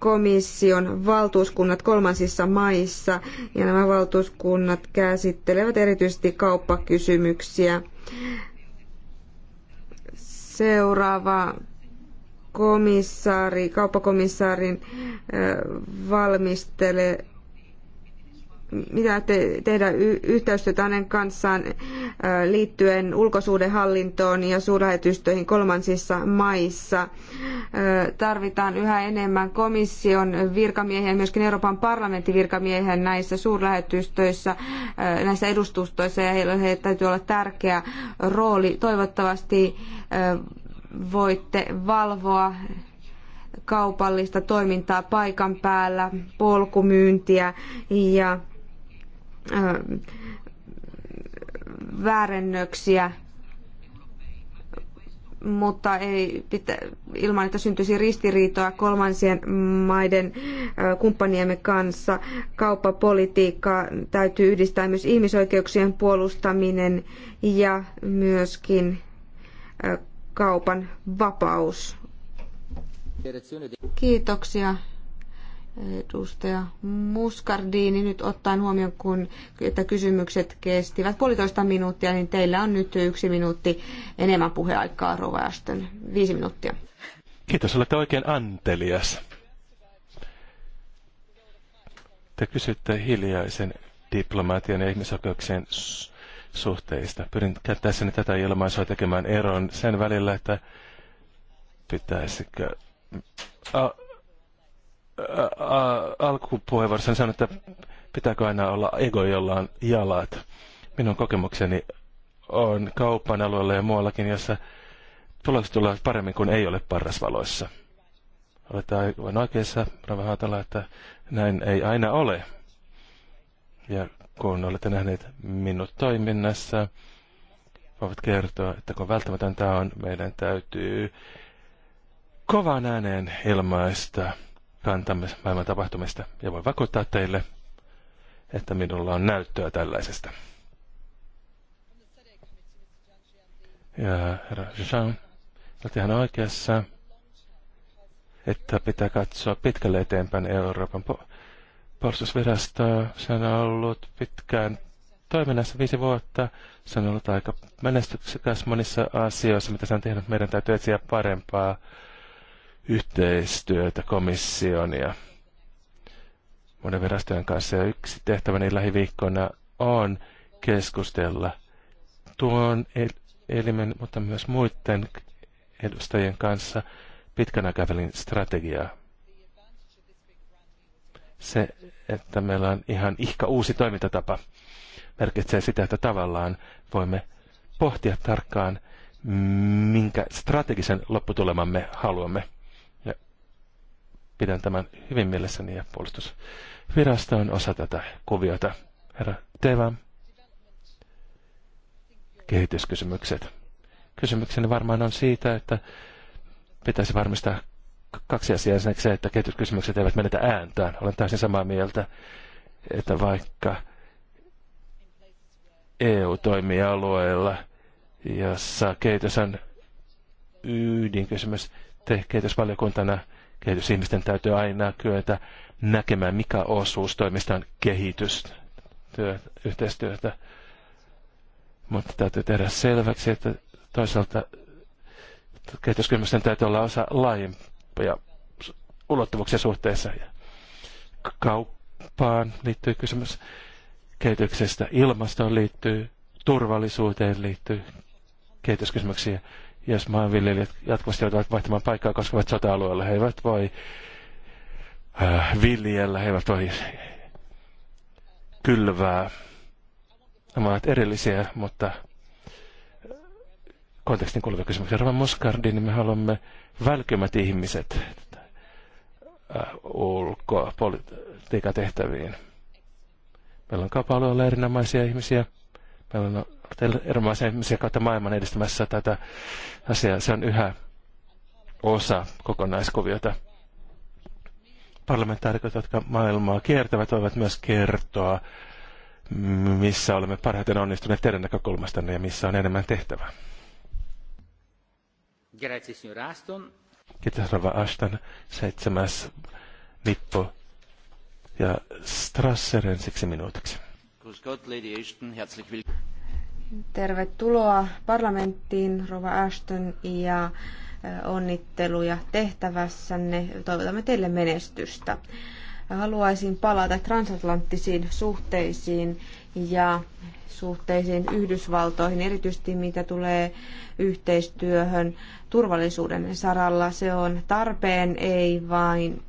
komission valtuuskunnat kolmansissa maissa ja nämä valtuuskunnat käsittelevät erityisesti kauppakysymyksiä. Seuraava komissaari, kauppakomissaarin valmistelee mitä te, tehdä y, yhteistyötä hänen kanssaan liittyen ulkosuudenhallintoon ja suurlähetystöihin kolmansissa maissa. tarvitaan yhä enemmän komission virkamiehiä ja myöskin Euroopan parlamentin virkamiehiä näissä suurlähetystöissä, näissä edustustoissa ja heillä, heillä täytyy olla tärkeä rooli. Toivottavasti voitte valvoa kaupallista toimintaa paikan päällä, polkumyyntiä ja väärennöksiä, mutta ei pitä, ilman, että syntyisi ristiriitoa kolmansien maiden kumppaniemme kanssa. Kauppapolitiikka täytyy yhdistää myös ihmisoikeuksien puolustaminen ja myöskin kaupan vapaus. Kiitoksia edustaja Muscardini nyt ottaen huomioon, kun, että kysymykset kestivät puolitoista minuuttia, niin teillä on nyt yksi minuutti enemmän puheaikaa Rovasten. Viisi minuuttia. Kiitos, olette oikein antelias. Te kysytte hiljaisen diplomaatian ja ihmisoikeuksien suhteista. Pyrin käyttäessäni tätä ilmaisua tekemään eron sen välillä, että pitäisikö alkupuheenvuorossani sanoin, että pitääkö aina olla ego, jolla on jalat. Minun kokemukseni on kaupan alueella ja muuallakin, jossa tulokset tulee paremmin kuin ei ole parrasvaloissa. Olette aivan oikeassa, Rava Haatala, että näin ei aina ole. Ja kun olette nähneet minut toiminnassa, voivat kertoa, että kun välttämätöntä on, meidän täytyy kovan ääneen ilmaista kantamme maailman tapahtumista. Ja voin vakuuttaa teille, että minulla on näyttöä tällaisesta. Ja herra Jean, olet ihan oikeassa, että pitää katsoa pitkälle eteenpäin Euroopan puolustusvirastoa. Se on ollut pitkään toiminnassa viisi vuotta. Se on ollut aika menestyksekäs monissa asioissa, mitä se on tehnyt. Meidän täytyy etsiä parempaa yhteistyötä komission ja monen virastojen kanssa. Ja yksi tehtäväni lähiviikkoina on keskustella tuon elimen, mutta myös muiden edustajien kanssa pitkän aikavälin strategiaa. Se, että meillä on ihan ihka uusi toimintatapa, merkitsee sitä, että tavallaan voimme pohtia tarkkaan, minkä strategisen lopputuleman me haluamme pidän tämän hyvin mielessäni ja puolustusvirasto on osa tätä kuviota. Herra Teva, kehityskysymykset. Kysymykseni varmaan on siitä, että pitäisi varmistaa kaksi asiaa. Ensinnäkin se, että kehityskysymykset eivät menetä ääntään. Olen täysin samaa mieltä, että vaikka EU toimii alueella, jossa kehitys on ydinkysymys, te kehitysvaliokuntana – Kehitysihmisten täytyy aina kyetä näkemään, mikä osuus toimistaan on kehitystyötä, Mutta täytyy tehdä selväksi, että toisaalta kehityskysymysten täytyy olla osa laajempia ulottuvuuksia suhteessa. Kauppaan liittyy kysymys kehityksestä, ilmastoon liittyy, turvallisuuteen liittyy kehityskysymyksiä jos maanviljelijät jatkuvasti joutuvat vaihtamaan paikkaa, koska ovat sota-alueella, he eivät voi äh, viljellä, he eivät voi kylvää. Nämä ovat erillisiä, mutta äh, kontekstin kuuluvia kysymyksiä. Rava Moskardi, niin me haluamme välkymät ihmiset äh, ulkopolitiikan tehtäviin. Meillä on kaupan erinomaisia ihmisiä. Meillä on erilaisia ihmisiä kautta maailman edistämässä tätä asiaa. Se on yhä osa kokonaiskuviota. Parlamentaarikot, jotka maailmaa kiertävät, voivat myös kertoa, missä olemme parhaiten onnistuneet teidän näkökulmastanne ja missä on enemmän tehtävää. Kiitos, Rava Ashton. Seitsemäs Nippo ja Strasser ensiksi minuutiksi. Tervetuloa parlamenttiin, Rova Ashton, ja onnitteluja tehtävässänne. Toivotamme teille menestystä. Haluaisin palata transatlanttisiin suhteisiin ja suhteisiin Yhdysvaltoihin, erityisesti mitä tulee yhteistyöhön turvallisuuden saralla. Se on tarpeen, ei vain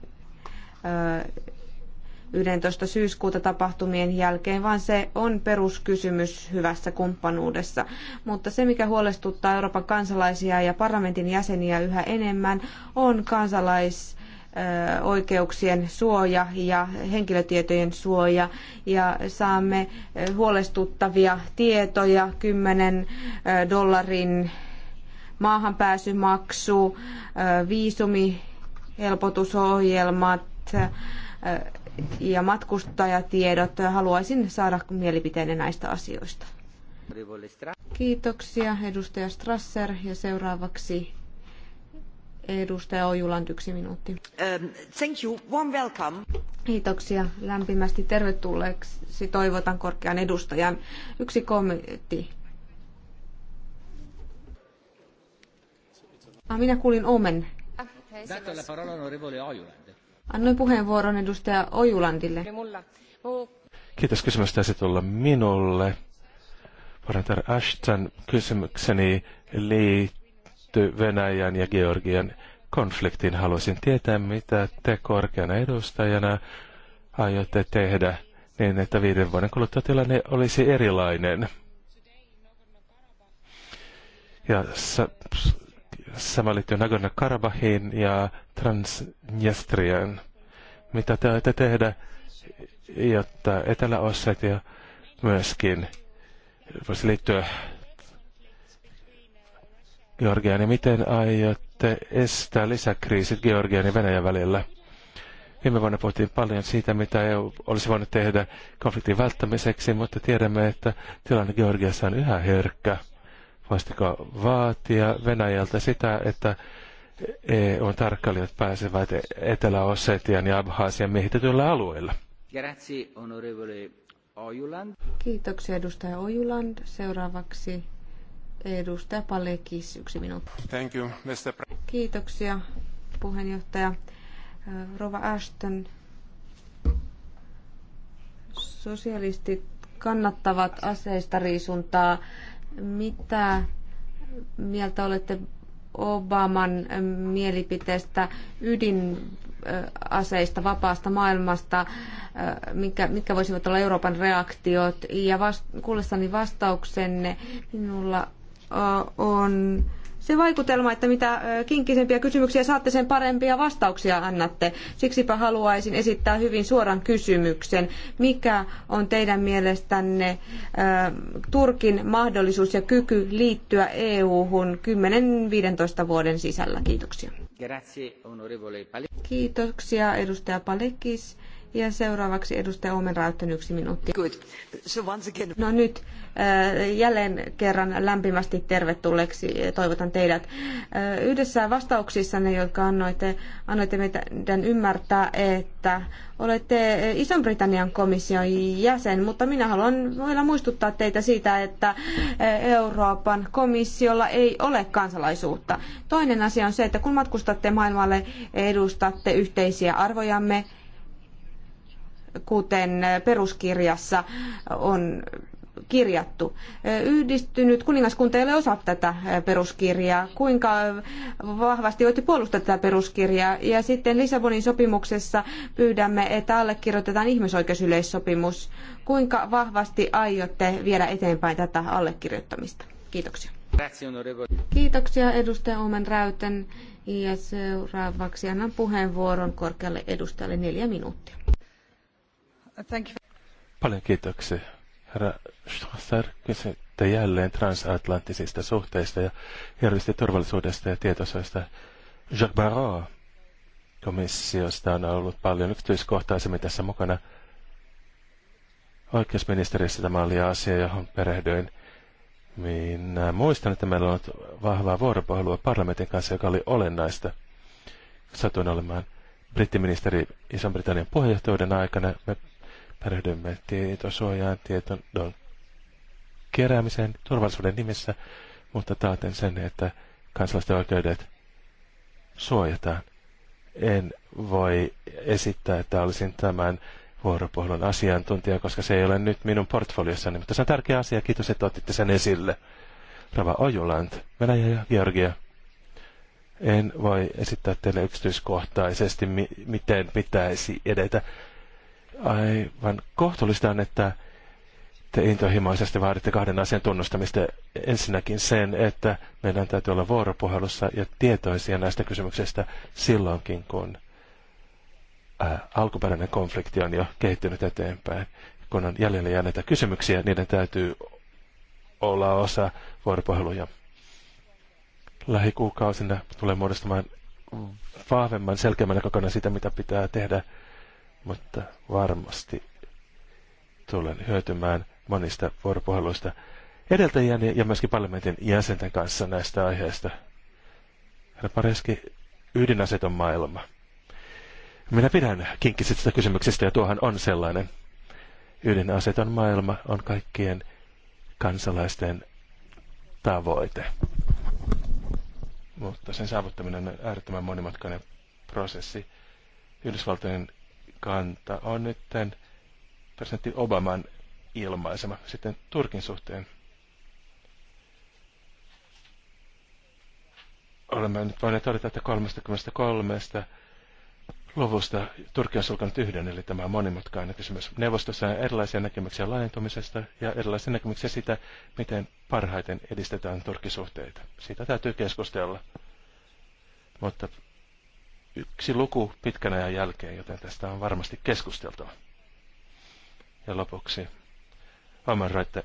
11. syyskuuta tapahtumien jälkeen, vaan se on peruskysymys hyvässä kumppanuudessa. Mutta se, mikä huolestuttaa Euroopan kansalaisia ja parlamentin jäseniä yhä enemmän, on kansalais oikeuksien suoja ja henkilötietojen suoja ja saamme huolestuttavia tietoja, 10 dollarin maahanpääsymaksu, viisumihelpotusohjelmat, ja matkustajatiedot. Haluaisin saada mielipiteenne näistä asioista. Kiitoksia edustaja Strasser ja seuraavaksi edustaja Ojuland yksi minuutti. Um, thank you. Warm welcome. Kiitoksia. Lämpimästi tervetulleeksi toivotan korkean edustajan. Yksi kommentti. Ah, minä kuulin omen. Dato la parola onorevole Annoin puheenvuoron edustaja Ojulandille. Kiitos kysymystä taisi tulla minulle. Parantar Ashton kysymykseni liittyy Venäjän ja Georgian konfliktiin. Haluaisin tietää, mitä te korkeana edustajana aiotte tehdä niin, että viiden vuoden kuluttua tilanne olisi erilainen. Ja Sama liittyy Nagorno-Karabahin ja Transnistriaan. Mitä te olette tehdä, jotta etelä ja myöskin voisi liittyä Georgiaan ja miten aiotte estää lisäkriisit Georgian ja Venäjän välillä? Viime vuonna puhuttiin paljon siitä, mitä EU olisi voinut tehdä konfliktin välttämiseksi, mutta tiedämme, että tilanne Georgiassa on yhä herkkä. Voisitko vaatia Venäjältä sitä, että EUn tarkkailijat pääsevät Etelä-Ossetian ja Abhaasian miehitetyillä alueilla? Kiitoksia edustaja Ojuland. Seuraavaksi edustaja Palekis, yksi minuutti. Thank you, Mr. Pre- Kiitoksia puheenjohtaja. Rova Ashton, sosialistit kannattavat aseista riisuntaa mitä mieltä olette Obaman mielipiteestä ydinaseista, vapaasta maailmasta, mitkä, mitkä voisivat olla Euroopan reaktiot. Ja vast, kuullessani vastauksenne minulla on se vaikutelma, että mitä kinkkisempiä kysymyksiä saatte, sen parempia vastauksia annatte. Siksipä haluaisin esittää hyvin suoran kysymyksen. Mikä on teidän mielestänne Turkin mahdollisuus ja kyky liittyä EU-hun 10-15 vuoden sisällä? Kiitoksia. Kiitoksia edustaja Palekis. Ja seuraavaksi edustaja Omen yksi minuutti. Good. So once again... No nyt äh, jälleen kerran lämpimästi tervetulleeksi äh, toivotan teidät. Äh, yhdessä vastauksissanne, jotka annoitte, annoitte meidän ymmärtää, että olette Ison-Britannian komission jäsen, mutta minä haluan vielä muistuttaa teitä siitä, että Euroopan komissiolla ei ole kansalaisuutta. Toinen asia on se, että kun matkustatte maailmalle, edustatte yhteisiä arvojamme, kuten peruskirjassa on kirjattu. Yhdistynyt kuningaskunta ei ole osa tätä peruskirjaa. Kuinka vahvasti voitte puolustaa tätä peruskirjaa? Ja sitten Lissabonin sopimuksessa pyydämme, että allekirjoitetaan ihmisoikeusyleissopimus. Kuinka vahvasti aiotte viedä eteenpäin tätä allekirjoittamista? Kiitoksia. Kiitoksia edustaja Omen Räyten. Ja seuraavaksi annan puheenvuoron korkealle edustajalle neljä minuuttia. Paljon kiitoksia. Herra Strasser, kysytte jälleen transatlanttisista suhteista ja järjestöjen turvallisuudesta ja tietoisuudesta. Jacques Barrot komissiosta on ollut paljon yksityiskohtaisemmin tässä mukana. Oikeusministeriössä tämä oli asia, johon perehdyin. Minä muistan, että meillä on ollut vahvaa vuoropuhelua parlamentin kanssa, joka oli olennaista. Satuin olemaan brittiministeri iso britannian puheenjohtajuuden aikana. Me perehdymme tietosuojaan, tiedon keräämiseen turvallisuuden nimissä, mutta taaten sen, että kansalaisten oikeudet suojataan. En voi esittää, että olisin tämän vuoropuhelun asiantuntija, koska se ei ole nyt minun portfoliossani, mutta se on tärkeä asia. Kiitos, että otitte sen esille. Rava Ojuland, Venäjä ja Georgia. En voi esittää teille yksityiskohtaisesti, miten pitäisi edetä aivan kohtuullista on, että te intohimoisesti vaaditte kahden asian tunnustamista. Ensinnäkin sen, että meidän täytyy olla vuoropuhelussa ja tietoisia näistä kysymyksistä silloinkin, kun ää, äh, alkuperäinen konflikti on jo kehittynyt eteenpäin. Kun on jäljellä jääneitä kysymyksiä, niiden täytyy olla osa vuoropuheluja. Lähikuukausina tulee muodostamaan vahvemman, selkeämmän kokonaan sitä, mitä pitää tehdä – mutta varmasti tulen hyötymään monista vuoropuheluista edeltäjien ja myöskin parlamentin jäsenten kanssa näistä aiheista. Herra Pareski, ydinaseton maailma. Minä pidän kinkkisistä kysymyksistä ja tuohan on sellainen. Ydinaseton maailma on kaikkien kansalaisten tavoite. Mutta sen saavuttaminen on äärettömän monimutkainen prosessi. Yhdysvaltojen kanta on nyt tämän presidentti Obaman ilmaisema sitten Turkin suhteen. Olemme nyt voineet todeta, että 33 luvusta Turkki on sulkanut yhden, eli tämä on monimutkainen kysymys. Neuvostossa on erilaisia näkemyksiä laajentumisesta ja erilaisia näkemyksiä sitä, miten parhaiten edistetään Turkisuhteita. Siitä täytyy keskustella. Mutta yksi luku pitkän ajan jälkeen, joten tästä on varmasti keskusteltava. Ja lopuksi Amman Raitte.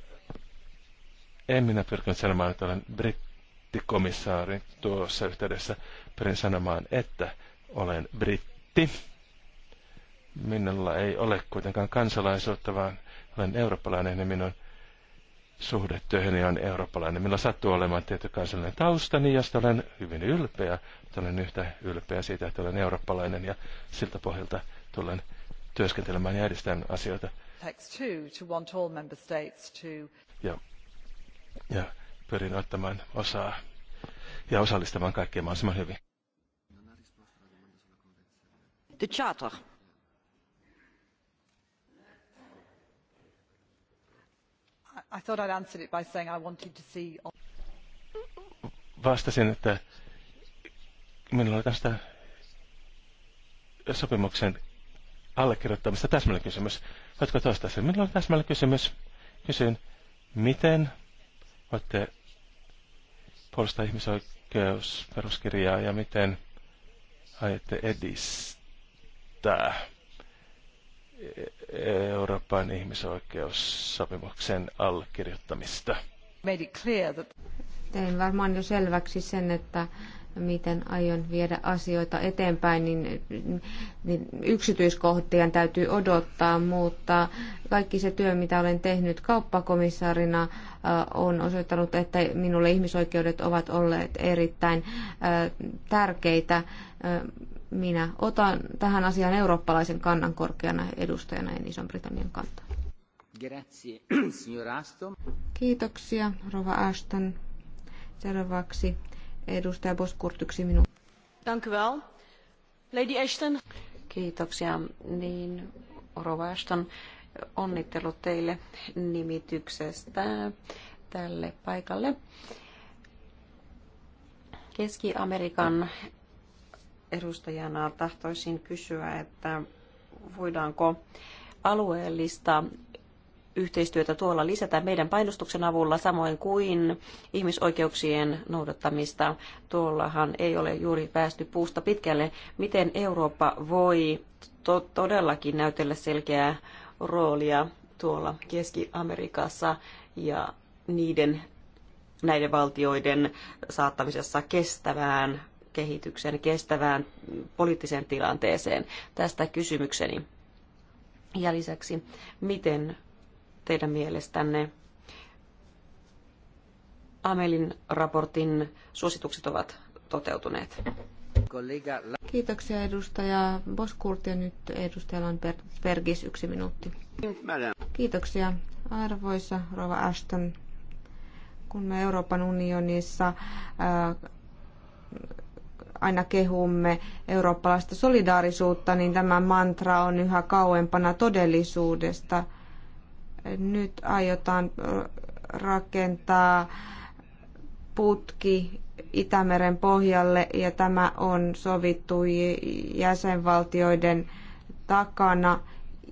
en minä pyrkinyt sanomaan, että olen brittikomissaarin tuossa yhteydessä. Pyrin sanomaan, että olen britti. Minulla ei ole kuitenkaan kansalaisuutta, vaan olen eurooppalainen ja minun suhde työhöni on eurooppalainen. Minulla sattuu olemaan tietty kansallinen taustani, josta olen hyvin ylpeä. Olen yhtä ylpeä siitä, että olen eurooppalainen ja siltä pohjalta tulen työskentelemään ja edistämään asioita. Ja, ja pyrin ottamaan osaa ja osallistamaan kaikkea mahdollisimman hyvin. The charter. I thought I'd answered it by saying I wanted to see... Vastasin, että minulla oli tästä sopimuksen allekirjoittamista täsmällinen kysymys. Voitko toistaa sen? Minulla oli täsmällinen kysymys. Kysyin, miten voitte puolustaa ihmisoikeusperuskirjaa ja miten aiotte edistää Euroopan ihmisoikeussopimuksen allekirjoittamista. Tein varmaan jo selväksi sen, että miten aion viedä asioita eteenpäin, niin, niin yksityiskohtien täytyy odottaa, mutta kaikki se työ, mitä olen tehnyt kauppakomissaarina, äh, on osoittanut, että minulle ihmisoikeudet ovat olleet erittäin äh, tärkeitä äh, minä otan tähän asiaan eurooppalaisen kannan korkeana edustajana en Ison-Britannian kantaa. Kiitoksia, Rova Ashton. Seuraavaksi edustaja Boskurt, yksi minuutti. wel. Lady Ashton. Kiitoksia. Niin, Rova Ashton, onnittelut teille nimityksestä tälle paikalle. Keski-Amerikan edustajana tahtoisin kysyä, että voidaanko alueellista yhteistyötä tuolla lisätä meidän painostuksen avulla, samoin kuin ihmisoikeuksien noudattamista. Tuollahan ei ole juuri päästy puusta pitkälle. Miten Eurooppa voi to- todellakin näytellä selkeää roolia tuolla Keski-Amerikassa ja niiden näiden valtioiden saattamisessa kestävään kehitykseen, kestävään poliittiseen tilanteeseen. Tästä kysymykseni. Ja lisäksi, miten teidän mielestänne Amelin raportin suositukset ovat toteutuneet? Kiitoksia edustaja Boskurt ja nyt edustaja Lanbergis yksi minuutti. Kiitoksia arvoisa Rova Ashton. Kun me Euroopan unionissa äh, aina kehumme eurooppalaista solidaarisuutta, niin tämä mantra on yhä kauempana todellisuudesta. Nyt aiotaan rakentaa putki Itämeren pohjalle ja tämä on sovittu jäsenvaltioiden takana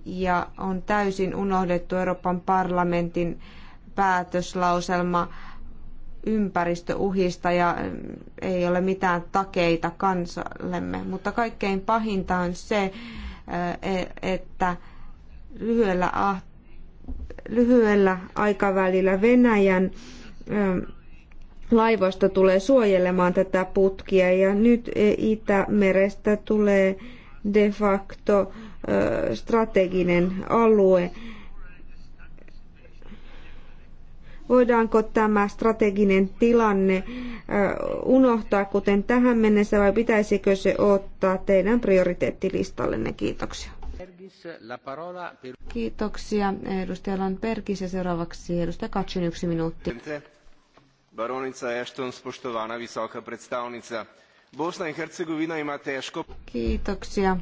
ja on täysin unohdettu Euroopan parlamentin päätöslauselma ympäristöuhista ja mm, ei ole mitään takeita kansallemme. Mutta kaikkein pahinta on se, äh, e, että lyhyellä, ah- lyhyellä aikavälillä Venäjän ähm, laivoista tulee suojelemaan tätä putkia ja nyt e, Itämerestä tulee de facto äh, strateginen alue Voidaanko tämä strateginen tilanne unohtaa kuten tähän mennessä vai pitäisikö se ottaa teidän prioriteettilistallenne? Kiitoksia. Kiitoksia edustaja Lanperkis ja seuraavaksi edustaja Katsin yksi minuutti. Baronica Ashton, spoštovana visoka predstavnica. Bosna i Herzegovina ima teško... Kiitoksia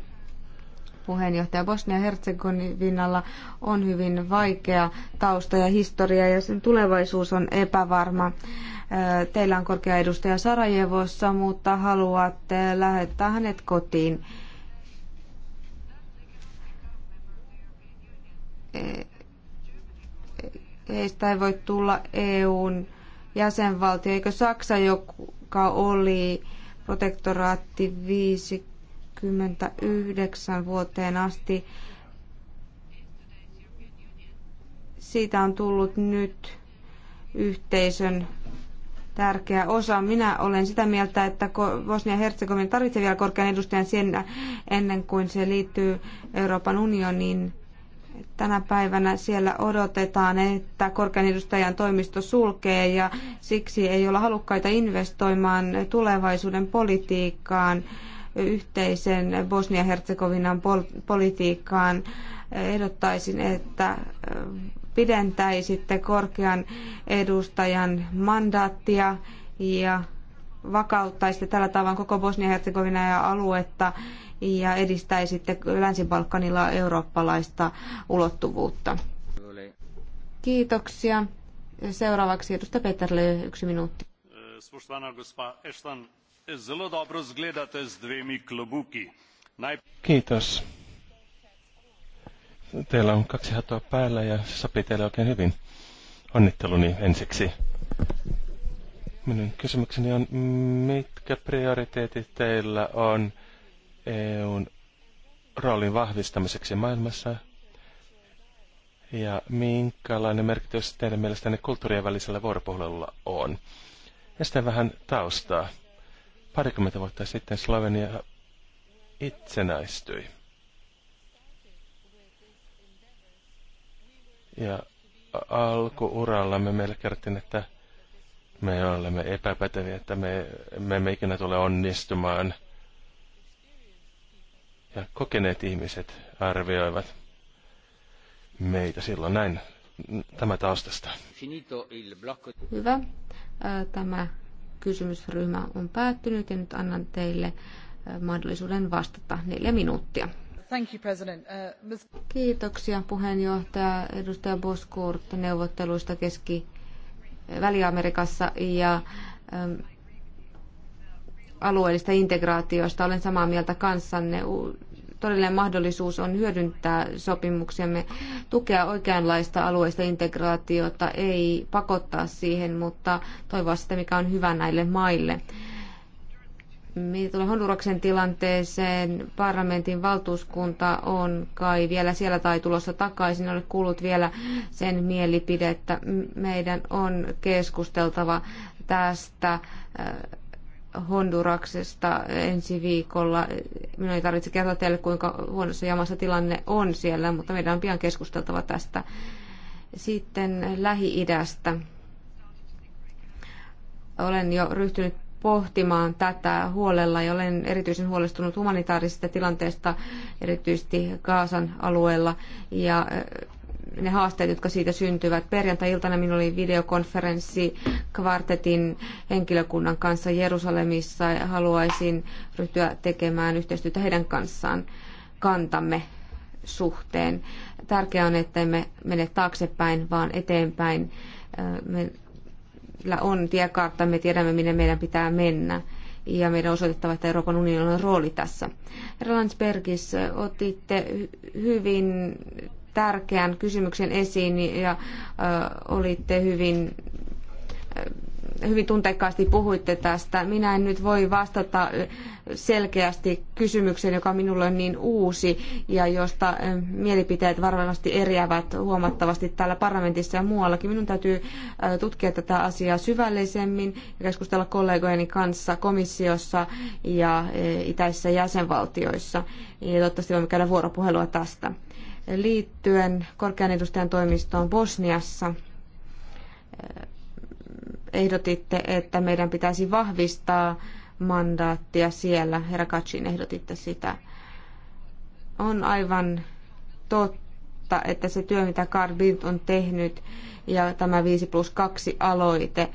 puheenjohtaja Bosnia-Herzegovinalla on hyvin vaikea tausta ja historia ja sen tulevaisuus on epävarma. Teillä on korkea edustaja Sarajevossa, mutta haluatte lähettää hänet kotiin. E, heistä ei voi tulla EUn jäsenvaltio. Eikö Saksa, joka oli protektoraatti 50 1999 vuoteen asti. Siitä on tullut nyt yhteisön tärkeä osa. Minä olen sitä mieltä, että Bosnia-Herzegovina tarvitsee vielä korkean edustajan siinä, ennen kuin se liittyy Euroopan unioniin. Tänä päivänä siellä odotetaan, että korkean edustajan toimisto sulkee ja siksi ei olla halukkaita investoimaan tulevaisuuden politiikkaan yhteisen Bosnia-Herzegovinan politiikkaan. Ehdottaisin, että pidentäisitte korkean edustajan mandaattia ja vakauttaisitte tällä tavalla koko Bosnia-Herzegovina ja aluetta ja edistäisitte Länsi-Balkanilla eurooppalaista ulottuvuutta. Kiitoksia. Seuraavaksi edustaja Peterle, yksi minuutti. Kiitos. Teillä on kaksi hattua päällä ja se sopii teille oikein hyvin. Onnitteluni ensiksi. Minun kysymykseni on, mitkä prioriteetit teillä on EUn roolin vahvistamiseksi maailmassa? Ja minkälainen merkitys teidän mielestänne kulttuurien välisellä vuoropuhelulla on? Ja sitten vähän taustaa. Parikymmentä vuotta sitten Slovenia itsenäistyi. Ja alkuurallamme meille kerrottiin, että me olemme epäpäteviä, että me, me emme ikinä tule onnistumaan. Ja kokeneet ihmiset arvioivat meitä silloin näin tämä taustasta. Hyvä. Tämä kysymysryhmä on päättynyt ja nyt annan teille äh, mahdollisuuden vastata neljä minuuttia. Uh, Kiitoksia puheenjohtaja edustaja Boskurt neuvotteluista keski Väli-Amerikassa ja ähm, alueellista integraatiosta. Olen samaa mieltä kanssanne todellinen mahdollisuus on hyödyntää sopimuksemme, tukea oikeanlaista alueista integraatiota, ei pakottaa siihen, mutta toivoa sitä, mikä on hyvä näille maille. Mitä tulee Honduraksen tilanteeseen, parlamentin valtuuskunta on kai vielä siellä tai tulossa takaisin. Olet kuullut vielä sen että Meidän on keskusteltava tästä äh, Honduraksesta ensi viikolla. Minun ei tarvitse kertoa teille, kuinka huonossa jamassa tilanne on siellä, mutta meidän on pian keskusteltava tästä. Sitten Lähi-idästä. Olen jo ryhtynyt pohtimaan tätä huolella ja olen erityisen huolestunut humanitaarisesta tilanteesta, erityisesti Kaasan alueella. Ja ne haasteet, jotka siitä syntyvät. Perjantai-iltana minulla oli videokonferenssi kvartetin henkilökunnan kanssa Jerusalemissa ja haluaisin ryhtyä tekemään yhteistyötä heidän kanssaan kantamme suhteen. Tärkeää on, että emme mene taaksepäin, vaan eteenpäin. Meillä on tiekartta, me tiedämme, minne meidän pitää mennä ja meidän on osoitettava, että Euroopan unionilla on rooli tässä. Herra Landsbergis, otitte hyvin tärkeän kysymyksen esiin ja olitte hyvin hyvin tunteikkaasti puhuitte tästä. Minä en nyt voi vastata selkeästi kysymykseen, joka minulle on niin uusi ja josta mielipiteet varmasti eriävät huomattavasti täällä parlamentissa ja muuallakin. Minun täytyy tutkia tätä asiaa syvällisemmin ja keskustella kollegojeni kanssa komissiossa ja itäisissä jäsenvaltioissa. Ja toivottavasti voimme käydä vuoropuhelua tästä liittyen korkean edustajan toimistoon Bosniassa ehdotitte, että meidän pitäisi vahvistaa mandaattia siellä. Herra Katsin ehdotitte sitä. On aivan totta, että se työ, mitä Carl Bildt on tehnyt ja tämä 5 plus 2 aloite,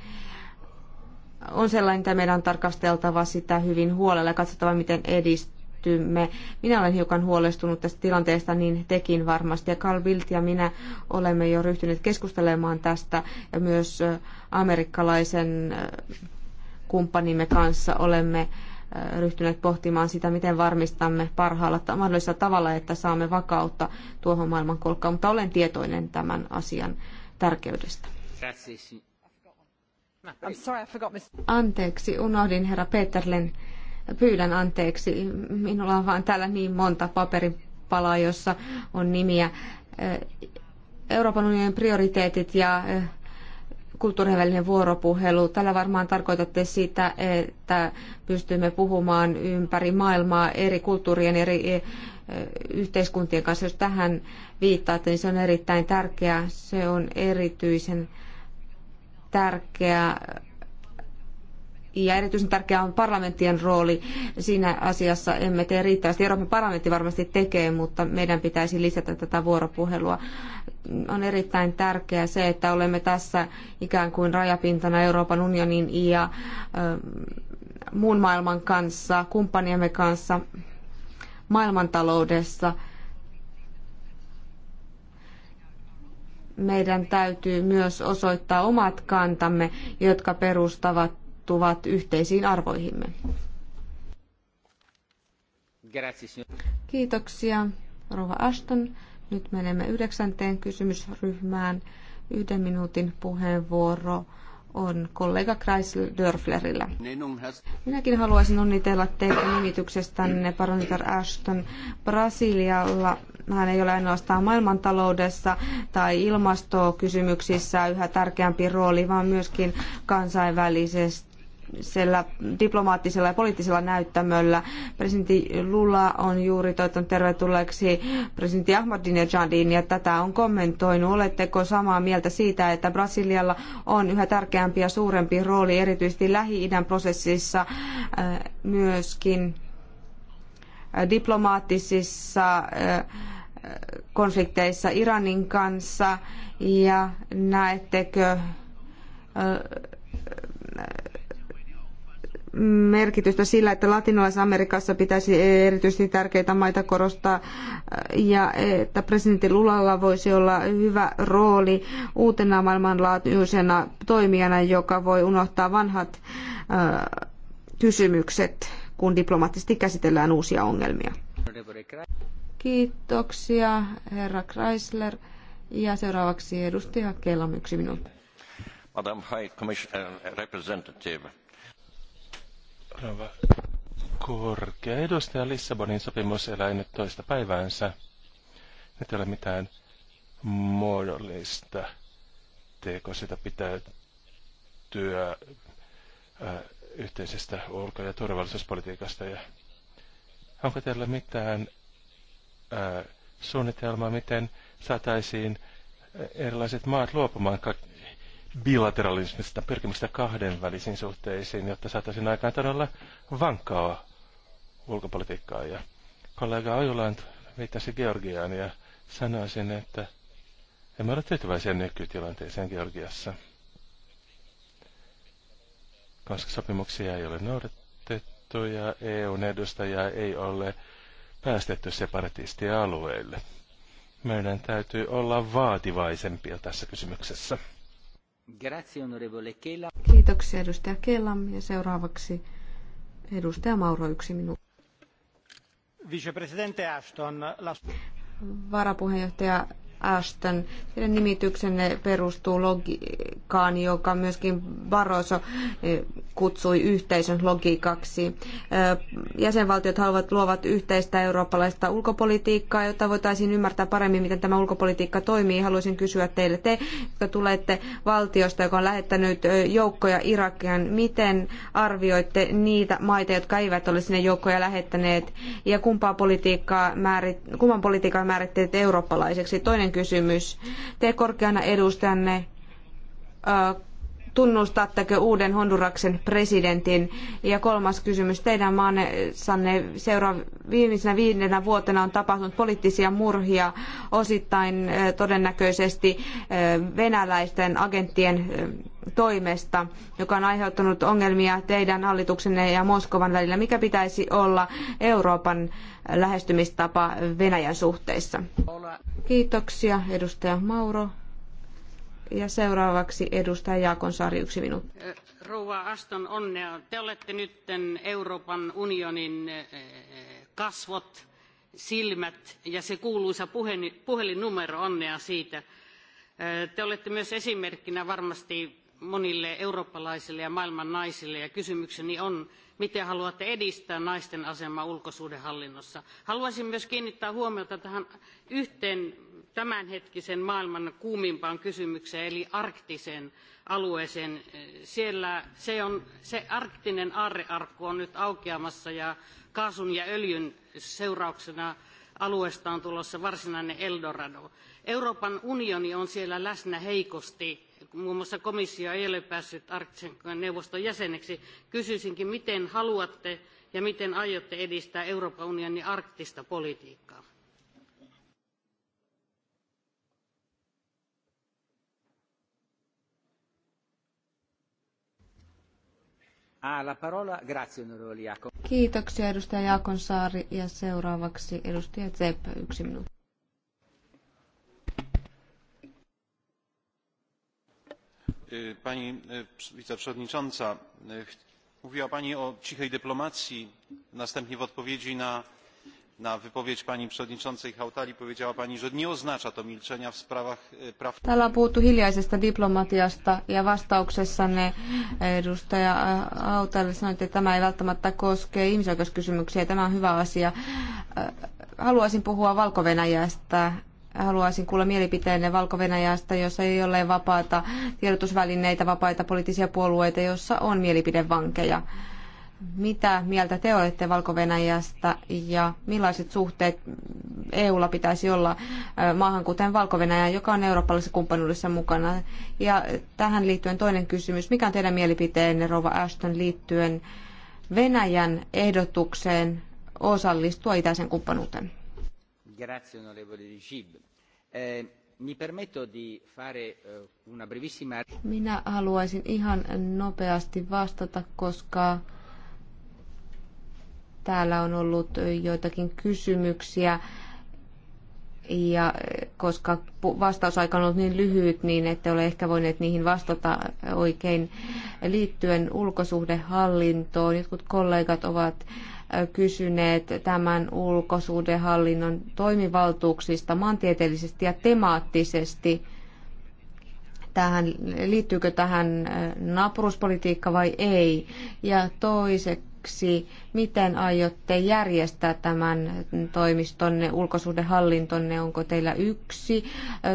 on sellainen, että meidän on tarkasteltava sitä hyvin huolella ja katsottava, miten edist- pystymme. Minä olen hiukan huolestunut tästä tilanteesta, niin tekin varmasti. Ja Carl Bildt ja minä olemme jo ryhtyneet keskustelemaan tästä ja myös amerikkalaisen kumppanimme kanssa olemme ryhtyneet pohtimaan sitä, miten varmistamme parhaalla mahdollisella tavalla, että saamme vakautta tuohon kolkkaan. mutta olen tietoinen tämän asian tärkeydestä. Anteeksi, unohdin herra Peterlen Pyydän anteeksi, minulla on vaan täällä niin monta paperipalaa, jossa on nimiä. Eh, Euroopan unionin prioriteetit ja eh, kulttuurien välinen vuoropuhelu. Tällä varmaan tarkoitatte sitä, että pystymme puhumaan ympäri maailmaa eri kulttuurien, eri eh, yhteiskuntien kanssa. Jos tähän viittaatte, niin se on erittäin tärkeää. Se on erityisen tärkeää ja erityisen tärkeä on parlamenttien rooli. Siinä asiassa emme tee riittävästi. Euroopan parlamentti varmasti tekee, mutta meidän pitäisi lisätä tätä vuoropuhelua. On erittäin tärkeää se, että olemme tässä ikään kuin rajapintana Euroopan unionin ja muun maailman kanssa, kumppaniemme kanssa maailmantaloudessa. Meidän täytyy myös osoittaa omat kantamme, jotka perustavat perustuvat yhteisiin arvoihimme. Kiitoksia, Rova Ashton. Nyt menemme yhdeksänteen kysymysryhmään. Yhden minuutin puheenvuoro on kollega Kreisel Dörflerillä. Minäkin haluaisin onnitella teitä nimityksestänne, paronitar Ashton. Brasilialla hän ei ole ainoastaan maailmantaloudessa tai ilmastokysymyksissä yhä tärkeämpi rooli, vaan myöskin kansainvälisesti sillä diplomaattisella ja poliittisella näyttämöllä. Presidentti Lula on juuri toivottanut tervetulleeksi presidentti Ahmadinejadin ja tätä on kommentoinut. Oletteko samaa mieltä siitä, että Brasilialla on yhä tärkeämpi ja suurempi rooli erityisesti Lähi-idän prosessissa äh, myöskin äh, diplomaattisissa äh, konflikteissa Iranin kanssa ja näettekö merkitystä sillä, että latinalaisessa Amerikassa pitäisi erityisesti tärkeitä maita korostaa ja että presidentti Lulalla voisi olla hyvä rooli uutena maailmanlaajuisena toimijana, joka voi unohtaa vanhat äh, kysymykset, kun diplomaattisesti käsitellään uusia ongelmia. Kiitoksia, herra Chrysler. Ja seuraavaksi edustaja Kelam, yksi minuutti. Madam High Commission uh, Representative, Rova korkea edustaja Lissabonin sopimus elää nyt toista päiväänsä. Nyt ei ole mitään muodollista Teko sitä pitää työ äh, yhteisestä ulko- ja turvallisuuspolitiikasta. Ja onko teillä mitään äh, suunnitelmaa, miten saataisiin äh, erilaiset maat luopumaan bilateralismista, pyrkimistä kahdenvälisiin suhteisiin, jotta saataisiin aikaan todella vankkaa ulkopolitiikkaa. Ja kollega Ojuland viittasi Georgiaan ja sanoisin, että emme ole tyytyväisiä nykytilanteeseen Georgiassa, koska sopimuksia ei ole noudatettu ja EUn edustajia ei ole päästetty separatistia alueille meidän täytyy olla vaativaisempia tässä kysymyksessä. Kiitoksia, edustaja Kellam. Ja seuraavaksi edustaja Mauro, yksi minuutti. Vicepresidente Ashton. La... Varapuheenjohtaja Ashton, teidän nimityksenne perustuu logiikkaan, joka myöskin Barroso eh, kutsui yhteisön logiikaksi. Eh, jäsenvaltiot haluavat luovat yhteistä eurooppalaista ulkopolitiikkaa, jotta voitaisiin ymmärtää paremmin, miten tämä ulkopolitiikka toimii. Haluaisin kysyä teille, te, jotka tulette valtiosta, joka on lähettänyt eh, joukkoja Irakian, miten arvioitte niitä maita, jotka eivät ole sinne joukkoja lähettäneet, ja kumpaa politiikkaa määrit, kumman politiikan määritteet eurooppalaiseksi? Toinen toinen kysymys. Te korkeana edustanne tunnustatteko uuden Honduraksen presidentin? Ja kolmas kysymys, teidän maanne seuraav- viimeisenä viidenä vuotena on tapahtunut poliittisia murhia osittain todennäköisesti venäläisten agenttien toimesta, joka on aiheuttanut ongelmia teidän hallituksenne ja Moskovan välillä. Mikä pitäisi olla Euroopan lähestymistapa Venäjän suhteissa? Kiitoksia, edustaja Mauro. Ja seuraavaksi edustaja Jaakonsaari, yksi minuutti. Eh, rouva Aston, onnea. Te olette nyt Euroopan unionin eh, kasvot, silmät ja se kuuluisa puhelinnumero, onnea siitä. Eh, te olette myös esimerkkinä varmasti monille eurooppalaisille ja maailman naisille ja kysymykseni on, miten haluatte edistää naisten asemaa ulkosuhdehallinnossa. Haluaisin myös kiinnittää huomiota tähän yhteen tämänhetkisen maailman kuumimpaan kysymykseen, eli arktisen alueeseen. Siellä se, on, se arktinen aarrearkku on nyt aukeamassa ja kaasun ja öljyn seurauksena alueesta on tulossa varsinainen Eldorado. Euroopan unioni on siellä läsnä heikosti. Muun muassa komissio ei ole päässyt arktisen neuvoston jäseneksi. Kysyisinkin, miten haluatte ja miten aiotte edistää Euroopan unionin arktista politiikkaa? Ah, Kiitoksia edustaja Jaakonsaari ja seuraavaksi edustaja Zepp, yksi minuutti. Pani wiceprzewodnicząca, mówiła Pani o cichej dyplomacji, następnie w odpowiedzi na na wypowiedź pani przewodniczącej hautali powiedziała pani że nie oznacza to milczenia w sprawach e, praw. täällä on puhuttu hiljaisesta diplomatiasta ja vastauksessanne e, edustaja hautali sanoitte että tämä ei välttämättä koske ihmisoikeuskysymyksiä tämä on hyvä asia. haluaisin puhua valko haluaisin kuulla mielipiteenne valko venäjästä jossa ei ole vapaata tiedotusvälineitä vapaita poliittisia puolueita jossa on mielipidevankeja. Mitä mieltä te olette valko ja millaiset suhteet EUlla pitäisi olla maahan kuten valko joka on eurooppalaisessa kumppanuudessa mukana? Ja tähän liittyen toinen kysymys. Mikä on teidän mielipiteenne, Rova Ashton, liittyen Venäjän ehdotukseen osallistua itäisen kumppanuuteen? Grazie, onorevole eh, eh, minä haluaisin ihan nopeasti vastata, koska Täällä on ollut joitakin kysymyksiä ja koska vastausaika on ollut niin lyhyt, niin ette ole ehkä voineet niihin vastata oikein liittyen ulkosuhdehallintoon. Jotkut kollegat ovat kysyneet tämän ulkosuhdehallinnon toimivaltuuksista maantieteellisesti ja temaattisesti. Tähän, liittyykö tähän naapuruspolitiikka vai ei? Ja toiset yksi, miten aiotte järjestää tämän toimistonne, ulkosuhdehallintonne? Onko teillä yksi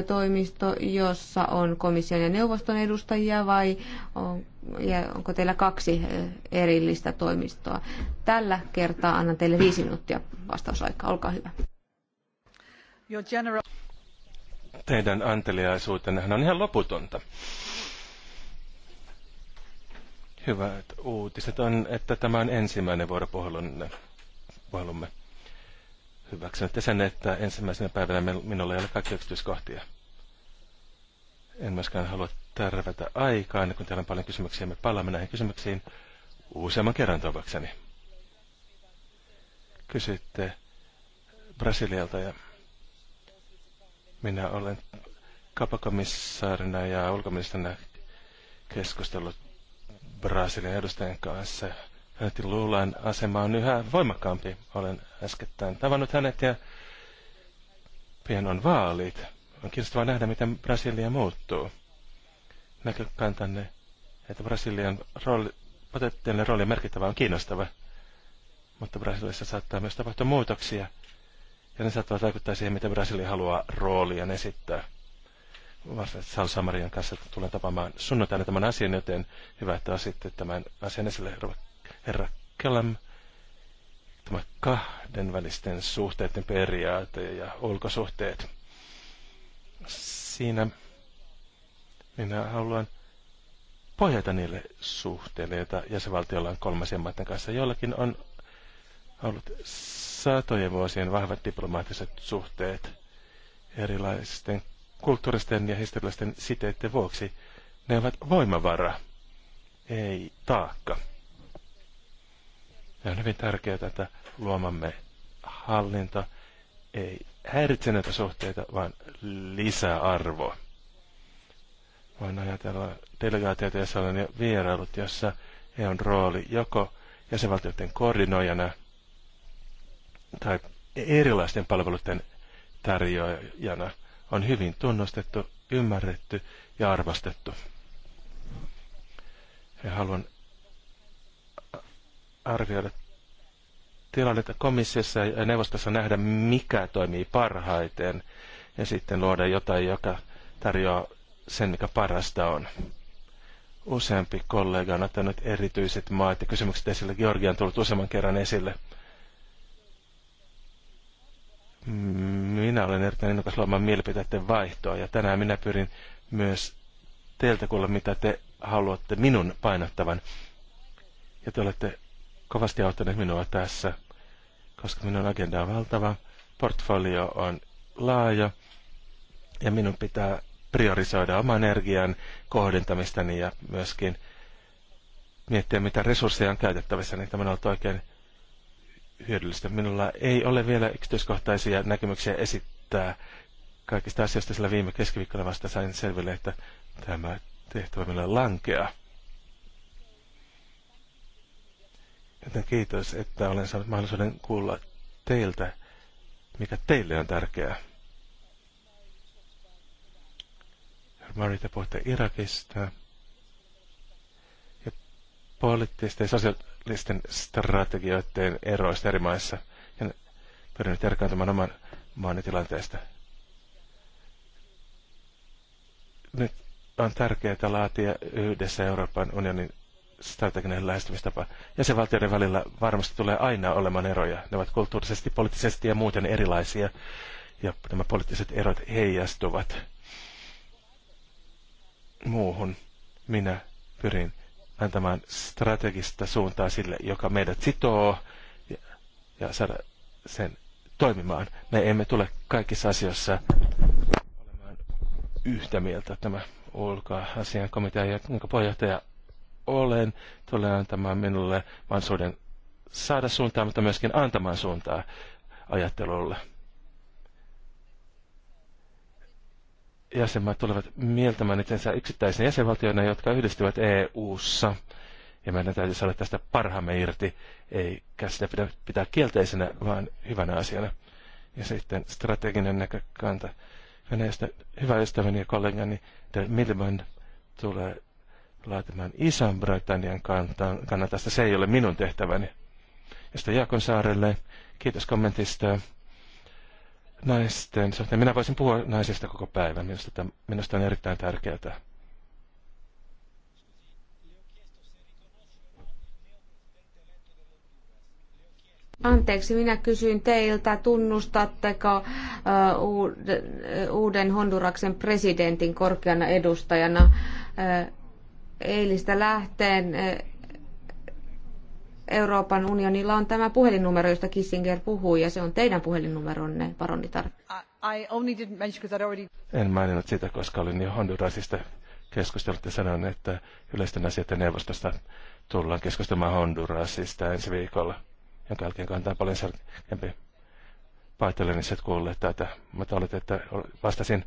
toimisto, jossa on komission ja neuvoston edustajia vai on, onko teillä kaksi erillistä toimistoa? Tällä kertaa annan teille viisi minuuttia vastausaikaa. Olkaa hyvä. Teidän anteliaisuutenne on ihan loputonta. Hyvät uutiset on, että tämä on ensimmäinen vuoropuhelumme. Hyväksynette sen, että ensimmäisenä päivänä minulla ei ole kaikki yksityiskohtia. En myöskään halua tärvätä aikaa, niin kun täällä on paljon kysymyksiä. Me palaamme näihin kysymyksiin useamman kerran toivokseni. Kysytte Brasilialta ja minä olen kapakomissaarina ja ulkoministerinä keskustellut Brasilian edustajien kanssa. Presidentti Lulan asema on yhä voimakkaampi. Olen äskettäin tavannut hänet ja pian on vaalit. On kiinnostavaa nähdä, miten Brasilia muuttuu. Näkökantanne, että Brasilian rooli, potentiaalinen rooli merkittävä on kiinnostava. Mutta Brasiliassa saattaa myös tapahtua muutoksia, ja ne saattavat vaikuttaa siihen, mitä Brasilia haluaa rooliaan esittää. Salsa Marian kanssa tulen tapaamaan sunnuntaina tämän asian, joten hyvä, että asitte tämän asian esille, herra, herra Kellam. Tämä välisten suhteiden periaate ja ulkosuhteet. Siinä minä haluan pohjata niille suhteille, joita jäsenvaltiolla on kolmasien maiden kanssa. Joillakin on ollut satojen vuosien vahvat diplomaattiset suhteet erilaisten kulttuuristen ja historiallisten siteiden vuoksi ne ovat voimavara, ei taakka. Ja on hyvin tärkeää, että luomamme hallinta ei häiritse näitä suhteita, vaan lisää arvoa. Voin ajatella delegaatioita, joissa olen jo vierailut, jossa EUn rooli joko jäsenvaltioiden koordinoijana tai erilaisten palveluiden tarjoajana – on hyvin tunnustettu, ymmärretty ja arvostettu. Ja haluan arvioida tilannetta komissiossa ja neuvostossa nähdä, mikä toimii parhaiten, ja sitten luoda jotain, joka tarjoaa sen, mikä parasta on. Useampi kollega on ottanut erityiset maat ja kysymykset esille. Georgia on tullut useamman kerran esille. Minä olen erittäin innokas luomaan mielipiteiden vaihtoa ja tänään minä pyrin myös teiltä kuulla, mitä te haluatte minun painottavan. Ja te olette kovasti auttaneet minua tässä, koska minun agenda on valtava, portfolio on laaja ja minun pitää priorisoida oman energian kohdentamistani ja myöskin miettiä, mitä resursseja on käytettävissä, niin tämä on ollut oikein hyödyllistä. Minulla ei ole vielä yksityiskohtaisia näkemyksiä esittää kaikista asioista, sillä viime keskiviikkona vasta sain selville, että tämä tehtävä minulle lankeaa. Joten kiitos, että olen saanut mahdollisuuden kuulla teiltä, mikä teille on tärkeää. Marita puhutte Irakista poliittisten ja sosiaalisten strategioiden eroista eri maissa ja pyrinyt erkaantumaan oman maani tilanteesta. Nyt on tärkeää laatia yhdessä Euroopan unionin strateginen lähestymistapa. Jäsenvaltioiden välillä varmasti tulee aina olemaan eroja. Ne ovat kulttuurisesti, poliittisesti ja muuten erilaisia. Ja nämä poliittiset erot heijastuvat muuhun. Minä pyrin antamaan strategista suuntaa sille, joka meidät sitoo ja, ja saada sen toimimaan. Me emme tule kaikissa asioissa olemaan yhtä mieltä. Tämä ulkoasian komitea, jonka puheenjohtaja olen, tulee antamaan minulle mahdollisuuden saada suuntaa, mutta myöskin antamaan suuntaa ajattelulle. jäsenmaat tulevat mieltämään itsensä yksittäisinä jäsenvaltioina, jotka yhdistyvät EU-ssa. Ja meidän täytyy saada tästä parhaamme irti, eikä sitä pidä pitää kielteisenä, vaan hyvänä asiana. Ja sitten strateginen näkökanta. Venäjästä hyvä ystäväni ja kollegani De Milman tulee laatimaan ison Britannian kannatasta. Se ei ole minun tehtäväni. Ja sitten Jaakon saarelle. Kiitos kommentista naisten suhteen. Minä voisin puhua naisista koko päivän. Minusta, tämän, minusta on erittäin tärkeää. Anteeksi, minä kysyin teiltä, tunnustatteko uuden Honduraksen presidentin korkeana edustajana? Eilistä lähteen Euroopan unionilla on tämä puhelinnumero, josta Kissinger puhuu, ja se on teidän puhelinnumeronne, paronitar. Already... En maininnut sitä, koska olin jo Hondurasista keskustellut ja sanoin, että yleisten asioiden neuvostosta tullaan keskustelemaan Hondurasista ensi viikolla, jonka jälkeen kantaa paljon selkeämpi. Pahoittelen, niin että kuulleet tätä, mutta olet, että vastasin,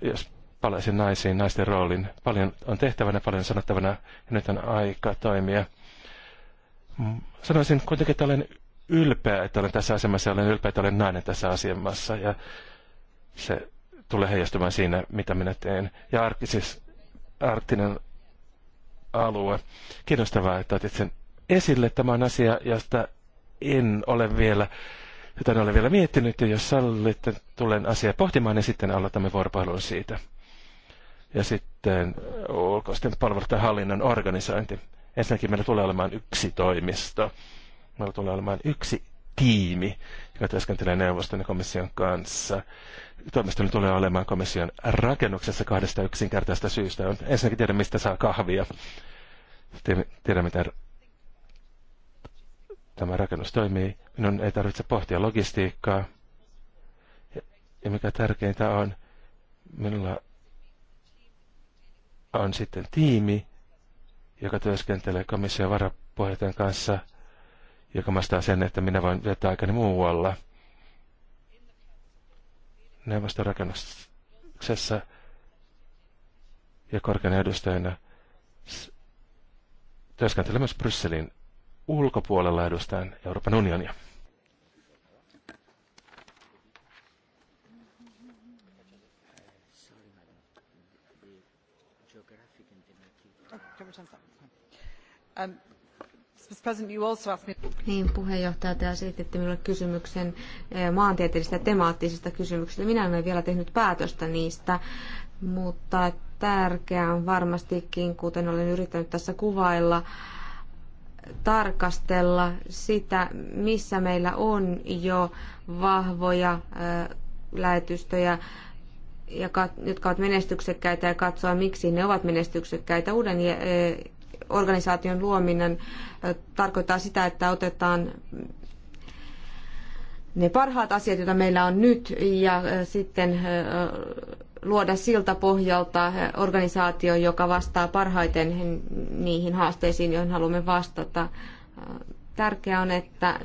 jos palaisin naisiin, naisten roolin. Paljon on tehtävänä, paljon sanottavana ja nyt on aika toimia. Sanoisin kuitenkin, että olen ylpeä, että olen tässä asemassa ja olen ylpeä, että olen nainen tässä asemassa. Ja se tulee heijastumaan siinä, mitä minä teen. Ja arkkisis, arktinen alue. Kiinnostavaa, että otit sen esille. Tämä on asia, josta en ole vielä, jota en ole vielä miettinyt. Ja jos sallitte, tulen asiaa pohtimaan, niin sitten aloitamme vuoropuhelun siitä. Ja sitten ulkoisten palveluiden hallinnon organisointi. Ensinnäkin meillä tulee olemaan yksi toimisto. Meillä tulee olemaan yksi tiimi, joka työskentelee neuvoston ja komission kanssa. Toimisto tulee olemaan komission rakennuksessa kahdesta yksinkertaista syystä. On ensinnäkin tiedä, mistä saa kahvia. Tiedä, miten tämä rakennus toimii. Minun ei tarvitse pohtia logistiikkaa. Ja mikä tärkeintä on, minulla on sitten tiimi, joka työskentelee komission varapuheenjohtajan kanssa, joka vastaa sen, että minä voin vetää aikani muualla. Neuvoston rakennuksessa ja korkean edustajana työskentelee myös Brysselin ulkopuolella edustajan Euroopan unionia. Um, niin, puheenjohtaja, te esititte minulle kysymyksen eh, maantieteellisistä ja temaattisista kysymyksistä. Minä en ole vielä tehnyt päätöstä niistä, mutta tärkeää on varmastikin, kuten olen yrittänyt tässä kuvailla, tarkastella sitä, missä meillä on jo vahvoja eh, lähetystöjä, jotka ovat menestyksekkäitä ja katsoa, miksi ne ovat menestyksekkäitä uuden eh, organisaation luominen tarkoittaa sitä, että otetaan ne parhaat asiat, joita meillä on nyt, ja sitten luoda siltä pohjalta organisaatio, joka vastaa parhaiten niihin haasteisiin, joihin haluamme vastata. Tärkeää on, että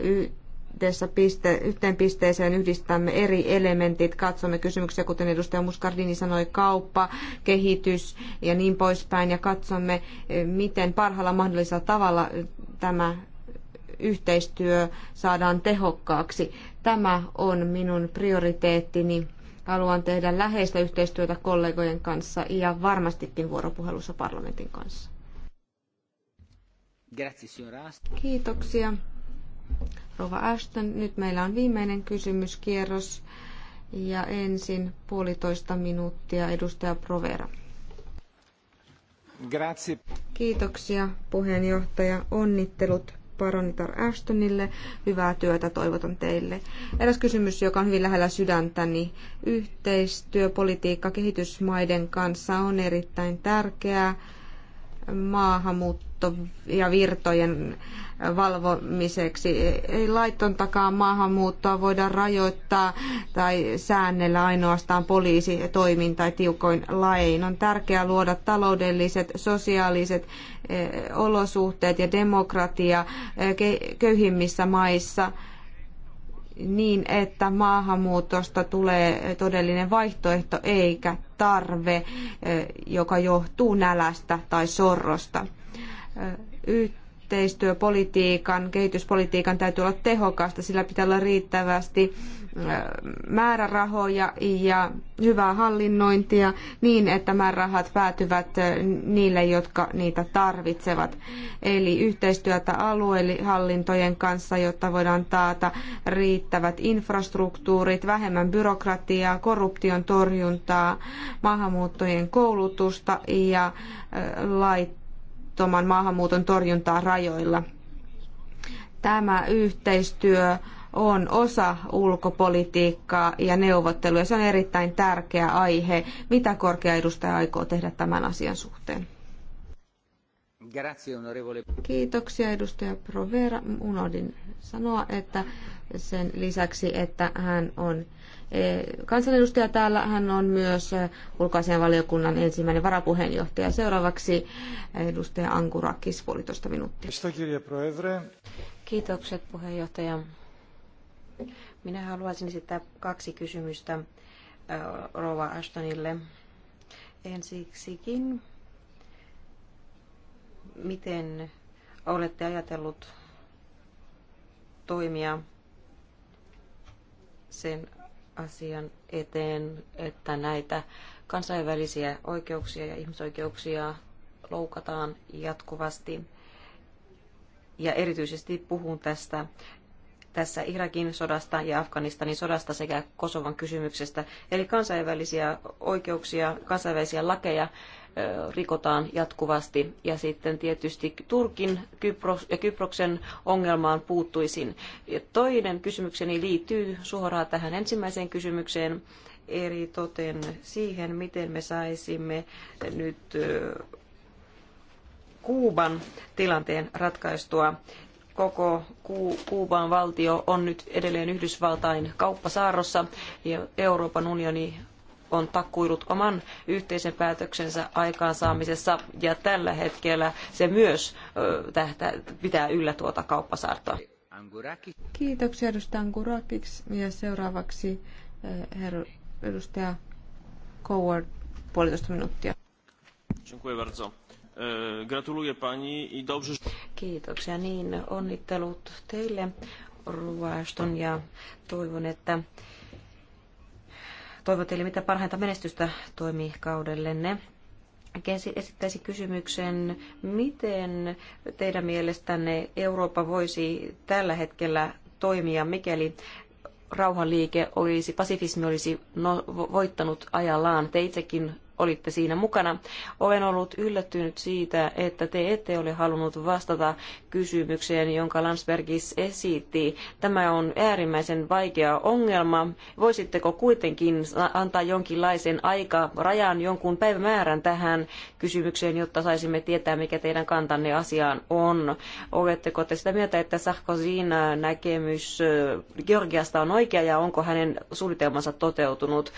suhteessa piste, yhteen pisteeseen yhdistämme eri elementit, katsomme kysymyksiä, kuten edustaja Muskardini sanoi, kauppa, kehitys ja niin poispäin, ja katsomme, miten parhaalla mahdollisella tavalla tämä yhteistyö saadaan tehokkaaksi. Tämä on minun prioriteettini. Haluan tehdä läheistä yhteistyötä kollegojen kanssa ja varmastikin vuoropuhelussa parlamentin kanssa. Kiitoksia. Rova Ashton. Nyt meillä on viimeinen kysymyskierros ja ensin puolitoista minuuttia edustaja Provera. Grazie. Kiitoksia puheenjohtaja. Onnittelut Paronitar Ashtonille. Hyvää työtä toivotan teille. Eräs kysymys, joka on hyvin lähellä sydäntäni. Yhteistyöpolitiikka kehitysmaiden kanssa on erittäin tärkeää maahanmuutto- ja virtojen valvomiseksi. Ei laittontakaan maahanmuuttoa voida rajoittaa tai säännellä ainoastaan poliisitoimin tai tiukoin lain. On tärkeää luoda taloudelliset, sosiaaliset eh, olosuhteet ja demokratia eh, köyhimmissä maissa niin, että maahanmuutosta tulee todellinen vaihtoehto eikä tarve, eh, joka johtuu nälästä tai sorrosta yhteistyöpolitiikan, kehityspolitiikan täytyy olla tehokasta, sillä pitää olla riittävästi määrärahoja ja hyvää hallinnointia niin, että määrärahat päätyvät niille, jotka niitä tarvitsevat. Eli yhteistyötä aluehallintojen kanssa, jotta voidaan taata riittävät infrastruktuurit, vähemmän byrokratiaa, korruption torjuntaa, maahanmuuttojen koulutusta ja lait laittoman maahanmuuton torjuntaa rajoilla. Tämä yhteistyö on osa ulkopolitiikkaa ja neuvotteluja. Se on erittäin tärkeä aihe. Mitä korkea edustaja aikoo tehdä tämän asian suhteen? Kiitoksia edustaja Provera. Unohdin sanoa, että sen lisäksi, että hän on eh, kansanedustaja täällä, hän on myös eh, valiokunnan ensimmäinen varapuheenjohtaja. Seuraavaksi eh, edustaja Kis, puolitoista minuuttia. Kiitokset puheenjohtaja. Minä haluaisin esittää kaksi kysymystä Rova Ashtonille. Ensiksikin Miten olette ajatellut toimia sen asian eteen, että näitä kansainvälisiä oikeuksia ja ihmisoikeuksia loukataan jatkuvasti. Ja erityisesti puhun tästä tässä Irakin sodasta ja Afganistanin sodasta sekä Kosovan kysymyksestä. Eli kansainvälisiä oikeuksia, kansainvälisiä lakeja rikotaan jatkuvasti. Ja sitten tietysti Turkin Kypros, ja Kyproksen ongelmaan puuttuisin. Ja toinen kysymykseni liittyy suoraan tähän ensimmäiseen kysymykseen, eri toten siihen, miten me saisimme nyt Kuuban tilanteen ratkaistua koko Kuuban valtio on nyt edelleen Yhdysvaltain kauppasaarrossa ja Euroopan unioni on takkuillut oman yhteisen päätöksensä aikaansaamisessa ja tällä hetkellä se myös tähtää, pitää yllä tuota kauppasaartoa. Kiitoksia edustaja Angurakis ja seuraavaksi herra, edustaja Coward puolitoista minuuttia. Dziękuję bardzo. E, gratuluję pani i dobrze... Kiitoksia, niin onnittelut teille Ruvaaston ja toivon, että toivon teille mitä parhainta menestystä toimikaudellenne esittäisi kysymyksen, miten teidän mielestänne Eurooppa voisi tällä hetkellä toimia, mikäli rauhanliike olisi, pasifismi olisi no, voittanut ajallaan. Te itsekin olitte siinä mukana. Olen ollut yllättynyt siitä, että te ette ole halunnut vastata kysymykseen, jonka Landsbergis esitti. Tämä on äärimmäisen vaikea ongelma. Voisitteko kuitenkin antaa jonkinlaisen aika rajan jonkun päivämäärän tähän kysymykseen, jotta saisimme tietää, mikä teidän kantanne asiaan on? Oletteko te sitä mieltä, että Sarkozyn näkemys Georgiasta on oikea ja onko hänen suunnitelmansa toteutunut?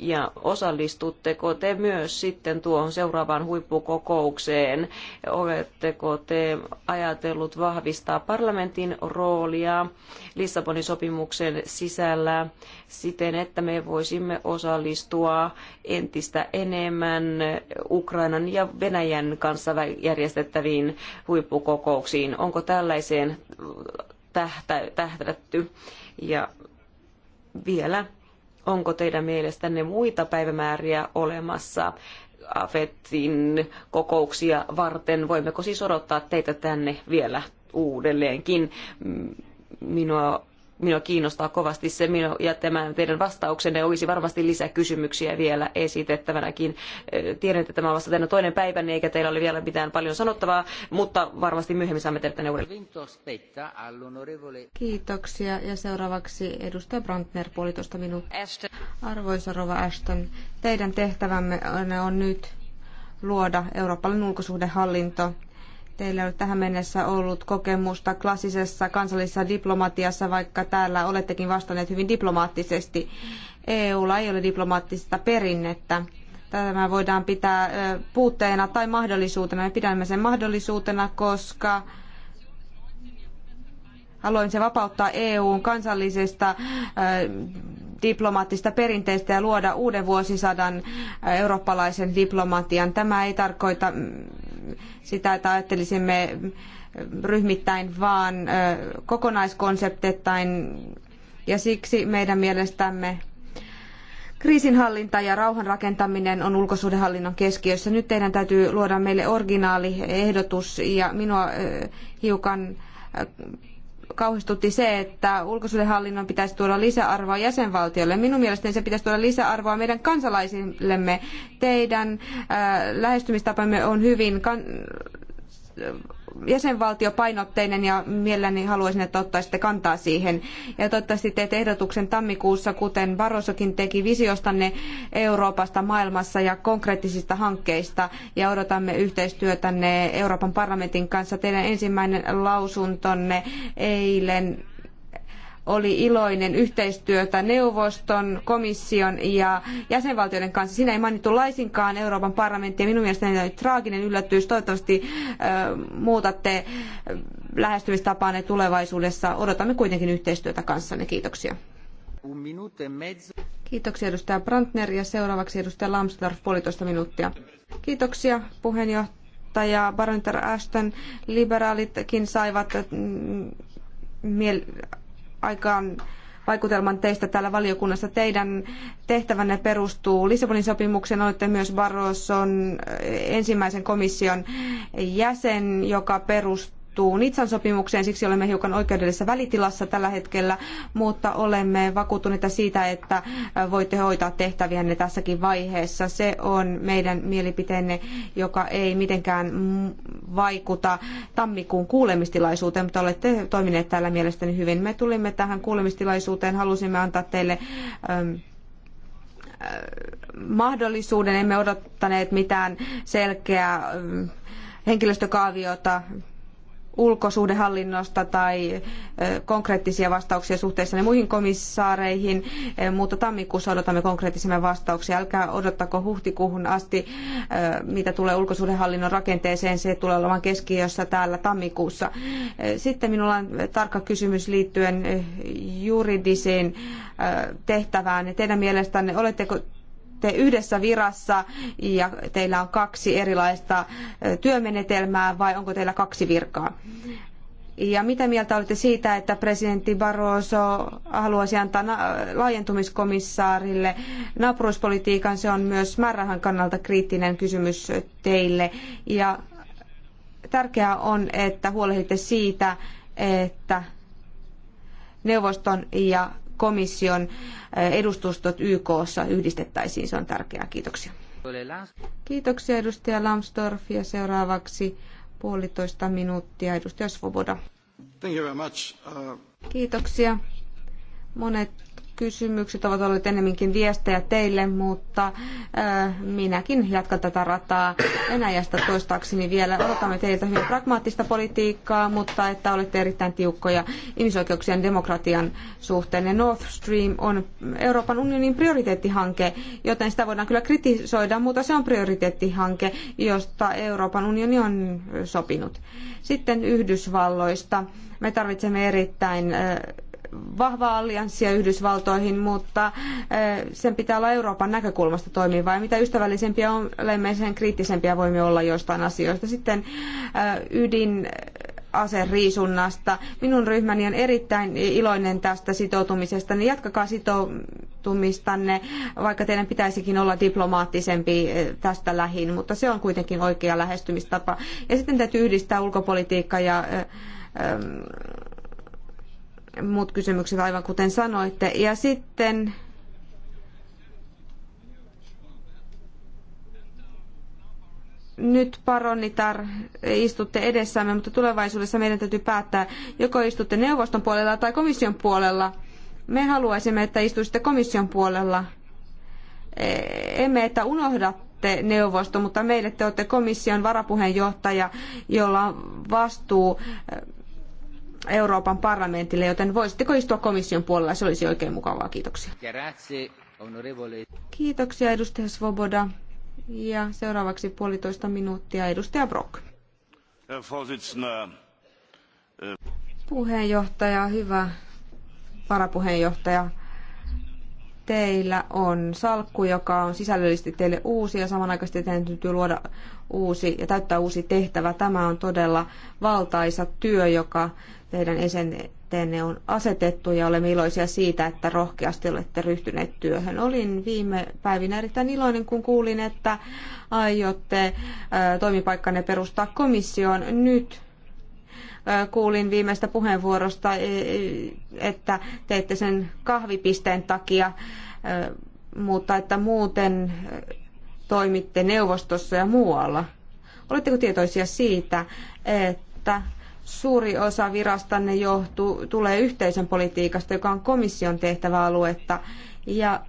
Ja osallistutteko te myös sitten tuohon seuraavaan huippukokoukseen? Oletteko te ajatellut vahvistaa parlamentin roolia Lissabonin sopimuksen sisällä siten, että me voisimme osallistua entistä enemmän Ukrainan ja Venäjän kanssa järjestettäviin huippukokouksiin? Onko tällaiseen tähtä, tähdätty? Ja vielä Onko teidän mielestänne muita päivämääriä olemassa AFETin kokouksia varten? Voimmeko siis odottaa teitä tänne vielä uudelleenkin? Minua minua kiinnostaa kovasti se, minua, ja tämä teidän vastauksenne olisi varmasti lisäkysymyksiä vielä esitettävänäkin. Tiedän, että tämä on vasta teidän toinen päivänne, niin eikä teillä ole vielä mitään paljon sanottavaa, mutta varmasti myöhemmin saamme teidät tänne uudelleen. Kiitoksia, ja seuraavaksi edustaja Brandner, puolitoista minuuttia. Arvoisa Rova Ashton, teidän tehtävämme on nyt luoda Euroopan ulkosuhdehallinto teillä ei ole tähän mennessä ollut kokemusta klassisessa kansallisessa diplomatiassa, vaikka täällä olettekin vastanneet hyvin diplomaattisesti. EUlla ei ole diplomaattista perinnettä. Tämä voidaan pitää puutteena tai mahdollisuutena. Me pidämme sen mahdollisuutena, koska haluamme se vapauttaa EUn kansallisesta diplomaattista perinteistä ja luoda uuden vuosisadan eurooppalaisen diplomatian. Tämä ei tarkoita sitä, että ajattelisimme ryhmittäin, vaan kokonaiskonsepteittain. Ja siksi meidän mielestämme kriisinhallinta ja rauhan rakentaminen on ulkosuhdehallinnon keskiössä. Nyt teidän täytyy luoda meille originaali ehdotus ja minua hiukan kauhistutti se, että ulkosuhdehallinnon pitäisi tuoda lisäarvoa jäsenvaltiolle. Minun mielestäni se pitäisi tuoda lisäarvoa meidän kansalaisillemme. Teidän äh, lähestymistapamme on hyvin kan- jäsenvaltiopainotteinen ja mielelläni haluaisin, että ottaisitte kantaa siihen. Ja toivottavasti teet ehdotuksen tammikuussa, kuten Barrosokin teki visiostanne Euroopasta maailmassa ja konkreettisista hankkeista. Ja odotamme yhteistyötänne Euroopan parlamentin kanssa. Teidän ensimmäinen lausuntonne eilen oli iloinen yhteistyötä neuvoston, komission ja jäsenvaltioiden kanssa. Siinä ei mainittu laisinkaan Euroopan parlamenttia. Minun mielestäni oli traaginen yllätys. Toivottavasti muutatte lähestymistapaanne tulevaisuudessa. Odotamme kuitenkin yhteistyötä kanssanne. Kiitoksia. E Kiitoksia edustaja Brandner ja seuraavaksi edustaja Lambsdorff puolitoista minuuttia. Kiitoksia puheenjohtaja Baronter Ashton. Liberaalitkin saivat mm, miel- aikaan vaikutelman teistä täällä valiokunnassa. Teidän tehtävänne perustuu Lissabonin sopimukseen. Olette myös Barroson eh, ensimmäisen komission jäsen, joka perustuu sidottu Nitsan sopimukseen, siksi olemme hiukan oikeudellisessa välitilassa tällä hetkellä, mutta olemme vakuuttuneita siitä, että voitte hoitaa tehtäviänne tässäkin vaiheessa. Se on meidän mielipiteenne, joka ei mitenkään vaikuta tammikuun kuulemistilaisuuteen, mutta olette toimineet täällä mielestäni hyvin. Me tulimme tähän kuulemistilaisuuteen, halusimme antaa teille mahdollisuuden, emme odottaneet mitään selkeää henkilöstökaaviota ulkosuhdehallinnosta tai konkreettisia vastauksia suhteessa muihin komissaareihin, mutta tammikuussa odotamme konkreettisemmin vastauksia. Älkää odottako huhtikuuhun asti, mitä tulee ulkosuhdehallinnon rakenteeseen, se tulee olemaan keskiössä täällä tammikuussa. Sitten minulla on tarkka kysymys liittyen juridisiin tehtävään. Teidän mielestänne, oletteko olette yhdessä virassa ja teillä on kaksi erilaista työmenetelmää vai onko teillä kaksi virkaa? Ja mitä mieltä olette siitä, että presidentti Barroso haluaisi antaa laajentumiskomissaarille naapuruuspolitiikan? Se on myös määrärahan kannalta kriittinen kysymys teille. Ja tärkeää on, että huolehditte siitä, että neuvoston ja komission eh, edustustot YKssa yhdistettäisiin. Se on tärkeää. Kiitoksia. Kiitoksia edustaja Lambsdorff ja seuraavaksi puolitoista minuuttia edustaja Svoboda. Thank you very much. Uh, Kiitoksia. Monet kysymykset ovat olleet enemminkin viestejä teille, mutta äh, minäkin jatkan tätä rataa Venäjästä toistaakseni vielä. Odotamme teiltä hyvin pragmaattista politiikkaa, mutta että olette erittäin tiukkoja ihmisoikeuksien demokratian suhteen. Ja North Stream on Euroopan unionin prioriteettihanke, joten sitä voidaan kyllä kritisoida, mutta se on prioriteettihanke, josta Euroopan unioni on sopinut. Sitten Yhdysvalloista. Me tarvitsemme erittäin äh, vahvaa allianssia Yhdysvaltoihin, mutta eh, sen pitää olla Euroopan näkökulmasta toimiva. Ja mitä ystävällisempiä olemme, sen kriittisempiä voimme olla joistain asioista. Sitten eh, ydin aseriisunnasta. Minun ryhmäni on erittäin iloinen tästä sitoutumisesta. Niin jatkakaa sitoutumistanne, vaikka teidän pitäisikin olla diplomaattisempi eh, tästä lähin, mutta se on kuitenkin oikea lähestymistapa. Ja sitten täytyy yhdistää ulkopolitiikka ja muut kysymykset, aivan kuten sanoitte. Ja sitten nyt paronitar istutte edessämme, mutta tulevaisuudessa meidän täytyy päättää, joko istutte neuvoston puolella tai komission puolella. Me haluaisimme, että istuisitte komission puolella. E, emme, että unohdatte neuvosto, mutta meille te olette komission varapuheenjohtaja, jolla on vastuu Euroopan parlamentille, joten voisitteko istua komission puolella, se olisi oikein mukavaa. Kiitoksia. Kiitoksia edustaja Svoboda. Ja seuraavaksi puolitoista minuuttia edustaja Brock. Äh, äh, Puheenjohtaja, hyvä varapuheenjohtaja teillä on salkku, joka on sisällöllisesti teille uusi ja samanaikaisesti teidän täytyy luoda uusi ja täyttää uusi tehtävä. Tämä on todella valtaisa työ, joka teidän esenteenne on asetettu ja olemme iloisia siitä, että rohkeasti olette ryhtyneet työhön. Olin viime päivinä erittäin iloinen, kun kuulin, että aiotte toimipaikkanne perustaa komissioon. Nyt kuulin viimeistä puheenvuorosta, e, että teitte sen kahvipisteen takia, mutta että muuten toimitte neuvostossa ja muualla. Oletteko tietoisia siitä, että suuri osa virastanne johtuu, tulee yhteisön politiikasta, joka on komission tehtäväaluetta, ja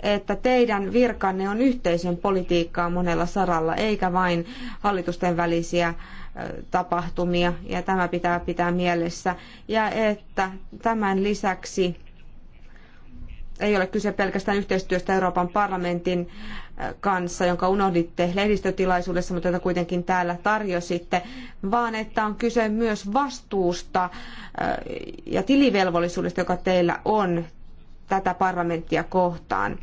että teidän virkanne on yhteisön politiikkaa monella saralla, eikä vain hallitusten välisiä tapahtumia ja tämä pitää pitää mielessä. Ja että tämän lisäksi ei ole kyse pelkästään yhteistyöstä Euroopan parlamentin kanssa, jonka unohditte lehdistötilaisuudessa, mutta jota kuitenkin täällä tarjositte, vaan että on kyse myös vastuusta ja tilivelvollisuudesta, joka teillä on tätä parlamenttia kohtaan.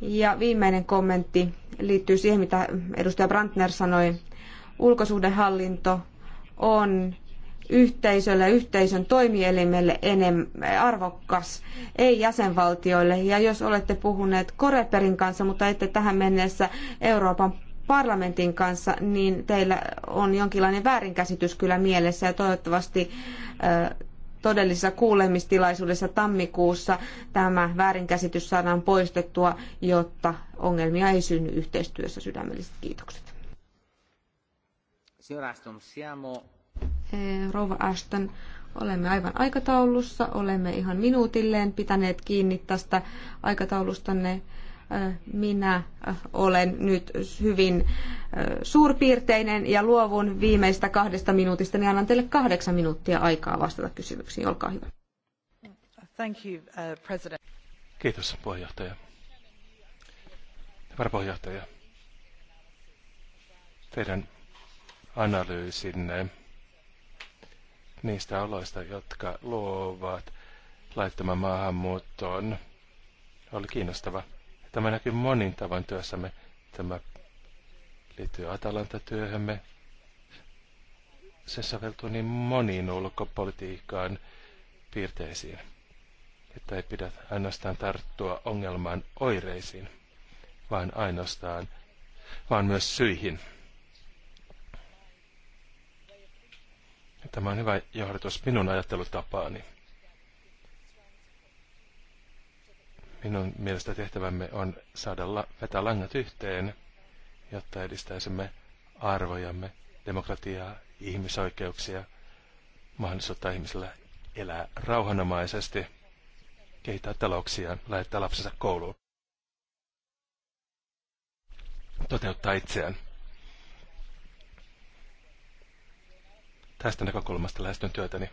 Ja viimeinen kommentti liittyy siihen, mitä edustaja Brandner sanoi ulkosuhdehallinto on yhteisölle ja yhteisön toimielimelle enemmän arvokas, ei jäsenvaltioille. Ja jos olette puhuneet Koreperin kanssa, mutta ette tähän mennessä Euroopan parlamentin kanssa, niin teillä on jonkinlainen väärinkäsitys kyllä mielessä ja toivottavasti todellisessa kuulemistilaisuudessa tammikuussa tämä väärinkäsitys saadaan poistettua, jotta ongelmia ei synny yhteistyössä. Sydämelliset kiitokset. Rouva Ashton, olemme aivan aikataulussa, olemme ihan minuutilleen pitäneet kiinni tästä aikataulustanne. Minä äh, olen nyt hyvin äh, suurpiirteinen ja luovun viimeistä kahdesta minuutista, niin annan teille kahdeksan minuuttia aikaa vastata kysymyksiin. Olkaa hyvä. Thank you, uh, president. Kiitos puheenjohtaja. Varapuheenjohtaja. Teidän analyysinne niistä oloista, jotka luovat laittoman maahanmuuttoon. Oli kiinnostava. Tämä näkyy monin tavoin työssämme. Tämä liittyy Atalanta-työhömme. Se soveltuu niin moniin ulkopolitiikan piirteisiin, että ei pidä ainoastaan tarttua ongelman oireisiin, vaan ainoastaan, vaan myös syihin. Tämä on hyvä johdatus minun ajattelutapaani. Minun mielestä tehtävämme on saada la- vetää langat yhteen, jotta edistäisimme arvojamme, demokratiaa, ihmisoikeuksia, mahdollisuutta ihmisellä elää rauhanomaisesti, kehittää talouksia, lähettää lapsensa kouluun, toteuttaa itseään. Tästä näkökulmasta lähestyn työtäni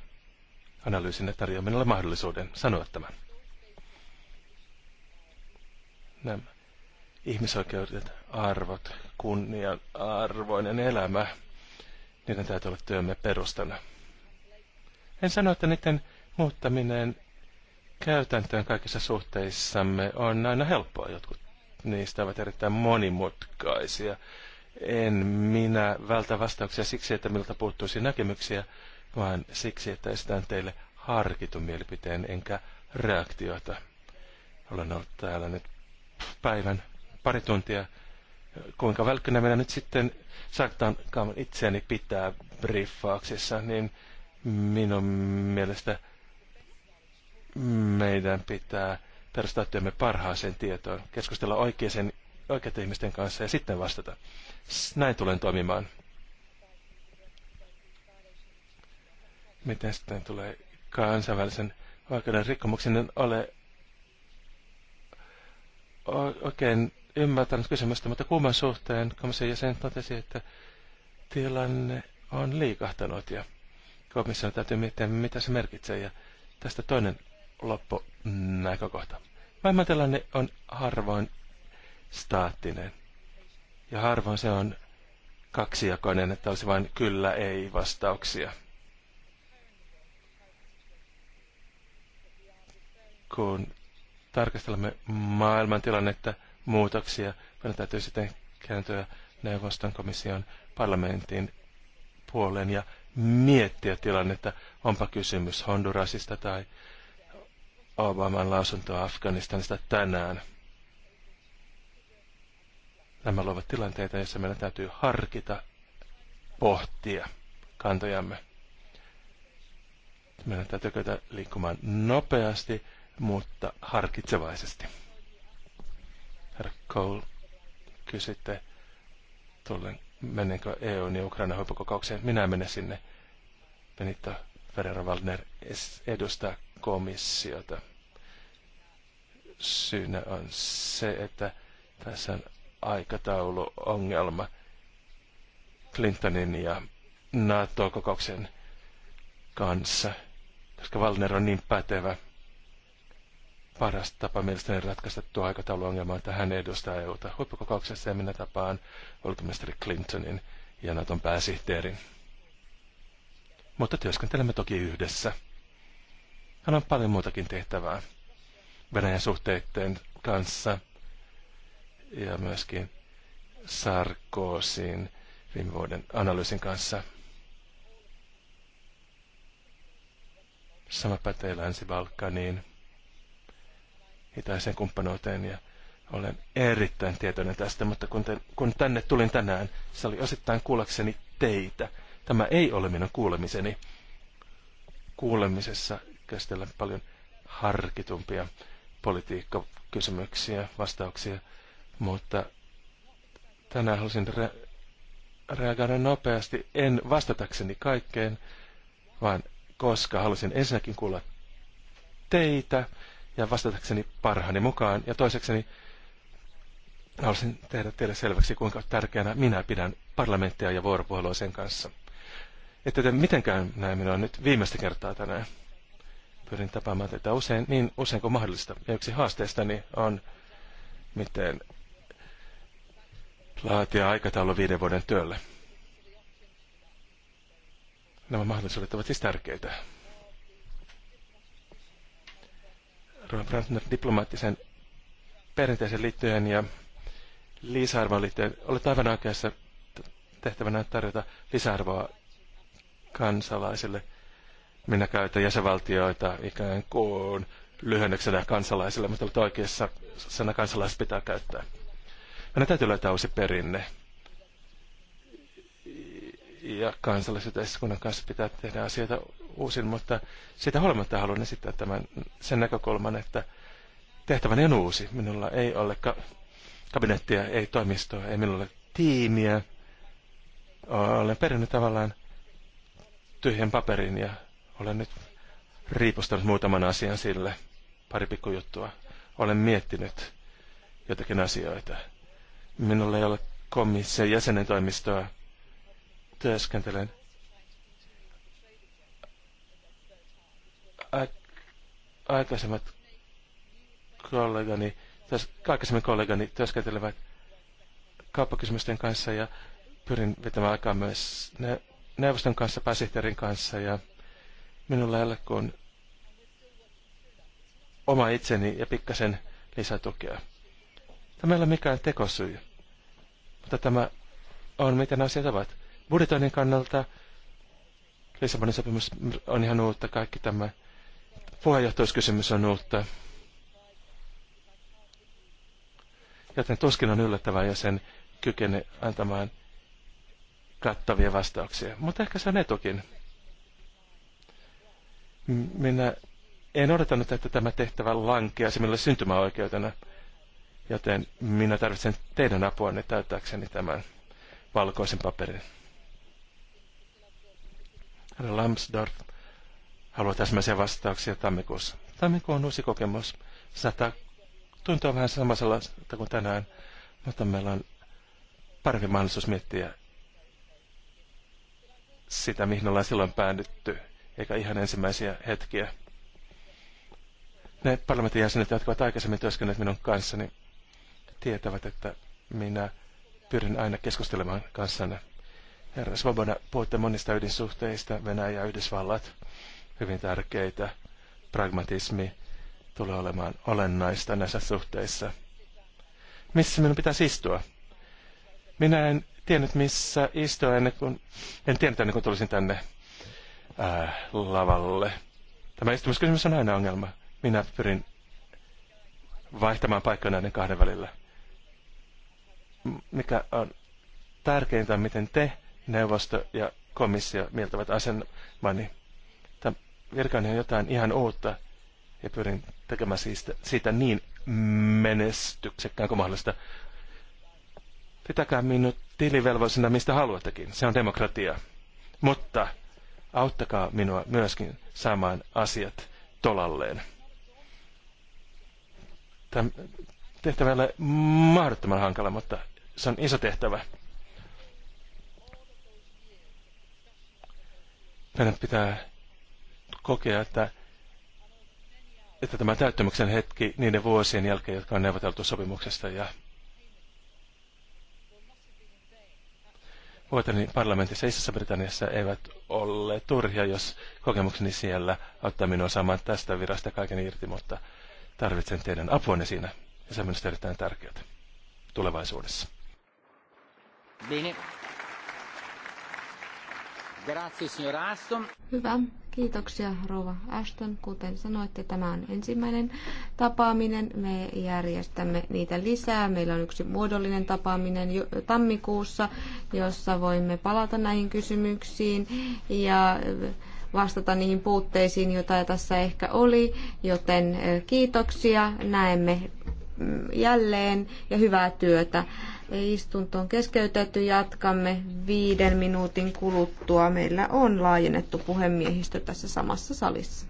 ja tarjoan minulle mahdollisuuden sanoa tämän. Nämä ihmisoikeudet, arvot, kunnia, arvoinen elämä, niiden täytyy olla työmme perustana. En sano, että niiden muuttaminen käytäntöön kaikissa suhteissamme on aina helppoa. Jotkut niistä ovat erittäin monimutkaisia en minä vältä vastauksia siksi, että minulta puuttuisi näkemyksiä, vaan siksi, että esitän teille harkitun mielipiteen enkä reaktiota. Olen ollut täällä nyt päivän pari tuntia. Kuinka välkkynä minä nyt sitten saattankaan itseäni pitää briefauksessa, niin minun mielestä meidän pitää perustaa työmme parhaaseen tietoon, keskustella oikeaan oikeiden ihmisten kanssa ja sitten vastata. Näin tulen toimimaan. Miten sitten tulee kansainvälisen oikeuden rikkomuksen, en ole oikein ymmärtänyt kysymystä, mutta kuuman suhteen komission jäsen totesi, että tilanne on liikahtanut ja komission täytyy miettiä, mitä se merkitsee. Ja tästä toinen loppu loppunäkökohta. Maailmantilanne on harvoin staattinen. Ja harvoin se on kaksijakoinen, että olisi vain kyllä, ei vastauksia. Kun tarkastelemme maailman tilannetta, muutoksia, meidän täytyy sitten kääntyä neuvoston komission parlamentin puoleen ja miettiä tilannetta, onpa kysymys Hondurasista tai Obaman lausuntoa Afganistanista tänään. Nämä luovat tilanteita, joissa meidän täytyy harkita, pohtia kantojamme. Meidän täytyy kyetä liikkumaan nopeasti, mutta harkitsevaisesti. Herra Cole, kysytte, tullen, menenkö EU ja Ukraina huippukokoukseen. Minä menen sinne. Benito Ferrer waldner edustaa komissiota. Syynä on se, että tässä on aikatauluongelma Clintonin ja NATO-kokouksen kanssa, koska Valner on niin pätevä. Paras tapa mielestäni ratkaista tuo aikatauluongelma, että hän edustaa EUta huippukokouksessa ja minä tapaan ulkoministeri Clintonin ja Naton pääsihteerin. Mutta työskentelemme toki yhdessä. Hän on paljon muutakin tehtävää Venäjän suhteiden kanssa – ja myöskin Sarkoosin viime vuoden analyysin kanssa. Sama pätee Länsi-Balkaniin, itäiseen kumppanuuteen ja olen erittäin tietoinen tästä, mutta kun, te, kun tänne tulin tänään, se oli osittain kuullakseni teitä. Tämä ei ole minun kuulemiseni. Kuulemisessa käsitellään paljon harkitumpia politiikkakysymyksiä, vastauksia mutta tänään halusin re- reagoida nopeasti, en vastatakseni kaikkeen, vaan koska halusin ensinnäkin kuulla teitä ja vastatakseni parhaani mukaan. Ja toisekseni halusin tehdä teille selväksi, kuinka tärkeänä minä pidän parlamenttia ja vuoropuhelua sen kanssa. Että te mitenkään näin minua nyt viimeistä kertaa tänään. Pyrin tapaamaan teitä usein, niin usein kuin mahdollista. Ja yksi haasteistani on, miten laatia aikataulu viiden vuoden työlle. Nämä mahdollisuudet ovat siis tärkeitä. Ruan Brandner diplomaattisen perinteisen liittyen ja lisäarvoon liittyen. Olet aivan oikeassa tehtävänä tarjota lisäarvoa kansalaisille. Minä käytän jäsenvaltioita ikään kuin lyhennyksenä kansalaisille, mutta olet oikeassa, sana kansalaiset pitää käyttää. Meidän täytyy löytää uusi perinne. Ja kansalliset eskunnan kanssa pitää tehdä asioita uusin, mutta siitä huolimatta haluan esittää tämän, sen näkökulman, että tehtävän on uusi. Minulla ei ole ka- kabinettia, ei toimistoa, ei minulla ole tiimiä. Olen perinnyt tavallaan tyhjän paperin ja olen nyt riipustanut muutaman asian sille, pari pikkujuttua. Olen miettinyt jotakin asioita. Minulla ei ole komission jäsenen toimistoa. Työskentelen aikaisemmat kollegani, aikaisemmin kollegani työskentelevät kauppakysymysten kanssa ja pyrin vetämään aikaa myös neuvoston kanssa, pääsihteerin kanssa ja minulla ei ole kuin oma itseni ja pikkasen lisätukea. Tämä ei ole mikään tekosyy, mutta tämä on miten asiat ovat. Budjetoinnin kannalta Lissabonin sopimus on ihan uutta, kaikki tämä puheenjohtajuuskysymys on uutta. Joten tuskin on yllättävää, jos sen kykene antamaan kattavia vastauksia. Mutta ehkä se on etukin. Minä en odottanut, että tämä tehtävä lankeaisi minulle syntymäoikeutena. Joten minä tarvitsen teidän apuanne täyttääkseni tämän valkoisen paperin. Herra Lambsdorff haluaa täsmäisiä vastauksia tammikuussa. Tammikuu on uusi kokemus. Sata tuntuu vähän samanlaiselta kuin tänään, mutta meillä on parempi mahdollisuus miettiä sitä, mihin ollaan silloin päädytty, eikä ihan ensimmäisiä hetkiä. Ne parlamentin jäsenet, jotka ovat aikaisemmin työskennelleet minun kanssani, tietävät, että minä pyrin aina keskustelemaan kanssanne. Herra Svoboda, puhutte monista ydinsuhteista, Venäjä ja Yhdysvallat, hyvin tärkeitä. Pragmatismi tulee olemaan olennaista näissä suhteissa. Missä minun pitäisi istua? Minä en tiennyt, missä istua ennen kuin, en tiennyt ennen kuin tulisin tänne ää, äh, lavalle. Tämä istumiskysymys on aina ongelma. Minä pyrin vaihtamaan paikkoja näiden kahden välillä mikä on tärkeintä, miten te, neuvosto ja komissio mieltävät asemani. Tämä virkani on jotain ihan uutta ja pyrin tekemään siitä, siitä niin menestyksekkään kuin mahdollista. Pitäkää minut tilivelvoisena, mistä haluattekin, se on demokratia. Mutta auttakaa minua myöskin saamaan asiat tolalleen. Tämä tehtävä ei ole mahdottoman hankala, mutta se on iso tehtävä. Meidän pitää kokea, että, että tämä täyttymyksen hetki niiden vuosien jälkeen, jotka on neuvoteltu sopimuksesta ja vuoteni parlamentissa Isossa Britanniassa eivät ole turhia, jos kokemukseni siellä ottaa minua saamaan tästä virasta kaiken irti, mutta tarvitsen teidän apuanne siinä. Ja se on minusta erittäin tärkeää tulevaisuudessa. Bene. Grazie, signora Aston. Hyvä. Kiitoksia, Rova Ashton. Kuten sanoitte, tämä on ensimmäinen tapaaminen. Me järjestämme niitä lisää. Meillä on yksi muodollinen tapaaminen tammikuussa, jossa voimme palata näihin kysymyksiin ja vastata niihin puutteisiin, joita tässä ehkä oli. Joten eh, kiitoksia. Näemme mm, jälleen ja hyvää työtä. Ei Istunto on keskeytetty. Jatkamme viiden minuutin kuluttua. Meillä on laajennettu puhemiehistö tässä samassa salissa.